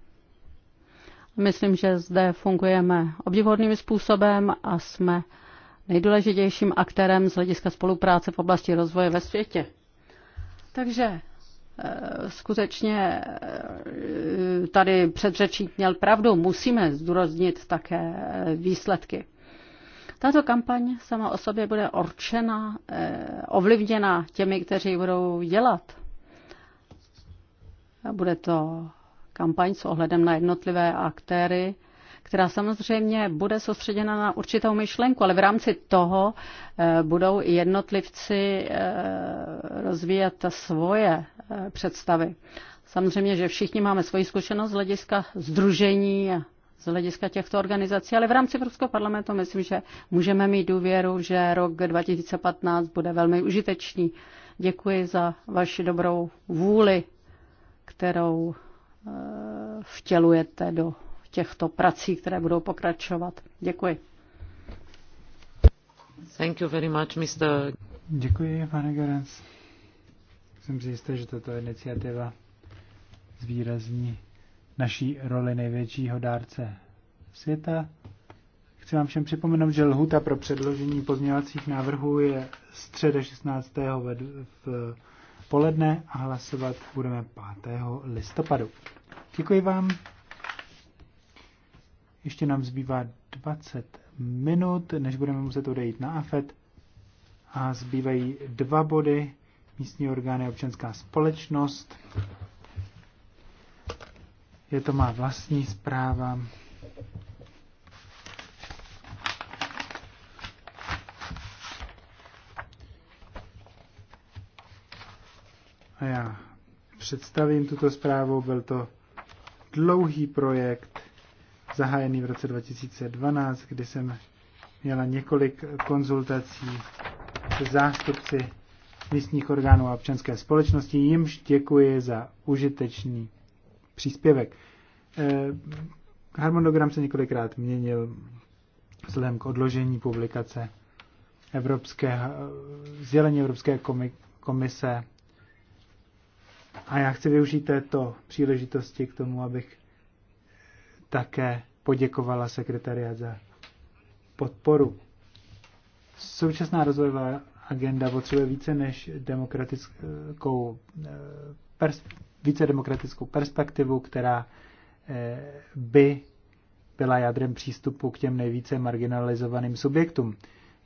Myslím, že zde fungujeme obdivodným způsobem a jsme nejdůležitějším aktérem z hlediska spolupráce v oblasti rozvoje ve světě. Takže eh, skutečně eh, tady předřečník měl pravdu, musíme zdůraznit také eh, výsledky. Tato kampaň sama o sobě bude orčena, eh, ovlivněna těmi, kteří budou dělat. Bude to kampaň s ohledem na jednotlivé aktéry, která samozřejmě bude soustředěna na určitou myšlenku, ale v rámci toho eh, budou i jednotlivci eh, rozvíjet svoje představy. Samozřejmě, že všichni máme svoji zkušenost z hlediska združení z hlediska těchto organizací, ale v rámci Evropského parlamentu myslím, že můžeme mít důvěru, že rok 2015 bude velmi užitečný. Děkuji za vaši dobrou vůli, kterou eh, vtělujete do těchto prací, které budou pokračovat. Děkuji. Thank you very much, Mr. Děkuji, pane Gerens. Jsem si jistý, že tato iniciativa zvýrazní naší roli největšího dárce světa. Chci vám všem připomenout, že lhuta pro předložení pozměňovacích návrhů je středa 16. v poledne a hlasovat budeme 5. listopadu. Děkuji vám. Ještě nám zbývá 20 minut, než budeme muset odejít na AFET. A zbývají dva body. Místní orgány občanská společnost. Je to má vlastní zpráva. A já představím tuto zprávu. Byl to dlouhý projekt, zahájený v roce 2012, kdy jsem měla několik konzultací se zástupci místních orgánů a občanské společnosti. Jimž děkuji za užitečný příspěvek. Eh, harmonogram se několikrát měnil vzhledem k odložení publikace Evropské, sdělení Evropské komise. A já chci využít této příležitosti k tomu, abych také poděkovala sekretariat za podporu. Současná rozvojová agenda potřebuje více než demokratickou eh, více demokratickou perspektivu, která eh, by byla jádrem přístupu k těm nejvíce marginalizovaným subjektům.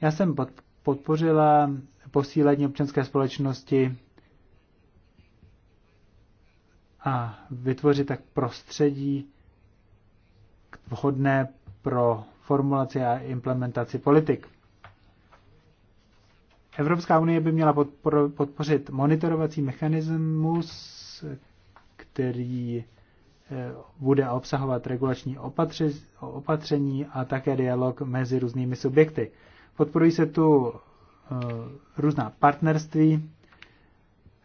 Já jsem podpořila posílení občanské společnosti a vytvořit tak prostředí vhodné pro formulaci a implementaci politik. Evropská unie by měla podpořit monitorovací mechanismus který eh, bude obsahovat regulační opatření a také dialog mezi různými subjekty. Podporují se tu eh, různá partnerství,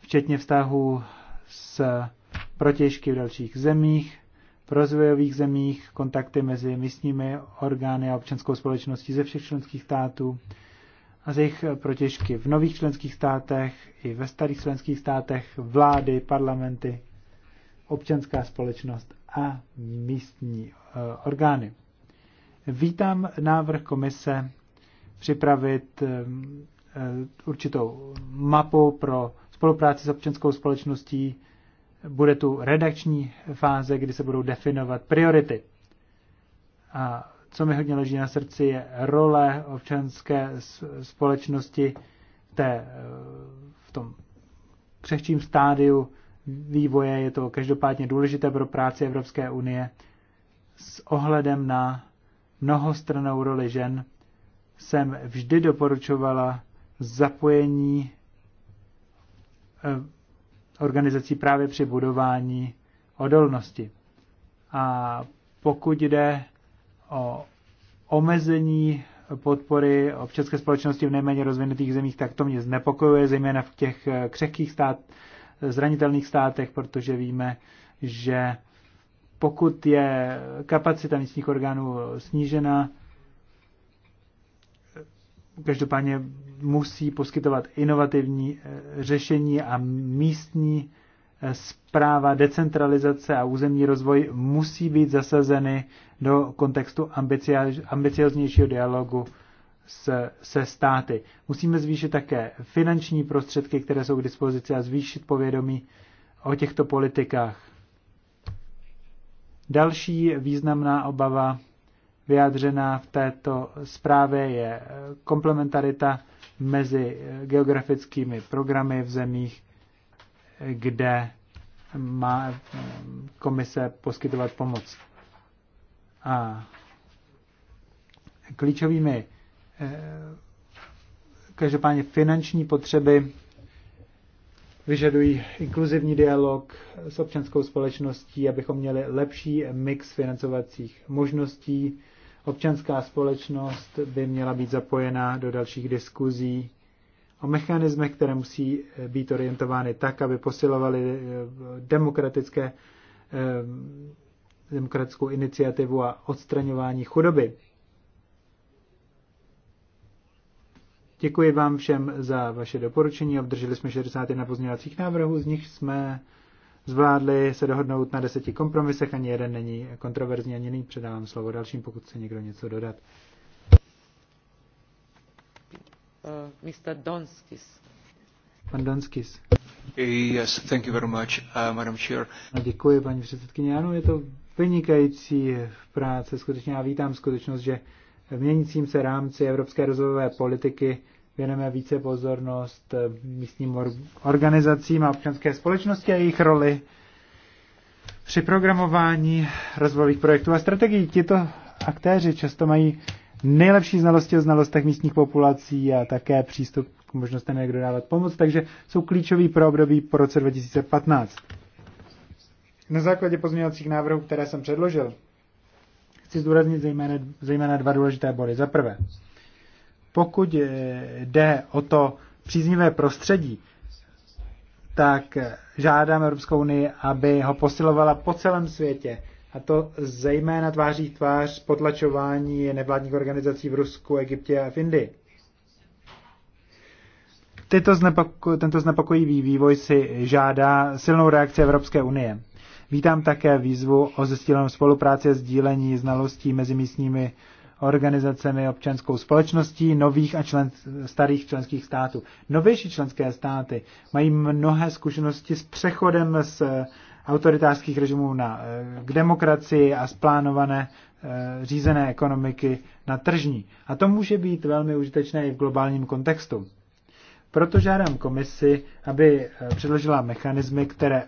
včetně vztahu s protěžky v dalších zemích, v rozvojových zemích, kontakty mezi místními orgány a občanskou společností ze všech členských států, a z jejich eh, protěžky v nových členských státech i ve starých členských státech, vlády, parlamenty, občanská společnost a místní eh, orgány. Vítám návrh komise připravit eh, určitou mapu pro spolupráci s občanskou společností. Bude tu redakční fáze, kdy se budou definovat priority. A co mi hodně leží na srdci, je role občanské společnosti v, té, eh, v tom křehčím stádiu vývoje. Je to každopádně důležité pro práci Evropské unie s ohledem na mnohostranou roli žen jsem vždy doporučovala zapojení eh, organizací právě při budování odolnosti. A pokud jde o omezení podpory občanské společnosti v nejméně rozvinutých zemích, tak to mě znepokojuje, zejména v těch eh, křehkých stát, eh, zranitelných státech, protože víme, že pokud je kapacita místních orgánů snížena, každopádně musí poskytovat inovativní eh, řešení a místní zpráva, decentralizace a územní rozvoj musí být zasazeny do kontextu ambicioznějšího dialogu se, se státy. Musíme zvýšit také finanční prostředky, které jsou k dispozici a zvýšit povědomí o těchto politikách. Další významná obava vyjádřená v této zprávě je komplementarita mezi geografickými programy v zemích kde má komise poskytovat pomoc. A klíčovými eh, každopádně finanční potřeby vyžadují inkluzivní dialog s občanskou společností, abychom měli lepší mix financovacích možností. Občanská společnost by měla být zapojena do dalších diskuzí o mechanismech, které musí eh, být orientovány tak, aby posilovaly eh, demokratické, eh, demokratickou iniciativu a odstraňování chudoby. Děkuji vám všem za vaše doporučení. Obdrželi jsme 61 pozměňovacích návrhů, z nich jsme zvládli se dohodnout na deseti kompromisech, ani jeden není kontroverzní, ani jiný. Předávám slovo dalším, pokud se někdo něco dodat. Eh, Mr. Donskis. Pan Donskis. Yes, thank you very much, uh, Madam Chair. děkuji, paní předsedkyně. Ano, je to vynikající práce, skutečně já vítám skutečnost, že v měnícím se rámci evropské rozvojové politiky věneme více pozornost eh, místním organizacím a občanské společnosti a jejich roli při programování rozvojových projektů a strategií. Tito aktéři často mají nejlepší znalosti o znalostech místních populací a také přístup k možnostem, jak dodávat pomoc, takže jsou klíčový pro období po roce 2015. Na základě pozměňovacích návrhů, které jsem předložil, chci zdůraznit zejména, zejména dva důležité body. Za prvé, pokud jde o to příznivé prostředí, tak žádám Evropskou unii, aby ho posilovala po celém světě a to zejména tváří tvář potlačování nevládních organizací v Rusku, Egyptě a v Indii. Tyto znepoko- tento znepokojivý vývoj si žádá silnou reakci Evropské unie. Vítám také výzvu o zesílenou spolupráci a sdílení znalostí mezi místními organizacemi občanskou společností nových a člen, starých členských států. Novější členské státy mají mnohé zkušenosti s přechodem z autoritářských režimů na, eh, k demokracii a splánované eh, řízené ekonomiky na tržní. A to může být velmi užitečné i v globálním kontextu. Proto žádám komisi, aby eh, předložila mechanismy, které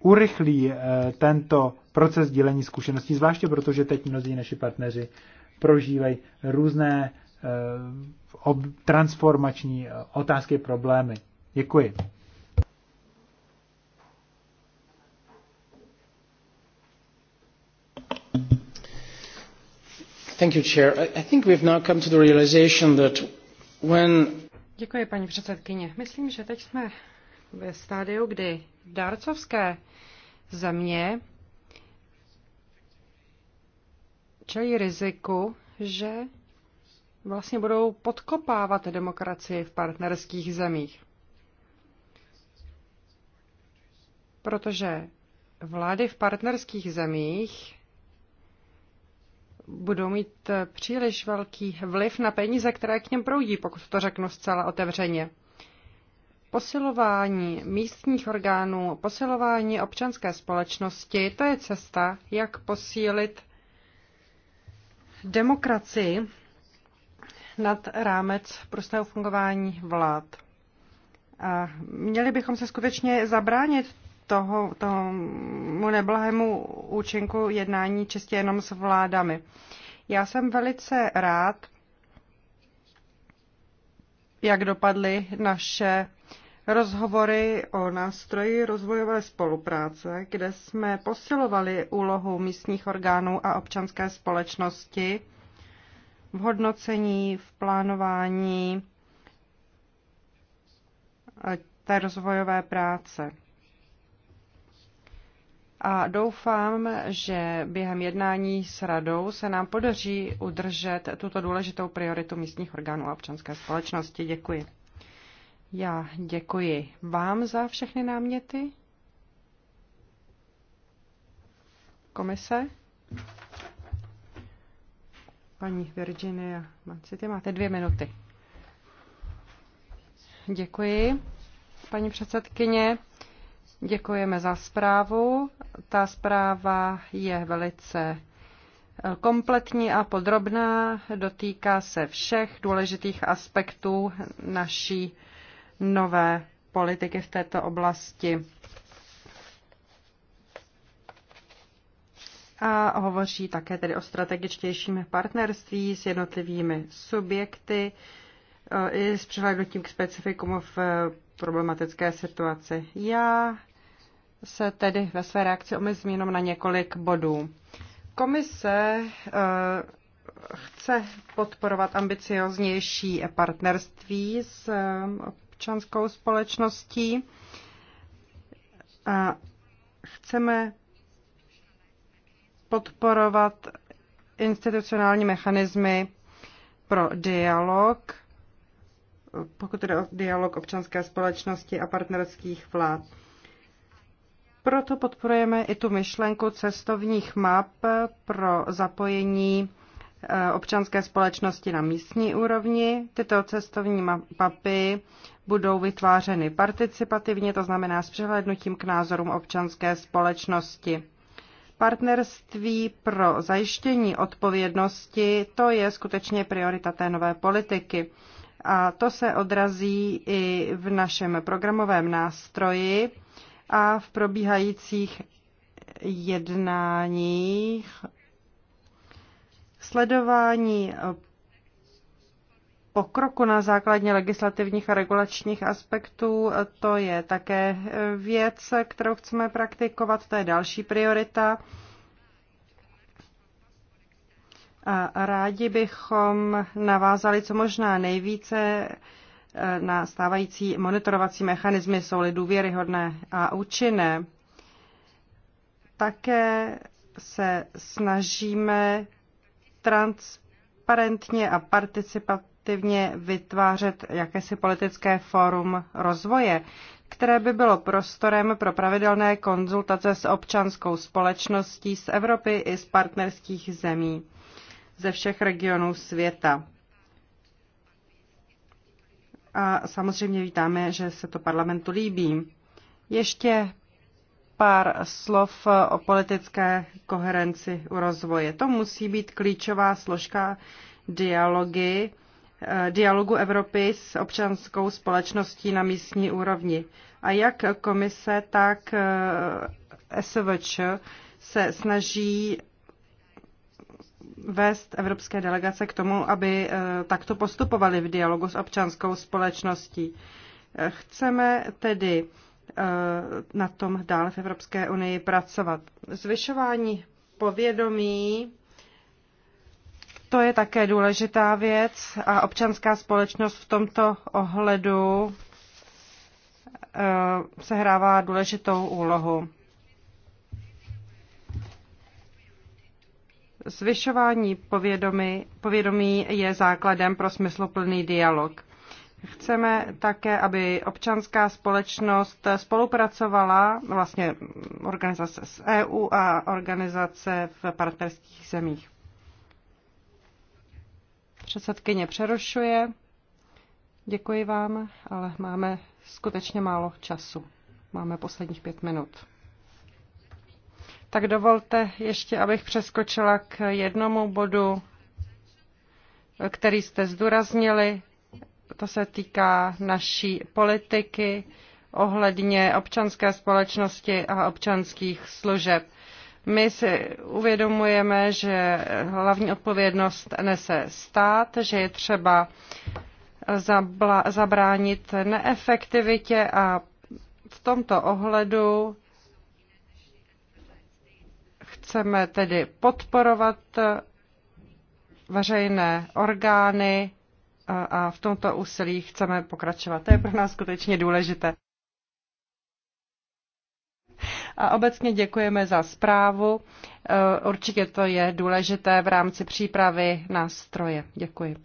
urychlí tento proces dílení zkušeností, zvláště protože teď mnozí naši partneři prožívají různé transformační otázky, problémy. Děkuji. Děkuji, paní předsedkyně. Myslím, že teď jsme ve stádiu, kdy dárcovské země čelí riziku, že vlastně budou podkopávat demokracii v partnerských zemích. Protože vlády v partnerských zemích budou mít eh, příliš velký vliv na peníze, které k něm proudí, pokud to řeknu zcela otevřeně. Posilování místních orgánů, posilování občanské společnosti, to je cesta, jak posílit demokracii nad rámec prostého fungování vlád. A měli bychom se skutečně zabránit toho, tomu neblahému účinku jednání čistě jenom s vládami. Já jsem velice rád, jak dopadly naše rozhovory o nástroji rozvojové spolupráce, kde jsme posilovali úlohu místních orgánů a občanské společnosti v hodnocení, v plánování té rozvojové práce a doufám, že během jednání s radou se nám podaří udržet tuto důležitou prioritu místních orgánů a občanské společnosti. Děkuji. Já děkuji vám za všechny náměty. Komise? Paní Virginia Mancity, máte dvě minuty. Děkuji, paní předsedkyně. Děkujeme za zprávu. Ta zpráva je velice eh, kompletní a podrobná, dotýká se všech důležitých aspektů naší nové politiky v této oblasti. A hovoří také tedy o strategičtějším partnerství s jednotlivými subjekty, i s přihlednutím k specifikům v eh, problematické situaci. Já se tedy ve své reakci omezím jenom na několik bodů. Komise eh, chce podporovat ambicioznější partnerství s eh, občanskou společností. A chceme podporovat institucionální mechanismy pro dialog pokud jde o dialog občanské společnosti a partnerských vlád. Proto podporujeme i tu myšlenku cestovních map pro zapojení e, občanské společnosti na místní úrovni. Tyto cestovní mapy budou vytvářeny participativně, to znamená s přehlednutím k názorům občanské společnosti. Partnerství pro zajištění odpovědnosti, to je skutečně priorita té nové politiky. A to se odrazí i v našem programovém nástroji a v probíhajících jednáních sledování pokroku na základně legislativních a regulačních aspektů, to je také věc, kterou chceme praktikovat, to je další priorita. A rádi bychom navázali co možná nejvíce eh, na stávající monitorovací mechanismy, jsou-li důvěryhodné a účinné. Také se snažíme transparentně a participativně vytvářet jakési politické fórum rozvoje, které by bylo prostorem pro pravidelné konzultace s občanskou společností z Evropy i z partnerských zemí ze všech regionů světa. A samozřejmě vítáme, že se to parlamentu líbí. Ještě pár slov o politické koherenci u rozvoje. To musí být klíčová složka dialogy, eh, dialogu Evropy s občanskou společností na místní úrovni. A jak komise, tak eh, SVČ se snaží vést evropské delegace k tomu, aby eh, takto postupovali v dialogu s občanskou společností. Eh, chceme tedy eh, na tom dále v Evropské unii pracovat. Zvyšování povědomí, to je také důležitá věc a občanská společnost v tomto ohledu sehrává důležitou úlohu. Zvyšování povědomí, povědomí je základem pro smysluplný dialog. Chceme také, aby občanská společnost spolupracovala, vlastně organizace z EU a organizace v partnerských zemích. Předsedkyně přerušuje. Děkuji vám, ale máme skutečně málo času. Máme posledních pět minut tak dovolte ještě, abych přeskočila k jednomu bodu, který jste zdůraznili. To se týká naší politiky ohledně občanské společnosti a občanských služeb. My si uvědomujeme, že hlavní odpovědnost nese stát, že je třeba zabránit neefektivitě a v tomto ohledu Chceme tedy podporovat eh, veřejné orgány eh, a v tomto úsilí chceme pokračovat. To je pro nás skutečně důležité. A obecně děkujeme za zprávu. Eh, určitě to je důležité v rámci přípravy nástroje. Děkuji.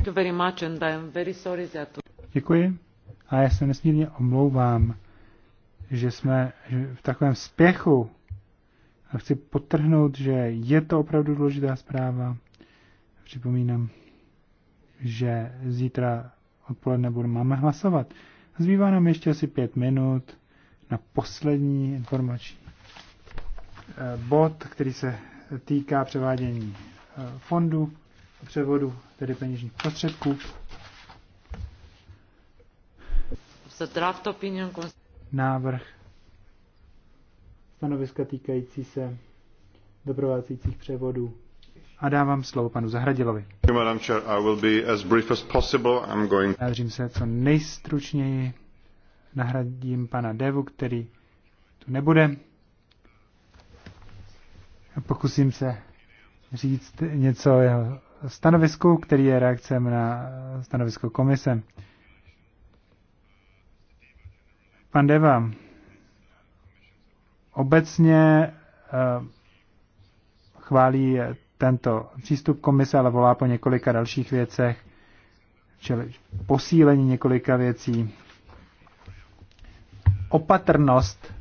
Děkuji. A já se nesmírně omlouvám, že jsme v takovém spěchu a chci potrhnout, že je to opravdu důležitá zpráva. Připomínám, že zítra odpoledne budeme máme hlasovat. Zbývá nám ještě asi pět minut na poslední informační eh, bod, který se týká převádění eh, fondu, převodu tedy peněžních prostředků. Návrh stanoviska týkající se doprovázejících převodů. A dávám slovo panu Zahradilovi. Vyjádřím se co nejstručněji. Nahradím pana Devu, který tu nebude. Pokusím se říct něco o jeho stanovisku, který je reakcem na stanovisko komise. Pan Deva Obecně eh, chválí tento přístup komise, ale volá po několika dalších věcech, čili posílení několika věcí. Opatrnost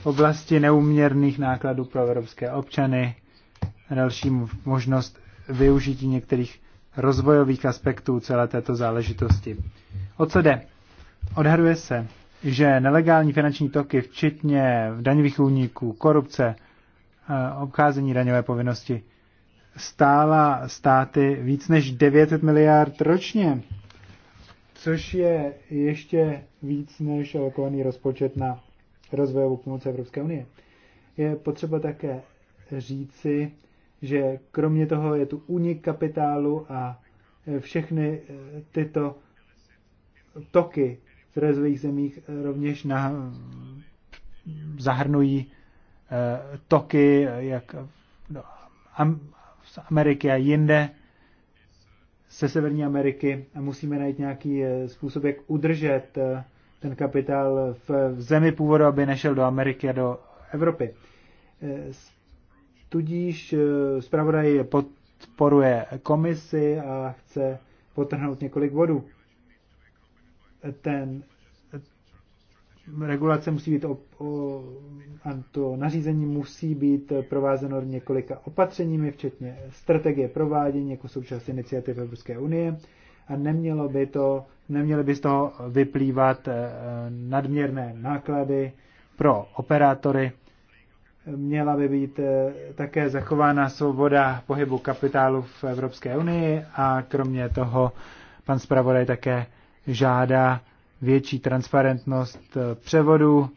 v oblasti neuměrných nákladů pro evropské občany a další možnost využití některých rozvojových aspektů celé této záležitosti. O co jde? Odhaduje se, že nelegální finanční toky, včetně daňových úniků, korupce, eh, obcházení daňové povinnosti, stála státy víc než 900 miliard ročně, což je ještě víc než alokovaný rozpočet na rozvojovou pomoc Evropské unie. Je potřeba také říci, že kromě toho je tu únik kapitálu a všechny eh, tyto toky v rozvojích zemích eh, rovněž na, zahrnují eh, toky, eh, jak am, z Ameriky a jinde, ze Severní Ameriky a musíme najít nějaký způsob, jak udržet ten kapitál v zemi původu, aby nešel do Ameriky a do Evropy. Tudíž zpravodaj podporuje komisi a chce potrhnout několik bodů ten regulace musí být, o, o, a to nařízení musí být provázeno několika opatřeními, včetně strategie provádění jako součást iniciativy Evropské unie a nemělo by to, neměly by z toho vyplývat eh, nadměrné náklady pro operátory. Měla by být eh, také zachována svoboda pohybu kapitálu v Evropské unii a kromě toho pan zpravodaj také žádá větší transparentnost eh, převodu,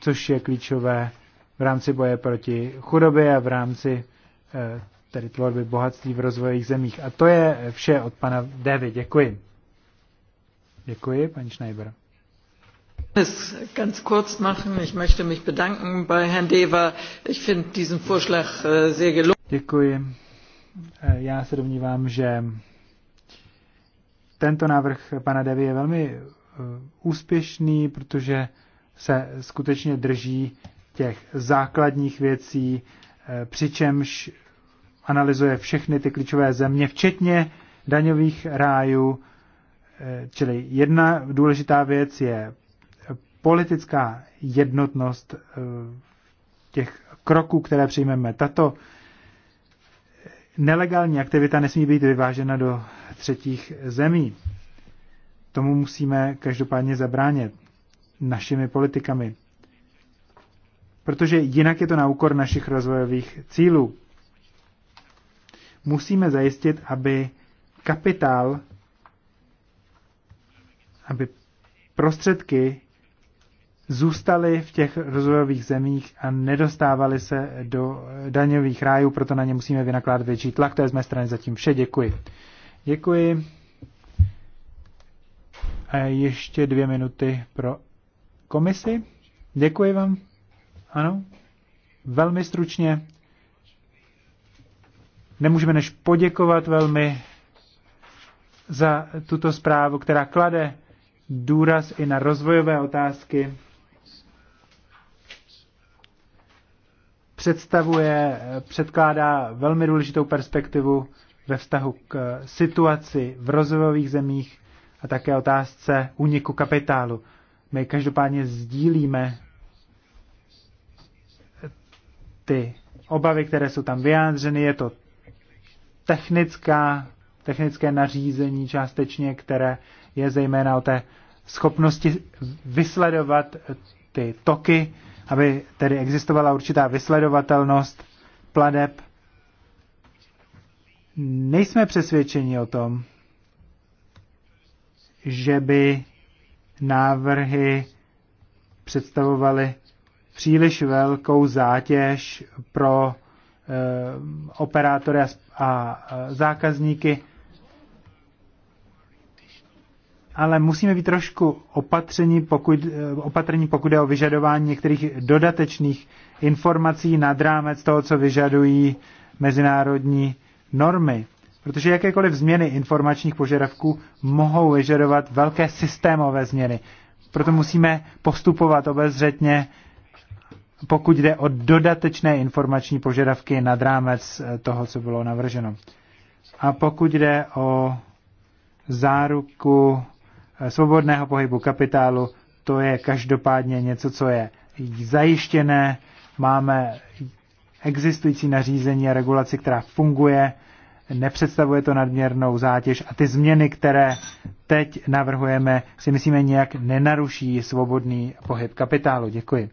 což je klíčové v rámci boje proti chudobě a v rámci eh, tedy tvorby bohatství v rozvojových zemích. A to je vše od pana Devy. Děkuji. Děkuji, paní Schneider. Es ganz kurz machen. Ich möchte mich bedanken bei Herrn Deva. Ich finde diesen Vorschlag äh, sehr gelungen. Děkuji. Eh, já se domnívám, že tento návrh pana Devy je velmi eh, úspěšný, protože se skutečně drží těch základních věcí, eh, přičemž analyzuje všechny ty klíčové země, včetně daňových rájů. Eh, čili jedna důležitá věc je politická jednotnost těch kroků, které přijmeme. Tato nelegální aktivita nesmí být vyvážena do třetích zemí. Tomu musíme každopádně zabránit našimi politikami. Protože jinak je to na úkor našich rozvojových cílů. Musíme zajistit, aby kapitál, aby prostředky zůstali v těch rozvojových zemích a nedostávali se do daňových rájů, proto na ně musíme vynakládat větší tlak. To je z mé strany zatím vše. Děkuji. Děkuji. A ještě dvě minuty pro komisi. Děkuji vám. Ano. Velmi stručně. Nemůžeme než poděkovat velmi za tuto zprávu, která klade důraz i na rozvojové otázky. představuje, předkládá velmi důležitou perspektivu ve vztahu k situaci v rozvojových zemích a také otázce úniku kapitálu. My každopádně sdílíme ty obavy, které jsou tam vyjádřeny. Je to technická, technické nařízení částečně, které je zejména o té schopnosti vysledovat ty toky aby tedy existovala určitá vysledovatelnost pladeb. Nejsme přesvědčeni o tom, že by návrhy představovaly příliš velkou zátěž pro e, operátory a, a zákazníky ale musíme být trošku opatření, pokud, eh, opatrní, pokud je o vyžadování některých dodatečných informací nad rámec toho, co vyžadují mezinárodní normy. Protože jakékoliv změny informačních požadavků mohou vyžadovat velké systémové změny. Proto musíme postupovat obezřetně, pokud jde o dodatečné informační požadavky nad rámec eh, toho, co bylo navrženo. A pokud jde o záruku Eh, svobodného pohybu kapitálu, to je každopádně něco, co je zajištěné. Máme existující nařízení a regulaci, která funguje, nepředstavuje to nadměrnou zátěž a ty změny, které teď navrhujeme, si myslíme nějak nenaruší svobodný pohyb kapitálu. Děkuji.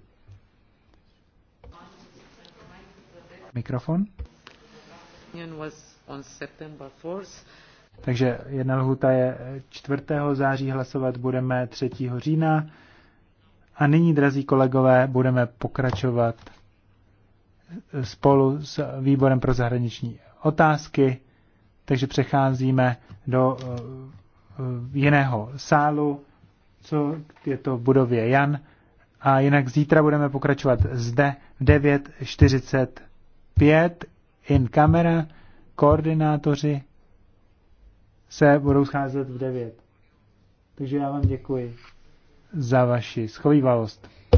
Mikrofon. Takže jedna lhuta je 4. září, hlasovat budeme 3. října. A nyní, drazí kolegové, budeme pokračovat spolu s výborem pro zahraniční otázky, takže přecházíme do eh, eh, jiného sálu, co je to v budově Jan. A jinak zítra budeme pokračovat zde v 9.45 in camera, koordinátoři se budou scházet v 9. Takže já vám děkuji za vaši schovývalost.